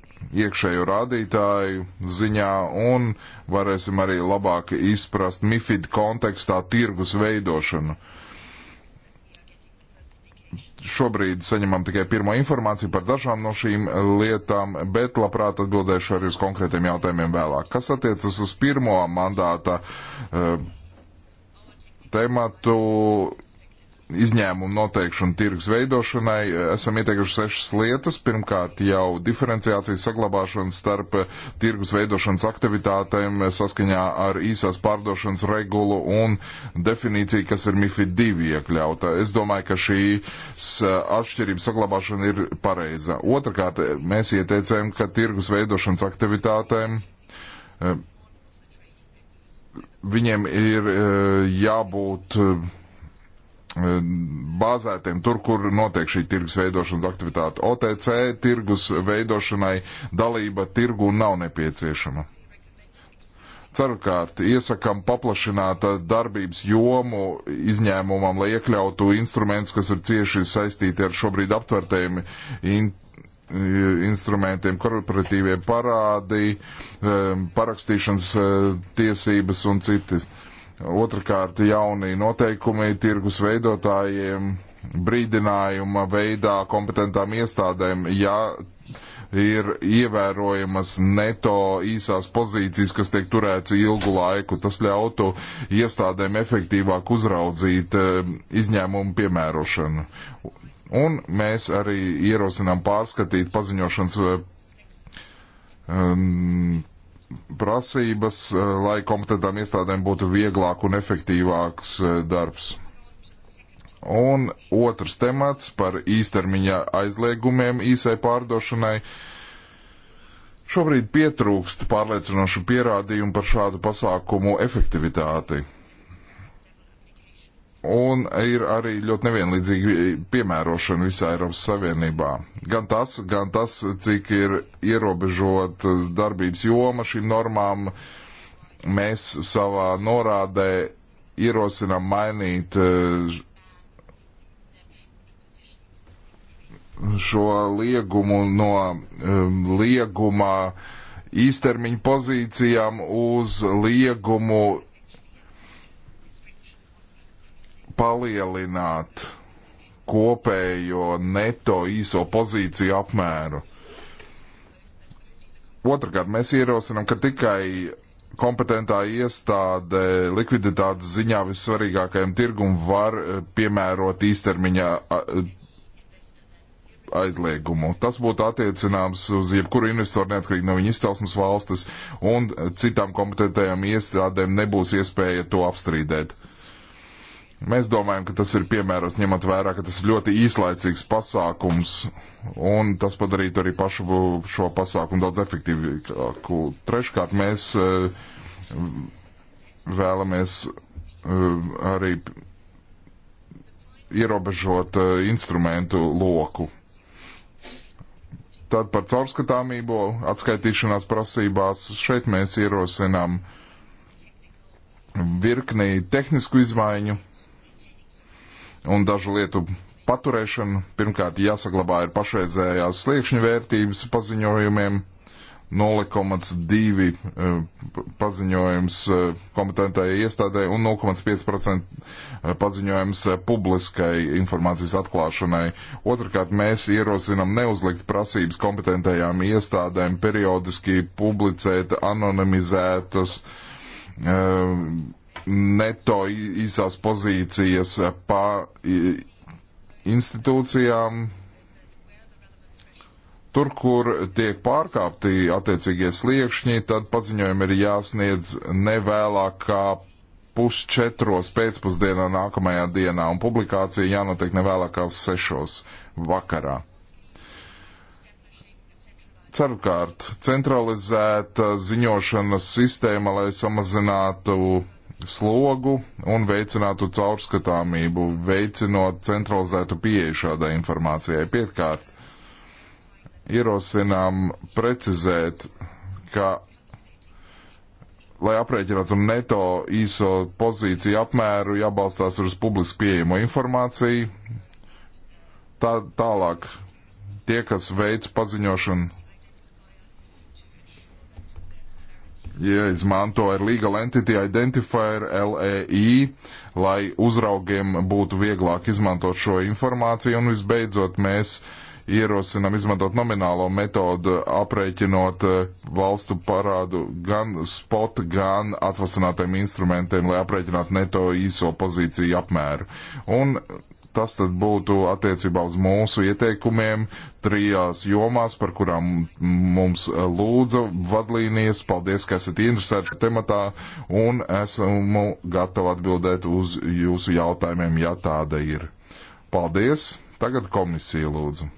iekšējo rādītāju ziņā un varēsim arī labāk izprast MIFID kontekstā tirgus veidošanu. Šobrīd saņemam tikai pirmo informāciju par dažām no šīm lietām, bet labprāt atbildēšu arī uz konkrētiem jautājumiem vēlāk. Kas attiecas uz pirmo mandāta uh, tematu, izņēmumu noteikšanu tirgus veidošanai, eh, esam ieteikuši sešas lietas. Pirmkārt, jau diferenciācijas saglabāšana starp eh, tirgus veidošanas aktivitātēm eh, saskaņā ar īsās pārdošanas regulu un definīciju, kas ir MIFID 2 iekļauta. Es domāju, ka šīs atšķirības saglabāšana ir pareiza. Otrakārt, mēs ieteicējam, ka tirgus veidošanas aktivitātēm viņiem ir jābūt E, bāzētiem tur, kur notiek šī tirgus veidošanas aktivitāte. OTC tirgus veidošanai dalība tirgu nav nepieciešama. Cerukārt, iesakam paplašināt darbības jomu izņēmumam, lai iekļautu instrumentus, kas ir cieši saistīti ar šobrīd aptvertējiem in instrumentiem, korporatīviem parādi, e, parakstīšanas e, tiesības un citas. Otrakārt, jauni noteikumi tirgus veidotājiem brīdinājuma veidā kompetentām iestādēm, ja ir ievērojamas neto īsās pozīcijas, kas tiek turēts ilgu laiku. Tas ļautu iestādēm efektīvāk uzraudzīt eh, izņēmumu piemērošanu. Un mēs arī ierosinām pārskatīt paziņošanas um, prasības, eh, lai kompetentām iestādēm būtu vieglāk un efektīvāks eh, darbs. Un otrs temats par īstermiņa aizliegumiem īsai pārdošanai. Šobrīd pietrūkst pārliecinošu pierādījumu par šādu pasākumu efektivitāti un ir arī ļoti nevienlīdzīga piemērošana visā Eiropas Savienībā. Gan tas, gan tas, cik ir ierobežot darbības joma šīm normām, mēs savā norādē ierosinām mainīt eh, šo liegumu no eh, lieguma īstermiņa pozīcijām uz liegumu palielināt kopējo neto īso pozīciju apmēru. Otrakārt, mēs ierosinām, ka tikai kompetentā iestāde likviditātes ziņā vissvarīgākajam tirgum var eh, piemērot īstermiņa aizliegumu. Tas būtu attiecināms uz jebkuru investoru, neatkarīgi no viņa izcelsmes valstis, un citām kompetentajām iestādēm nebūs iespēja to apstrīdēt. Mēs domājam, ka tas ir piemērots, ņemot vērā, ka tas ir ļoti īslaicīgs pasākums, un tas padarītu arī pašu šo pasākumu daudz efektīvāku. Treškārt, mēs eh, vēlamies eh, arī ierobežot eh, instrumentu loku. Tad par caurskatāmību atskaitīšanās prasībās šeit mēs ierosinām virknī tehnisku izmaiņu un dažu lietu paturēšanu. Pirmkārt, jāsaglabā ir pašreizējās sliekšņu vērtības paziņojumiem. 0,2 eh, paziņojums eh, kompetentajai iestādē un 0,5% eh, paziņojums publiskai informācijas atklāšanai. Otrakārt, mēs ierosinam neuzlikt prasības kompetentajām iestādēm periodiski publicēt anonimizētas uh, neto īsās pozīcijas pa institūcijām. Tur, kur tiek pārkāpti attiecīgie sliekšņi, tad paziņojumi ir jāsniedz nevēlāk kā pusčetros pēcpusdienā nākamajā dienā, un publikācija jānotiek nevēlāk kā sešos vakarā. Cerukārt, centralizēta ziņošanas sistēma, lai samazinātu uh, slogu un veicinātu caurskatāmību, veicinot centralizētu pieeju šādai informācijai. Pietkārt, ierosinām precizēt, ka, lai aprēķinātu neto īso pozīciju apmēru, jābalstās uz publiski pieejamo informāciju. Tā, tālāk tie, kas veids paziņošanu ja izmanto ar Legal Entity Identifier LEI, lai uzraugiem būtu vieglāk izmantot šo informāciju. Un visbeidzot, mēs uh, ierosinām izmantot nominālo metodu, aprēķinot eh, valstu parādu gan spot, gan atvasinātiem instrumentiem, lai aprēķinātu neto īso pozīciju apmēru. Un tas tad būtu attiecībā uz mūsu ieteikumiem trijās jomās, par kurām mums eh, lūdza vadlīnijas. Paldies, ka esat interesēti tematā un esmu gatava atbildēt uz jūsu jautājumiem, ja tāda ir. Paldies! Tagad komisija lūdzu.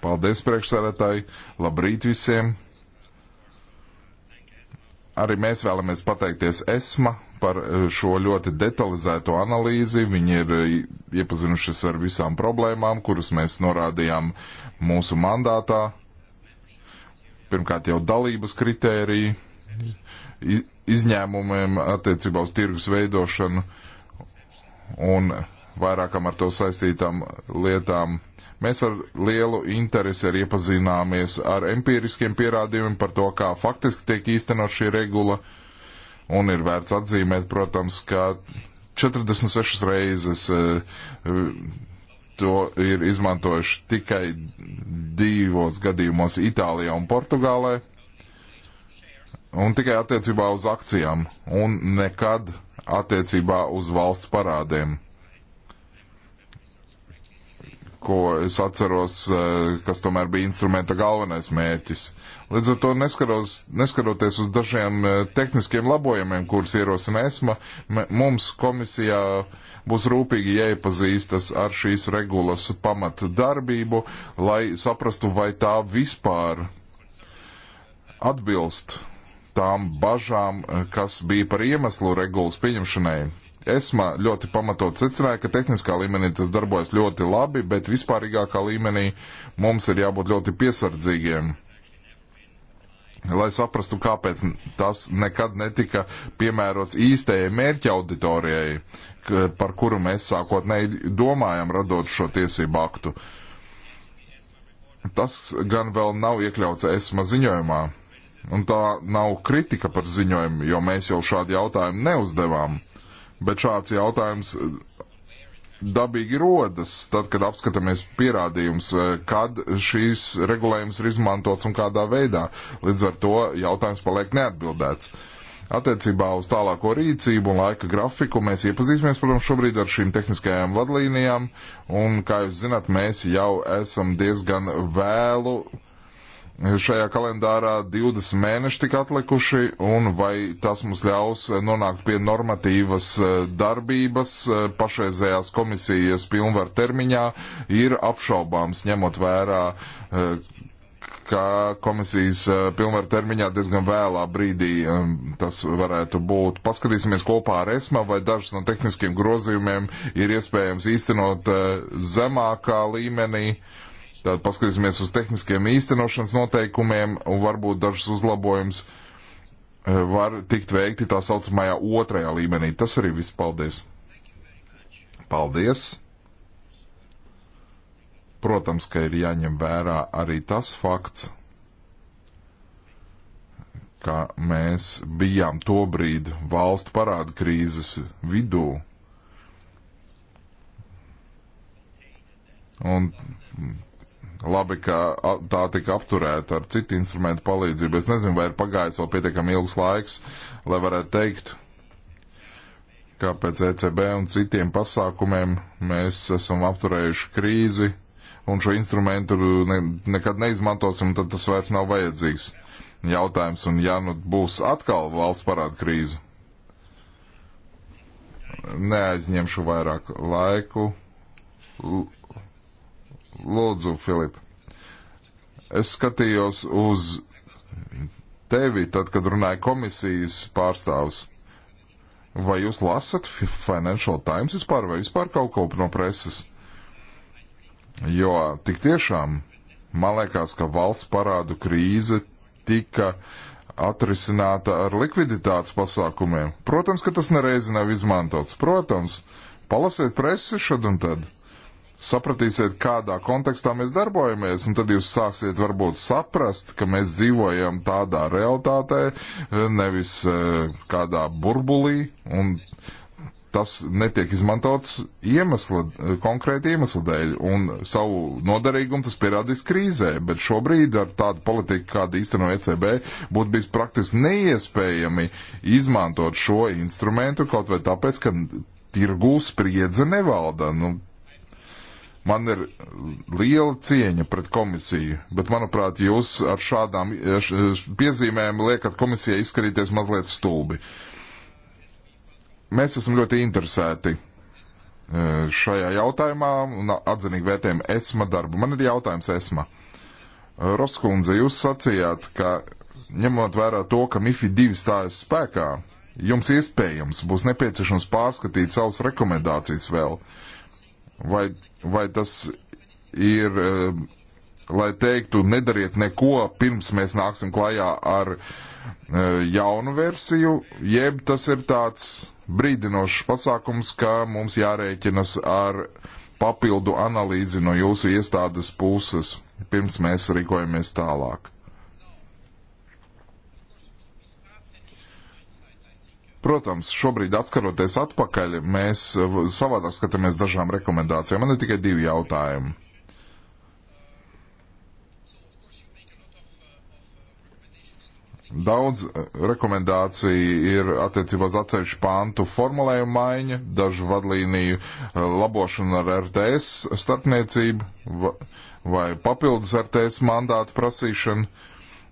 Paldies, priekšsēdētāji! Labrīt visiem! Arī mēs vēlamies pateikties ESMA par eh, šo ļoti detalizēto analīzi. Viņi ir eh, iepazinušies ar visām problēmām, kuras mēs norādījām mūsu mandātā. Pirmkārt jau dalības kritēriji, izņēmumiem attiecībā uz tirgus veidošanu un vairākam ar to saistītām lietām. Mēs ar lielu interesi arī iepazināmies ar empiriskiem pierādījumiem par to, kā faktiski tiek īstenot šī regula. Un ir vērts atzīmēt, protams, ka 46 reizes e, e, to ir izmantojuši tikai divos gadījumos Itālijā un Portugālē. Un tikai attiecībā uz akcijām un nekad attiecībā uz valsts parādiem ko es atceros, eh, kas tomēr bija instrumenta galvenais mērķis. Līdz ar to neskaros, neskaroties uz dažiem eh, tehniskiem labojumiem, kurus ierosina ESMA, mums komisijā būs rūpīgi jāiepazīstas ar šīs regulas pamata darbību, lai saprastu, vai tā vispār atbilst tām bažām, eh, kas bija par iemeslu regulas pieņemšanai ESMA ļoti pamatot secināja, ka tehniskā līmenī tas darbojas ļoti labi, bet vispārīgākā līmenī mums ir jābūt ļoti piesardzīgiem, lai saprastu, kāpēc tas nekad netika piemērots īstajai mērķa auditorijai, par kuru mēs sākotnēji domājam radot šo tiesību aktu. Tas gan vēl nav iekļauts ESMA ziņojumā, un tā nav kritika par ziņojumu, jo mēs jau šādu jautājumu neuzdevām bet šāds jautājums eh, dabīgi rodas, tad, kad apskatāmies pierādījums, eh, kad šīs regulējums ir izmantots un kādā veidā. Līdz ar to jautājums paliek neatbildēts. Attiecībā uz tālāko rīcību un laika grafiku mēs iepazīsimies, protams, šobrīd ar šīm tehniskajām vadlīnijām, un, kā jūs zināt, mēs jau esam diezgan vēlu Šajā kalendārā 20 mēneši tika atlikuši, un vai tas mums ļaus eh, nonākt pie normatīvas eh, darbības eh, pašreizējās komisijas pilnvaru termiņā, ir apšaubāms, ņemot vērā, ka komisijas pilnvaru termiņā diezgan vēlā brīdī tas varētu būt. Paskatīsimies kopā ar ESMA, vai dažas no tehniskiem grozījumiem ir iespējams īstenot zemākā līmenī Tad paskatīsimies uz tehniskiem īstenošanas noteikumiem un varbūt dažas uzlabojums e, var tikt veikti tā saucamajā otrajā līmenī. Tas arī viss paldies. Paldies. Protams, ka ir jāņem vērā arī tas fakts, ka mēs bijām tobrīd valstu parādu krīzes vidū. Un Labi, ka tā tika apturēta ar citu instrumentu palīdzību. Es nezinu, vai ir pagājis vēl pietiekami ilgs laiks, lai varētu teikt, ka pēc ECB un citiem pasākumiem mēs esam apturējuši krīzi un šo instrumentu ne, nekad neizmantosim, tad tas vairs nav vajadzīgs. Jautājums, un ja nu būs atkal valsts parāda krīze, neaizņemšu vairāk laiku. Lūdzu, Filip. Es skatījos uz tevi, tad, kad runāja komisijas pārstāvs. Vai jūs lasat Financial Times vispār, vai vispār kaut ko no preses? Jo tik tiešām man liekas, ka valsts parādu krīze tika atrisināta ar likviditātes pasākumiem. Protams, ka tas nereizi nav izmantots. Protams, palasiet presi šad un tad sapratīsiet, kādā kontekstā mēs darbojamies, un tad jūs sāksiet varbūt saprast, ka mēs dzīvojam tādā realitātē, nevis eh, kādā burbulī, un tas netiek izmantots iemesla, konkrēti iemesla dēļ, un savu noderīgumu tas pierādīs krīzē, bet šobrīd ar tādu politiku, kāda īsteno ECB, būtu bijis praktiski neiespējami izmantot šo instrumentu, kaut vai tāpēc, ka tirgū spriedze nevalda. Nu, Man ir liela cieņa pret komisiju, bet, manuprāt, jūs ar šādām piezīmēm liekat komisijai izskatīties mazliet stulbi. Mēs esam ļoti interesēti e, šajā jautājumā un atzinīgi vērtējam ESMA darbu. Man ir jautājums ESMA. E, Roskundze, jūs sacījāt, ka ņemot vērā to, ka MIFI 2 stājas spēkā, jums iespējams būs nepieciešams pārskatīt savas rekomendācijas vēl. Uh, Vai, vai tas ir, eh, lai teiktu, nedariet neko, pirms mēs nāksim klajā ar eh, jaunu versiju, jeb tas ir tāds brīdinošs pasākums, ka mums jārēķinas ar papildu analīzi no jūsu iestādes puses, pirms mēs rīkojamies tālāk. Protams, šobrīd, atskaroties atpakaļ, mēs eh, savādāk skatāmies dažām rekomendācijām. Man ir tikai divi jautājumi. Daudz eh, rekomendāciju ir attiecībā uz atsevišķu pāntu formulējumu maiņa, dažu vadlīniju eh, labošanu ar RTS starpniecību vai papildus RTS mandātu prasīšanu.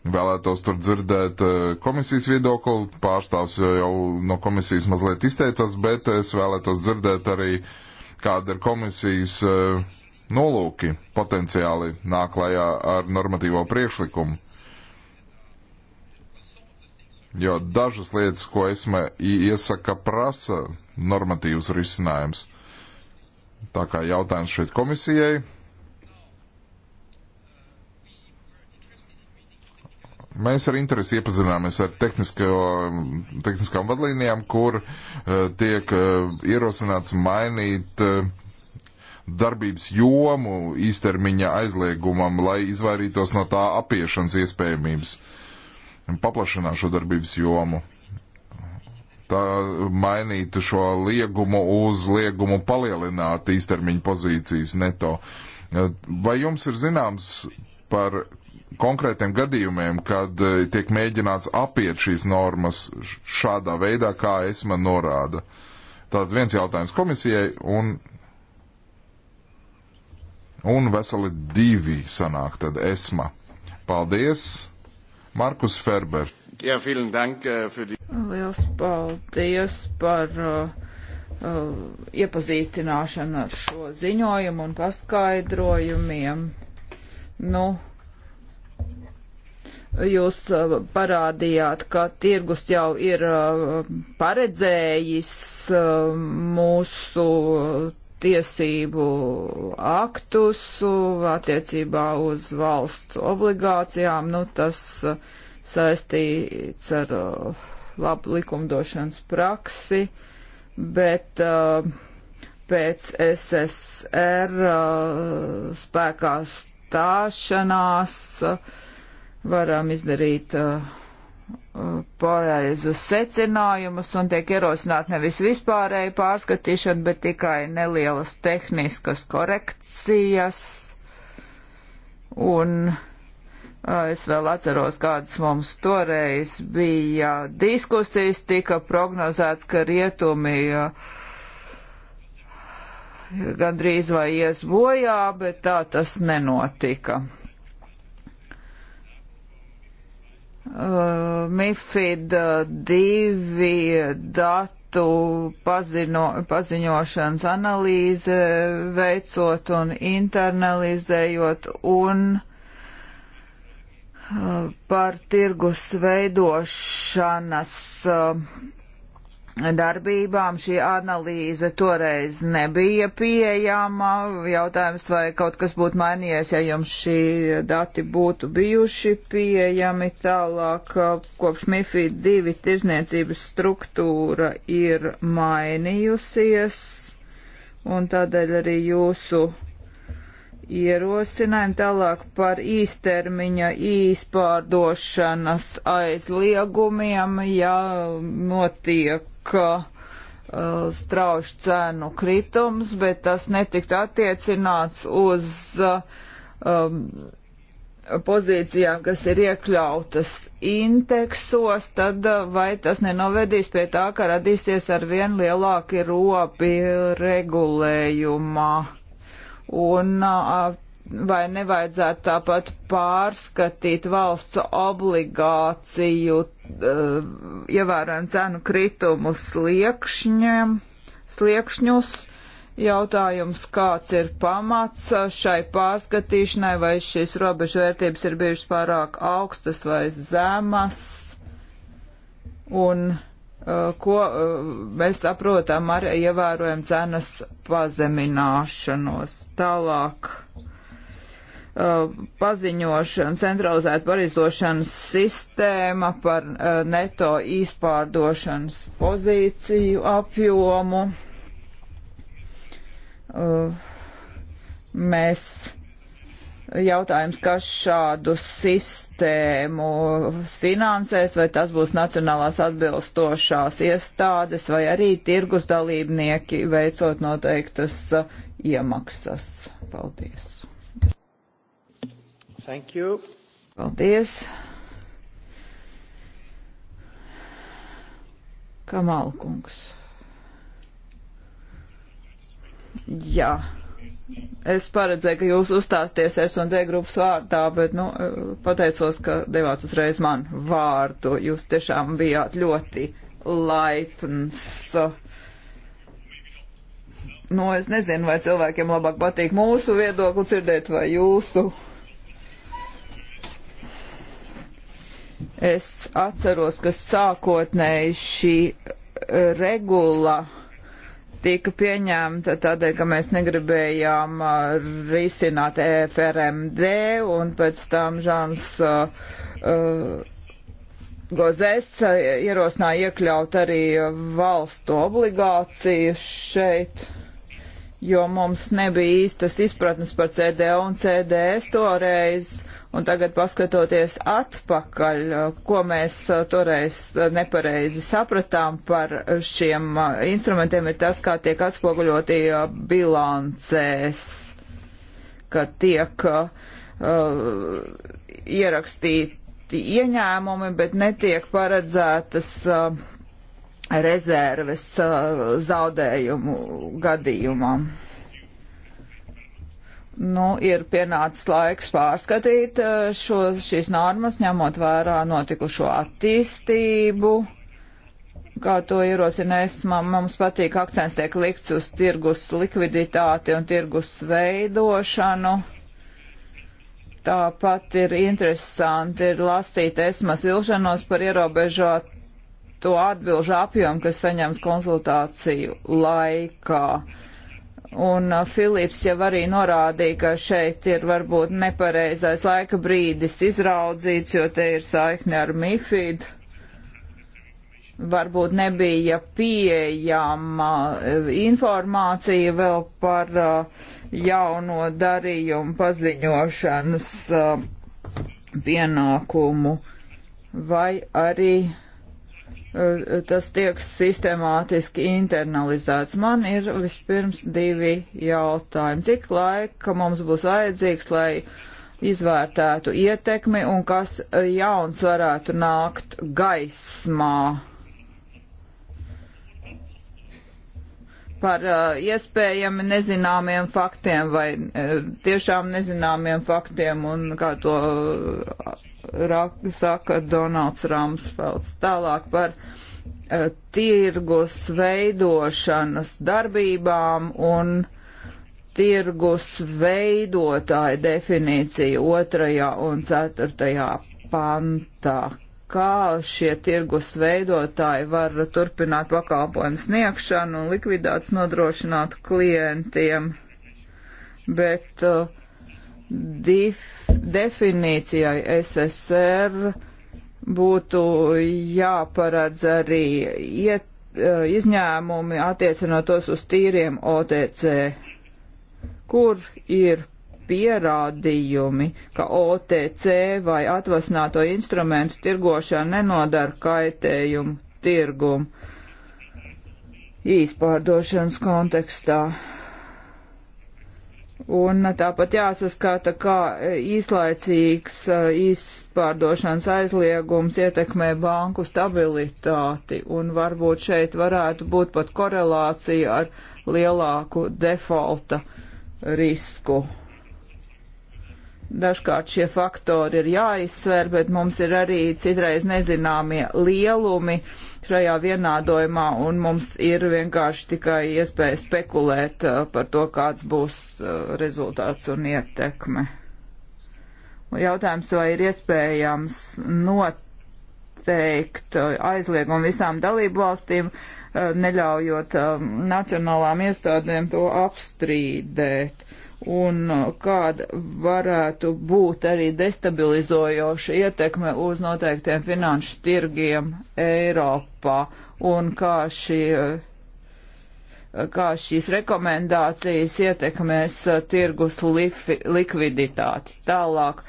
Vēlētos tur dzirdēt eh, komisijas viedokli, pārstāvs jau no komisijas mazliet izteicās, bet es vēlētos dzirdēt arī, kāda ir komisijas eh, nolūki potenciāli nāklājā ar normatīvo priekšlikumu. Jo dažas lietas, ko esmu iesaka, prasa normatīvas risinājums. Tā kā jautājums šeit komisijai, Mēs ar interesi iepazināmies ar tehniskām vadlīnijām, kur eh, tiek eh, ierosināts mainīt eh, darbības jomu īstermiņa aizliegumam, lai izvairītos no tā apiešanas iespējamības, paplašināt šo darbības jomu. Tā mainīt šo liegumu uz liegumu palielināt īstermiņa pozīcijas neto. Vai jums ir zināms par konkrētiem gadījumiem, kad eh, tiek mēģināts apiet šīs normas šādā veidā, kā es man norāda. Tātad viens jautājums komisijai un, un veseli divi sanāk tad esma. Paldies, Markus Ferber. Jā, ja, vielen dank uh, für die. Liels paldies par uh, uh, iepazīstināšanu ar šo ziņojumu un paskaidrojumiem. Nu, Jūs uh, parādījāt, ka tirgus jau ir uh, paredzējis uh, mūsu tiesību aktus attiecībā uz valsts obligācijām. Nu, tas saistīts ar labu likumdošanas praksi, bet uh, pēc SSR uh, spēkā stāšanās uh, varam izdarīt uh, uh pareizus secinājumus un tiek ierosināt nevis vispārēju pārskatīšanu, bet tikai nelielas tehniskas korekcijas. Un uh, es vēl atceros, kādas mums toreiz bija diskusijas, tika prognozēts, ka rietumi uh, gandrīz vai ies bojā, bet tā tas nenotika. uh, MIFID 2 uh, datu pazino, paziņošanas analīze veicot un internalizējot un uh, par tirgus veidošanas uh, darbībām šī analīze toreiz nebija pieejama. Jautājums, vai kaut kas būtu mainījies, ja jums šī dati būtu bijuši pieejami tālāk, kopš MIFID 2 tirzniecības struktūra ir mainījusies, un tādēļ arī jūsu ierosinājumu tālāk par īstermiņa īspārdošanas aizliegumiem, ja notiek uh, strauši cēnu kritums, bet tas netiktu attiecināts uz uh, um, pozīcijām, kas ir iekļautas indeksos, tad uh, vai tas nenovedīs pie tā, ka radīsies ar vien lielāki ropi regulējumā? Un uh, vai nevajadzētu tāpat pārskatīt valsts obligāciju Eh, ievērojam cenu kritumu sliekšņiem, sliekšņus. Jautājums, kāds ir pamats šai pārskatīšanai, vai šīs robežvērtības ir bijušas pārāk augstas vai zemas, un eh, ko eh, mēs saprotam ar ievērojumu cenas pazemināšanos. Tālāk. Uh, Uh, paziņošana, centralizēta parizošanas sistēma par uh, neto izpārdošanas pozīciju apjomu. Uh, mēs jautājums, kas šādu sistēmu finansēs, vai tas būs nacionālās atbilstošās iestādes vai arī tirgus dalībnieki veicot noteiktas iemaksas. Paldies! Thank you. Paldies. Kamāla kungs. Jā. Es paredzēju, ka jūs uzstāsties S&D grupas vārdā, bet, nu, pateicos, ka devāt uzreiz man vārdu. Jūs tiešām bijāt ļoti laipns. Nu, es nezinu, vai cilvēkiem labāk patīk mūsu viedokli dzirdēt vai jūsu. Es atceros, ka sākotnēji šī e, regula tika pieņemta tādēļ, ka mēs negribējām uh, risināt EFRMD un pēc tam Žāns uh, uh, Gozes ierosināja iekļaut arī valstu obligācijas šeit, jo mums nebija īstas izpratnes par CD un CDS toreiz. Uh, Un tagad paskatoties atpakaļ, ko mēs uh, toreiz uh, nepareizi sapratām par šiem uh, instrumentiem, ir tas, kā tiek atspoguļoti bilancēs, ka tiek uh, ierakstīti ieņēmumi, bet netiek paredzētas uh, rezerves uh, zaudējumu gadījumam nu, ir pienācis laiks pārskatīt eh, šo, šīs normas, ņemot vērā notikušo attīstību. Kā to ierosinājis, mums patīk akcents tiek likts uz tirgus likviditāti un tirgus veidošanu. Tāpat ir interesanti ir lasīt esmas ilšanos par ierobežot to atbilžu apjomu, kas saņems konsultāciju laikā. Uh, Un uh, Filips jau arī norādīja, ka šeit ir varbūt nepareizais laika brīdis izraudzīts, jo te ir saikne ar MIFID. Varbūt nebija pieejama uh, informācija vēl par uh, jauno darījumu paziņošanas pienākumu vai arī tas tiek sistemātiski internalizēts. Man ir vispirms divi jautājumi. Cik laika mums būs vajadzīgs, lai izvērtētu ietekmi un kas jauns varētu nākt gaismā? Par uh, iespējami nezināmiem faktiem vai uh, tiešām nezināmiem faktiem un kā to uh, rak, saka Donalds Ramsfelds. Tālāk par uh, tirgus veidošanas darbībām un tirgus veidotāja definīciju otrajā un ceturtajā pantā. Kā šie tirgus veidotāji var turpināt pakalpojumu sniegšanu un likvidāciju nodrošināt klientiem? Bet uh, dif, definīcijai SSR būtu jāparedz arī iet, eh, izņēmumi attiecinotos uz tīriem OTC, kur ir pierādījumi, ka OTC vai atvasināto instrumentu tirgošana nenodara kaitējumu tirgumu īspārdošanas kontekstā. Un tāpat jāsaskata, kā īslaicīgs izpārdošanas aizliegums ietekmē banku stabilitāti, un varbūt šeit varētu būt pat korelācija ar lielāku defaulta risku. Dažkārt šie faktori ir jāizsver, bet mums ir arī citreiz nezināmie lielumi šajā vienādojumā, un mums ir vienkārši tikai iespēja spekulēt uh, par to, kāds būs uh, rezultāts un ietekme. Jautājums, vai ir iespējams noteikt uh, aizliegumu visām dalību valstīm, neļaujot um, nacionālām iestādēm to apstrīdēt un uh, kāda varētu būt arī destabilizojoša ietekme uz noteiktiem finanšu tirgiem Eiropā un kā, šī, uh, kā šīs rekomendācijas ietekmēs uh, tirgus lifi, likviditāti. Tālāk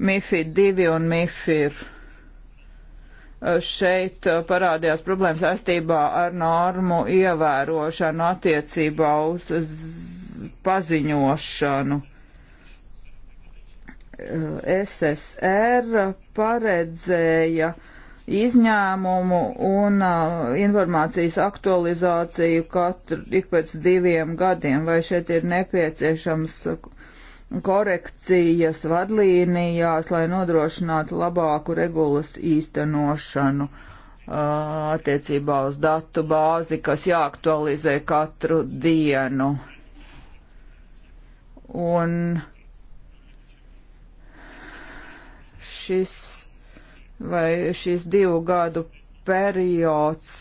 MIFID 2 un MIFIR šeit parādījās problēmas saistībā ar normu ievērošanu attiecībā uz paziņošanu. SSR paredzēja izņēmumu un uh, informācijas aktualizāciju katru ik pēc diviem gadiem, vai šeit ir nepieciešams korekcijas vadlīnijās, lai nodrošinātu labāku regulas īstenošanu uh, attiecībā uz datu bāzi, kas jāaktualizē katru dienu. Un šis vai šis divu gadu periods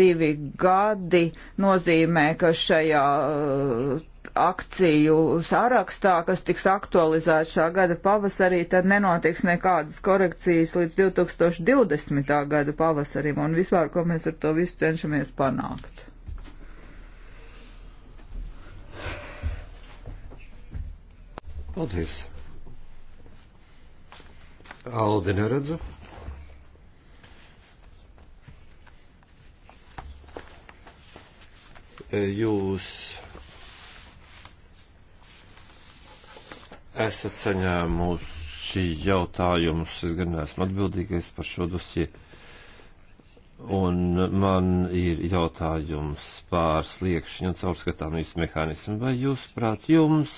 divi gadi nozīmē, ka šajā uh, akciju sarakstā, kas tiks aktualizēts šā gada pavasarī, tad nenotiks nekādas korekcijas līdz 2020. gada pavasarim un vispār, ko mēs ar to visu cenšamies panākt. Paldies. Aldi neredzu. E, jūs esat saņēmuši jautājumus, es gan neesmu atbildīgais par šo dosiju. Un man ir jautājums pār sliekšņu un caurskatāmības mehānismu. Vai jūs prāt, jums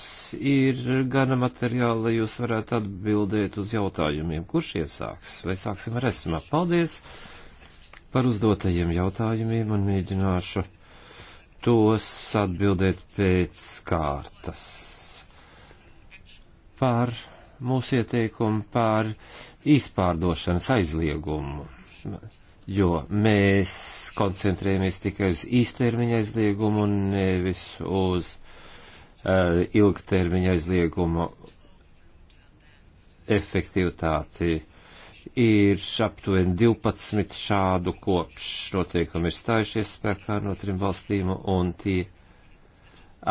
ir gana materiāla, lai jūs varētu atbildēt uz jautājumiem? Kurš iesāks? Vai sāksim ar esmā? Paldies par uzdotajiem jautājumiem un mēģināšu tos atbildēt pēc kārtas. Par mūsu ieteikumu par izpārdošanas aizliegumu jo mēs koncentrējamies tikai uz īstermiņa aizliegumu un nevis uz uh, ilgtermiņa aizliegumu efektivitāti. Ir aptuveni 12 šādu kopš noteikumi ir stājušies spēkā no trim valstīm, un tie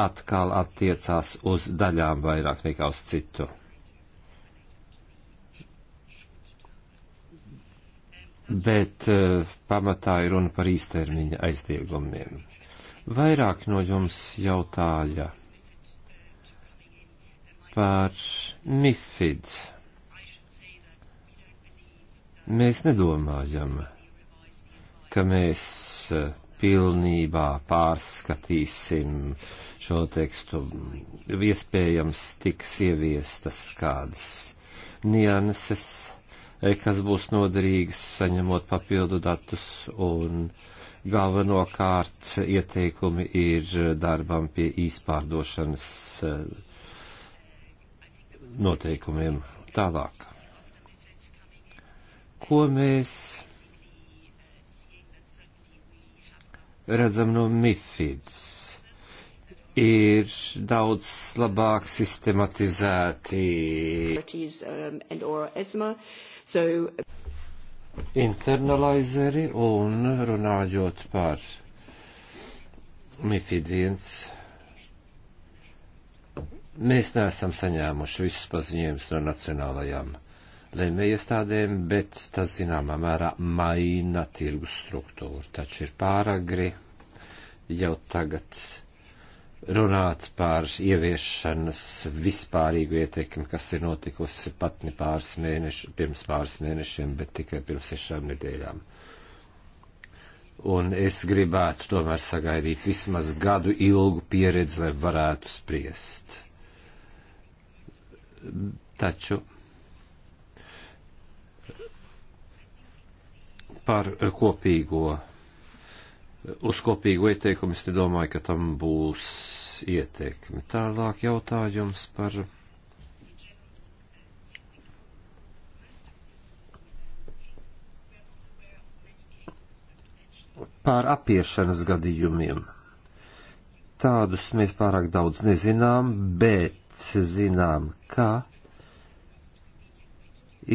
atkal attiecās uz daļām vairāk nekā uz citu. bet eh, pamatā ir runa par īstermiņa aizdiegumiem. Vairāk no jums jautāja par MIFID. Mēs nedomājam, ka mēs eh, pilnībā pārskatīsim šo tekstu. Iespējams, tiks ieviestas kādas nianses Eh, kas būs noderīgas saņemot papildu datus un galvenokārt ieteikumi ir darbam pie īspārdošanas eh, noteikumiem tālāk. Ko mēs redzam no Mifids? Ir daudz labāk sistematizēti. Um, So... Internalizeri un runājot par MIFID 1. Mēs neesam saņēmuši visus paziņojumus no nacionālajām lēmējiestādēm, bet tas zināmā mērā maina tirgus struktūru. Taču ir pāragri jau tagad runāt par ieviešanas vispārīgu ietekmi, kas ir notikusi pat ne pāris mēneši, pirms pāris mēnešiem, bet tikai pirms sešām nedēļām. Un es gribētu tomēr sagaidīt vismaz gadu ilgu pieredzi, lai varētu spriest. Taču par kopīgo uz kopīgo ieteikumu es nedomāju, ka tam būs ieteikumi. Tālāk jautājums par. Pār apiešanas gadījumiem. Tādus mēs pārāk daudz nezinām, bet zinām, ka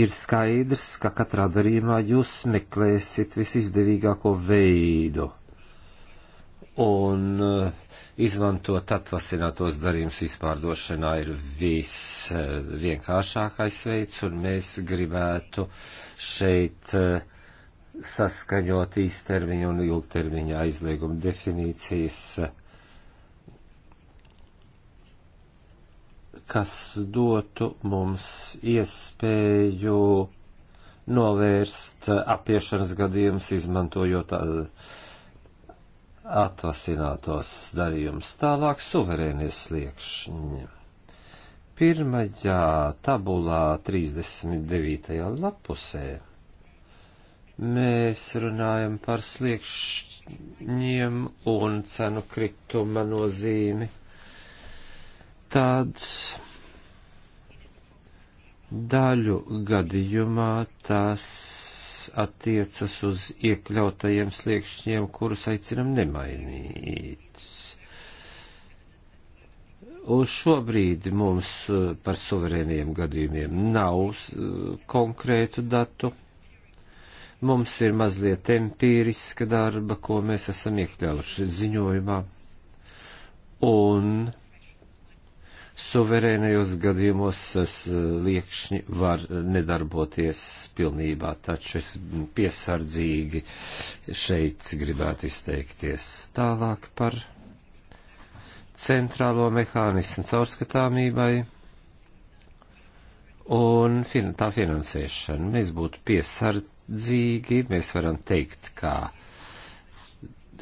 ir skaidrs, ka katrā darījumā jūs meklēsiet visizdevīgāko veidu un eh, izmantot atvasinātos darījumus izpārdošanā ir viss eh, vienkāršākais veids, un mēs gribētu šeit eh, saskaņot īstermiņa un ilgtermiņa aizlieguma definīcijas, kas dotu mums iespēju novērst apiešanas gadījumus, izmantojot uh, atvasinātos darījumus. Tālāk suverēnie sliekšņi. Pirmajā tabulā 39. lapusē mēs runājam par sliekšņiem un cenu krituma nozīmi. Tāds daļu gadījumā tas attiecas uz iekļautajiem sliekšņiem, kurus aicinam nemainīt. Uz šobrīd mums eh, par suverēniem gadījumiem nav eh, konkrētu datu. Mums ir mazliet empīriska darba, ko mēs esam iekļauši ziņojumā. Un suverēnajos gadījumos eh, liekšņi var eh, nedarboties pilnībā, taču es piesardzīgi šeit gribētu izteikties tālāk par centrālo mehānismu caurskatāmībai un fin tā finansēšanu. Mēs būtu piesardzīgi, mēs varam teikt, kā uh,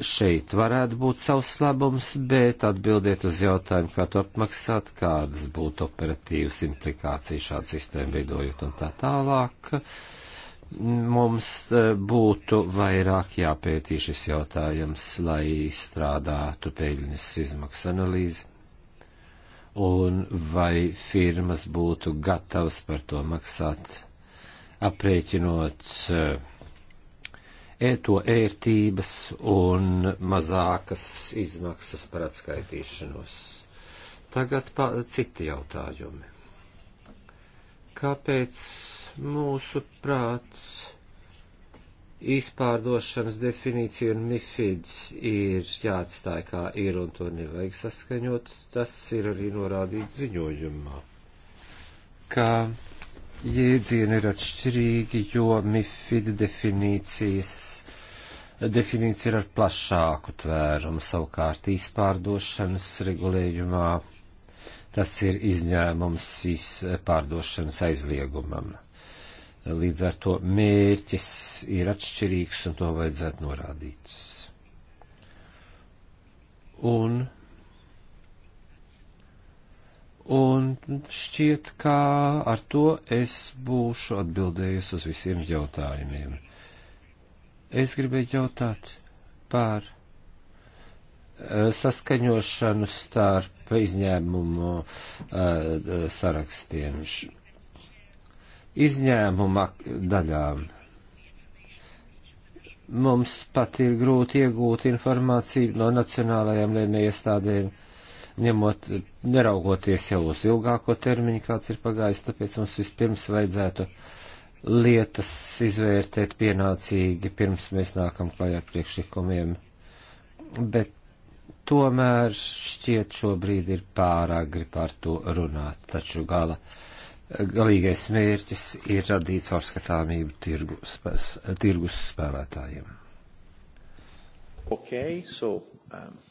šeit varētu būt savs labums, bet atbildiet uz jautājumu, kā to apmaksāt, kādas būtu operatīvas implikācijas šāda sistēma veidojot un tā tālāk. Mums e, būtu vairāk jāpētī šis jautājums, lai izstrādātu peļņas izmaksu analīzi un vai firmas būtu gatavas par to maksāt, aprēķinot uh, e to ērtības un mazākas izmaksas par atskaitīšanos. Tagad pa, citi jautājumi. Kāpēc mūsu prāts izpārdošanas definīcija un mifids ir jāatstāja kā ir un to nevajag saskaņot, tas ir arī norādīts ziņojumā. Kā jēdzieni ir atšķirīgi, jo MIFID definīcijas definīcija ir ar plašāku tvērumu, savukārt īspārdošanas regulējumā tas ir izņēmums īspārdošanas aizliegumam. Līdz ar to mērķis ir atšķirīgs un to vajadzētu norādīt. Un Un šķiet, ka ar to es būšu atbildējis uz visiem jautājumiem. Es gribēju jautāt par eh, saskaņošanu starp izņēmumu eh, sarakstiem, izņēmuma daļām. Mums pat ir grūti iegūt informāciju no nacionālajām lēmējiestādēm ņemot, neraugoties jau uz ilgāko termiņu, kāds ir pagājis, tāpēc mums vispirms vajadzētu lietas izvērtēt pienācīgi, pirms mēs nākam klajā priekšlikumiem. Bet tomēr šķiet šobrīd ir pārāk grib par to runāt, taču gala. Galīgais mērķis ir radīt caurskatāmību tirgus, tirgus spēlētājiem. Okay, so, um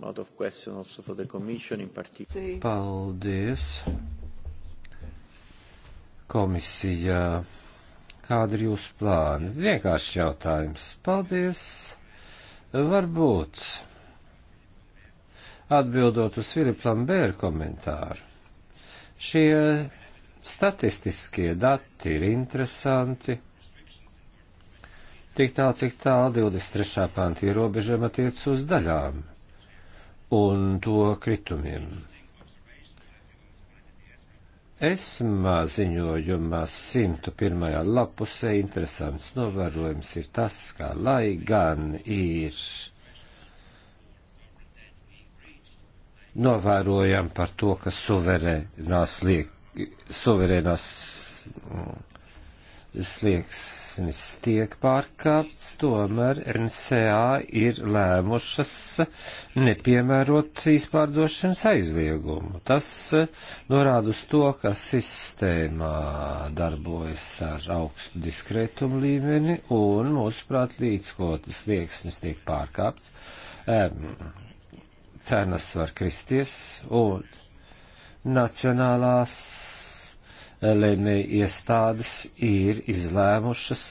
lot of questions also for the Commission in particular. Paldies. Komisija, kāda ir jūsu plāna? Vienkārši jautājums. Paldies. Varbūt atbildot uz Filipa Lambēra komentāru. Šie statistiskie dati ir interesanti. Tik tā, cik tālu 23. pānta ierobežojuma attiec uz daļām un to kritumiem. Esmā ziņojumā 101. lapusē interesants novērojums ir tas, ka lai gan ir novērojam par to, ka suverēnās liek, suverēnās mm, slieksnis tiek pārkāpts, tomēr NCA ir lēmušas nepiemērot izpārdošanas aizliegumu. Tas eh, norāda uz to, ka sistēmā darbojas ar augstu diskrētumu līmeni un, mūsuprāt, līdz ko tas slieksnis tiek pārkāpts, cenas var kristies un nacionālās lēmēji iestādes ir izlēmušas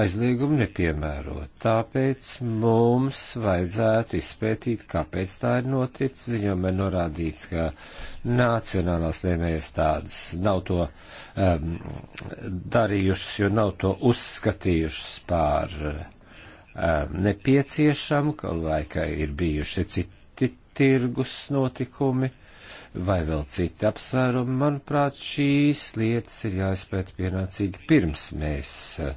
aizliegumu nepiemērot. Tāpēc mums vajadzētu izpētīt, kāpēc tā ir noticis. Ziņojumā norādīts, ka nacionālās lēmējas tādas nav to um, darījušas, jo nav to uzskatījušas pār um, nepieciešamu, vai ka ir bijuši citi tirgus notikumi. Uh, vai vēl citi apsvērumi. Manuprāt, šīs lietas ir jāizpēta pienācīgi pirms mēs e,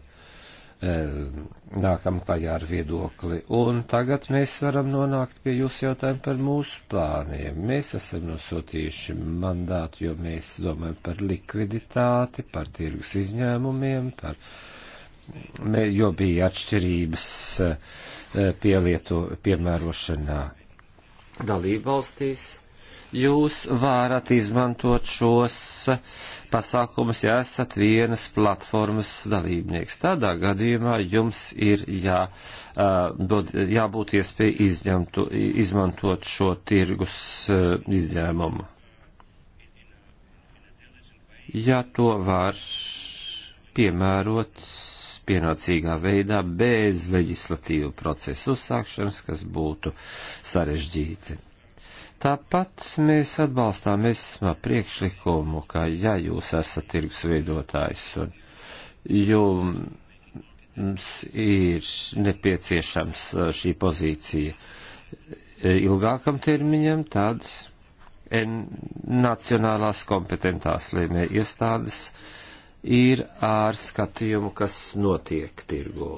nākam klajā ar viedokli. Un tagad mēs varam nonākt pie jūsu jautājumu par mūsu plāniem. Mēs esam nosūtījuši mandātu, jo mēs domājam par likviditāti, par tirgus izņēmumiem, par jo bija atšķirības eh, pielietu piemērošanā dalībvalstīs, jūs varat izmantot šos pasākumus, ja esat vienas platformas dalībnieks. Tādā gadījumā jums ir jā, jābūt iespēja izņemtu, izmantot šo tirgus izņēmumu. Ja to var piemērot pienācīgā veidā bez leģislatīvu procesu uzsākšanas, kas būtu sarežģīti. Tāpat mēs atbalstām esmā priekšlikumu, ka ja jūs esat tirgus veidotājs un jums ir nepieciešams uh, šī pozīcija uh, ilgākam termiņam, tad nacionālās kompetentās lēmē iestādes ir ar skatījumu, kas notiek tirgū.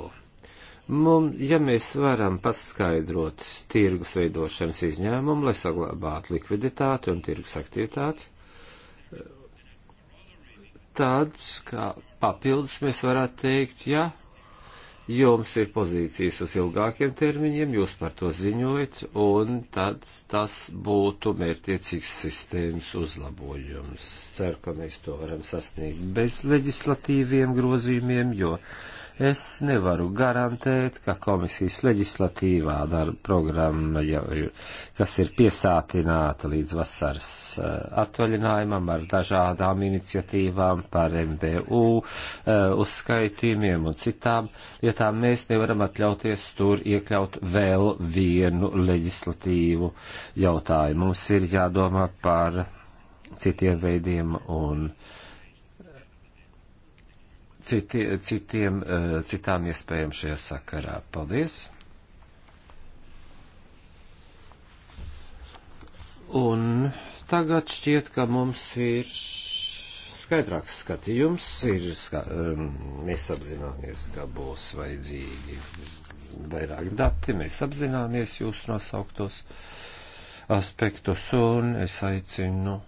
Mums, ja mēs varam paskaidrot tirgus veidošanas izņēmumu, lai saglabātu likviditāti un tirgus aktivitāti, tāds, kā papildus mēs varētu teikt, ja jums ir pozīcijas uz ilgākiem termiņiem, jūs par to ziņojat, un tad tas būtu mērķiecīgs sistēmas uzlabojums. Ceru, ka mēs to varam sasniegt bez leģislatīviem grozījumiem, jo Es nevaru garantēt, ka komisijas leģislatīvā darba programma, jau, kas ir piesātināta līdz vasaras eh, atvaļinājumam ar dažādām iniciatīvām par MBU, eh, uzskaitījumiem un citām lietām, mēs nevaram atļauties tur iekļaut vēl vienu leģislatīvu jautājumu. Mums ir jādomā par citiem veidiem un uh, citi, citiem, eh, citām iespējām šajā sakarā. Paldies! Un tagad šķiet, ka mums ir skaidrāks skatījums. Ir, ska, eh, mēs apzināmies, ka būs vajadzīgi vairāk dati, mēs apzināmies jūsu nosauktos aspektus, un es aicinu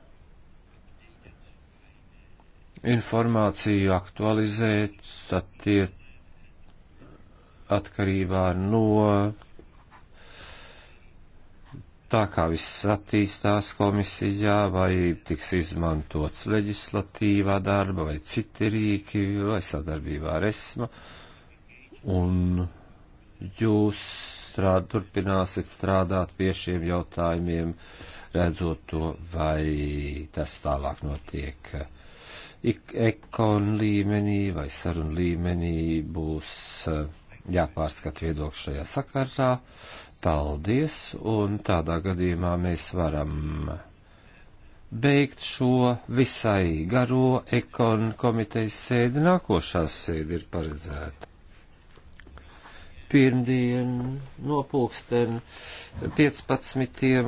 informāciju aktualizēt satiet atkarībā no tā, kā viss attīstās komisijā, vai tiks izmantots leģislatīvā darba, vai citi rīki, vai sadarbībā ar esmu. Un jūs strād, turpināsiet strādāt pie šiem jautājumiem, redzot to, vai tas tālāk notiek ekon līmenī vai sarunu līmenī būs eh, jāpārskat viedokļi šajā sakarā. Paldies, un tādā gadījumā mēs varam beigt šo visai garo ekon komitejas sēdi. Nākošā sēdi ir paredzēta pirmdien no pulksten 15.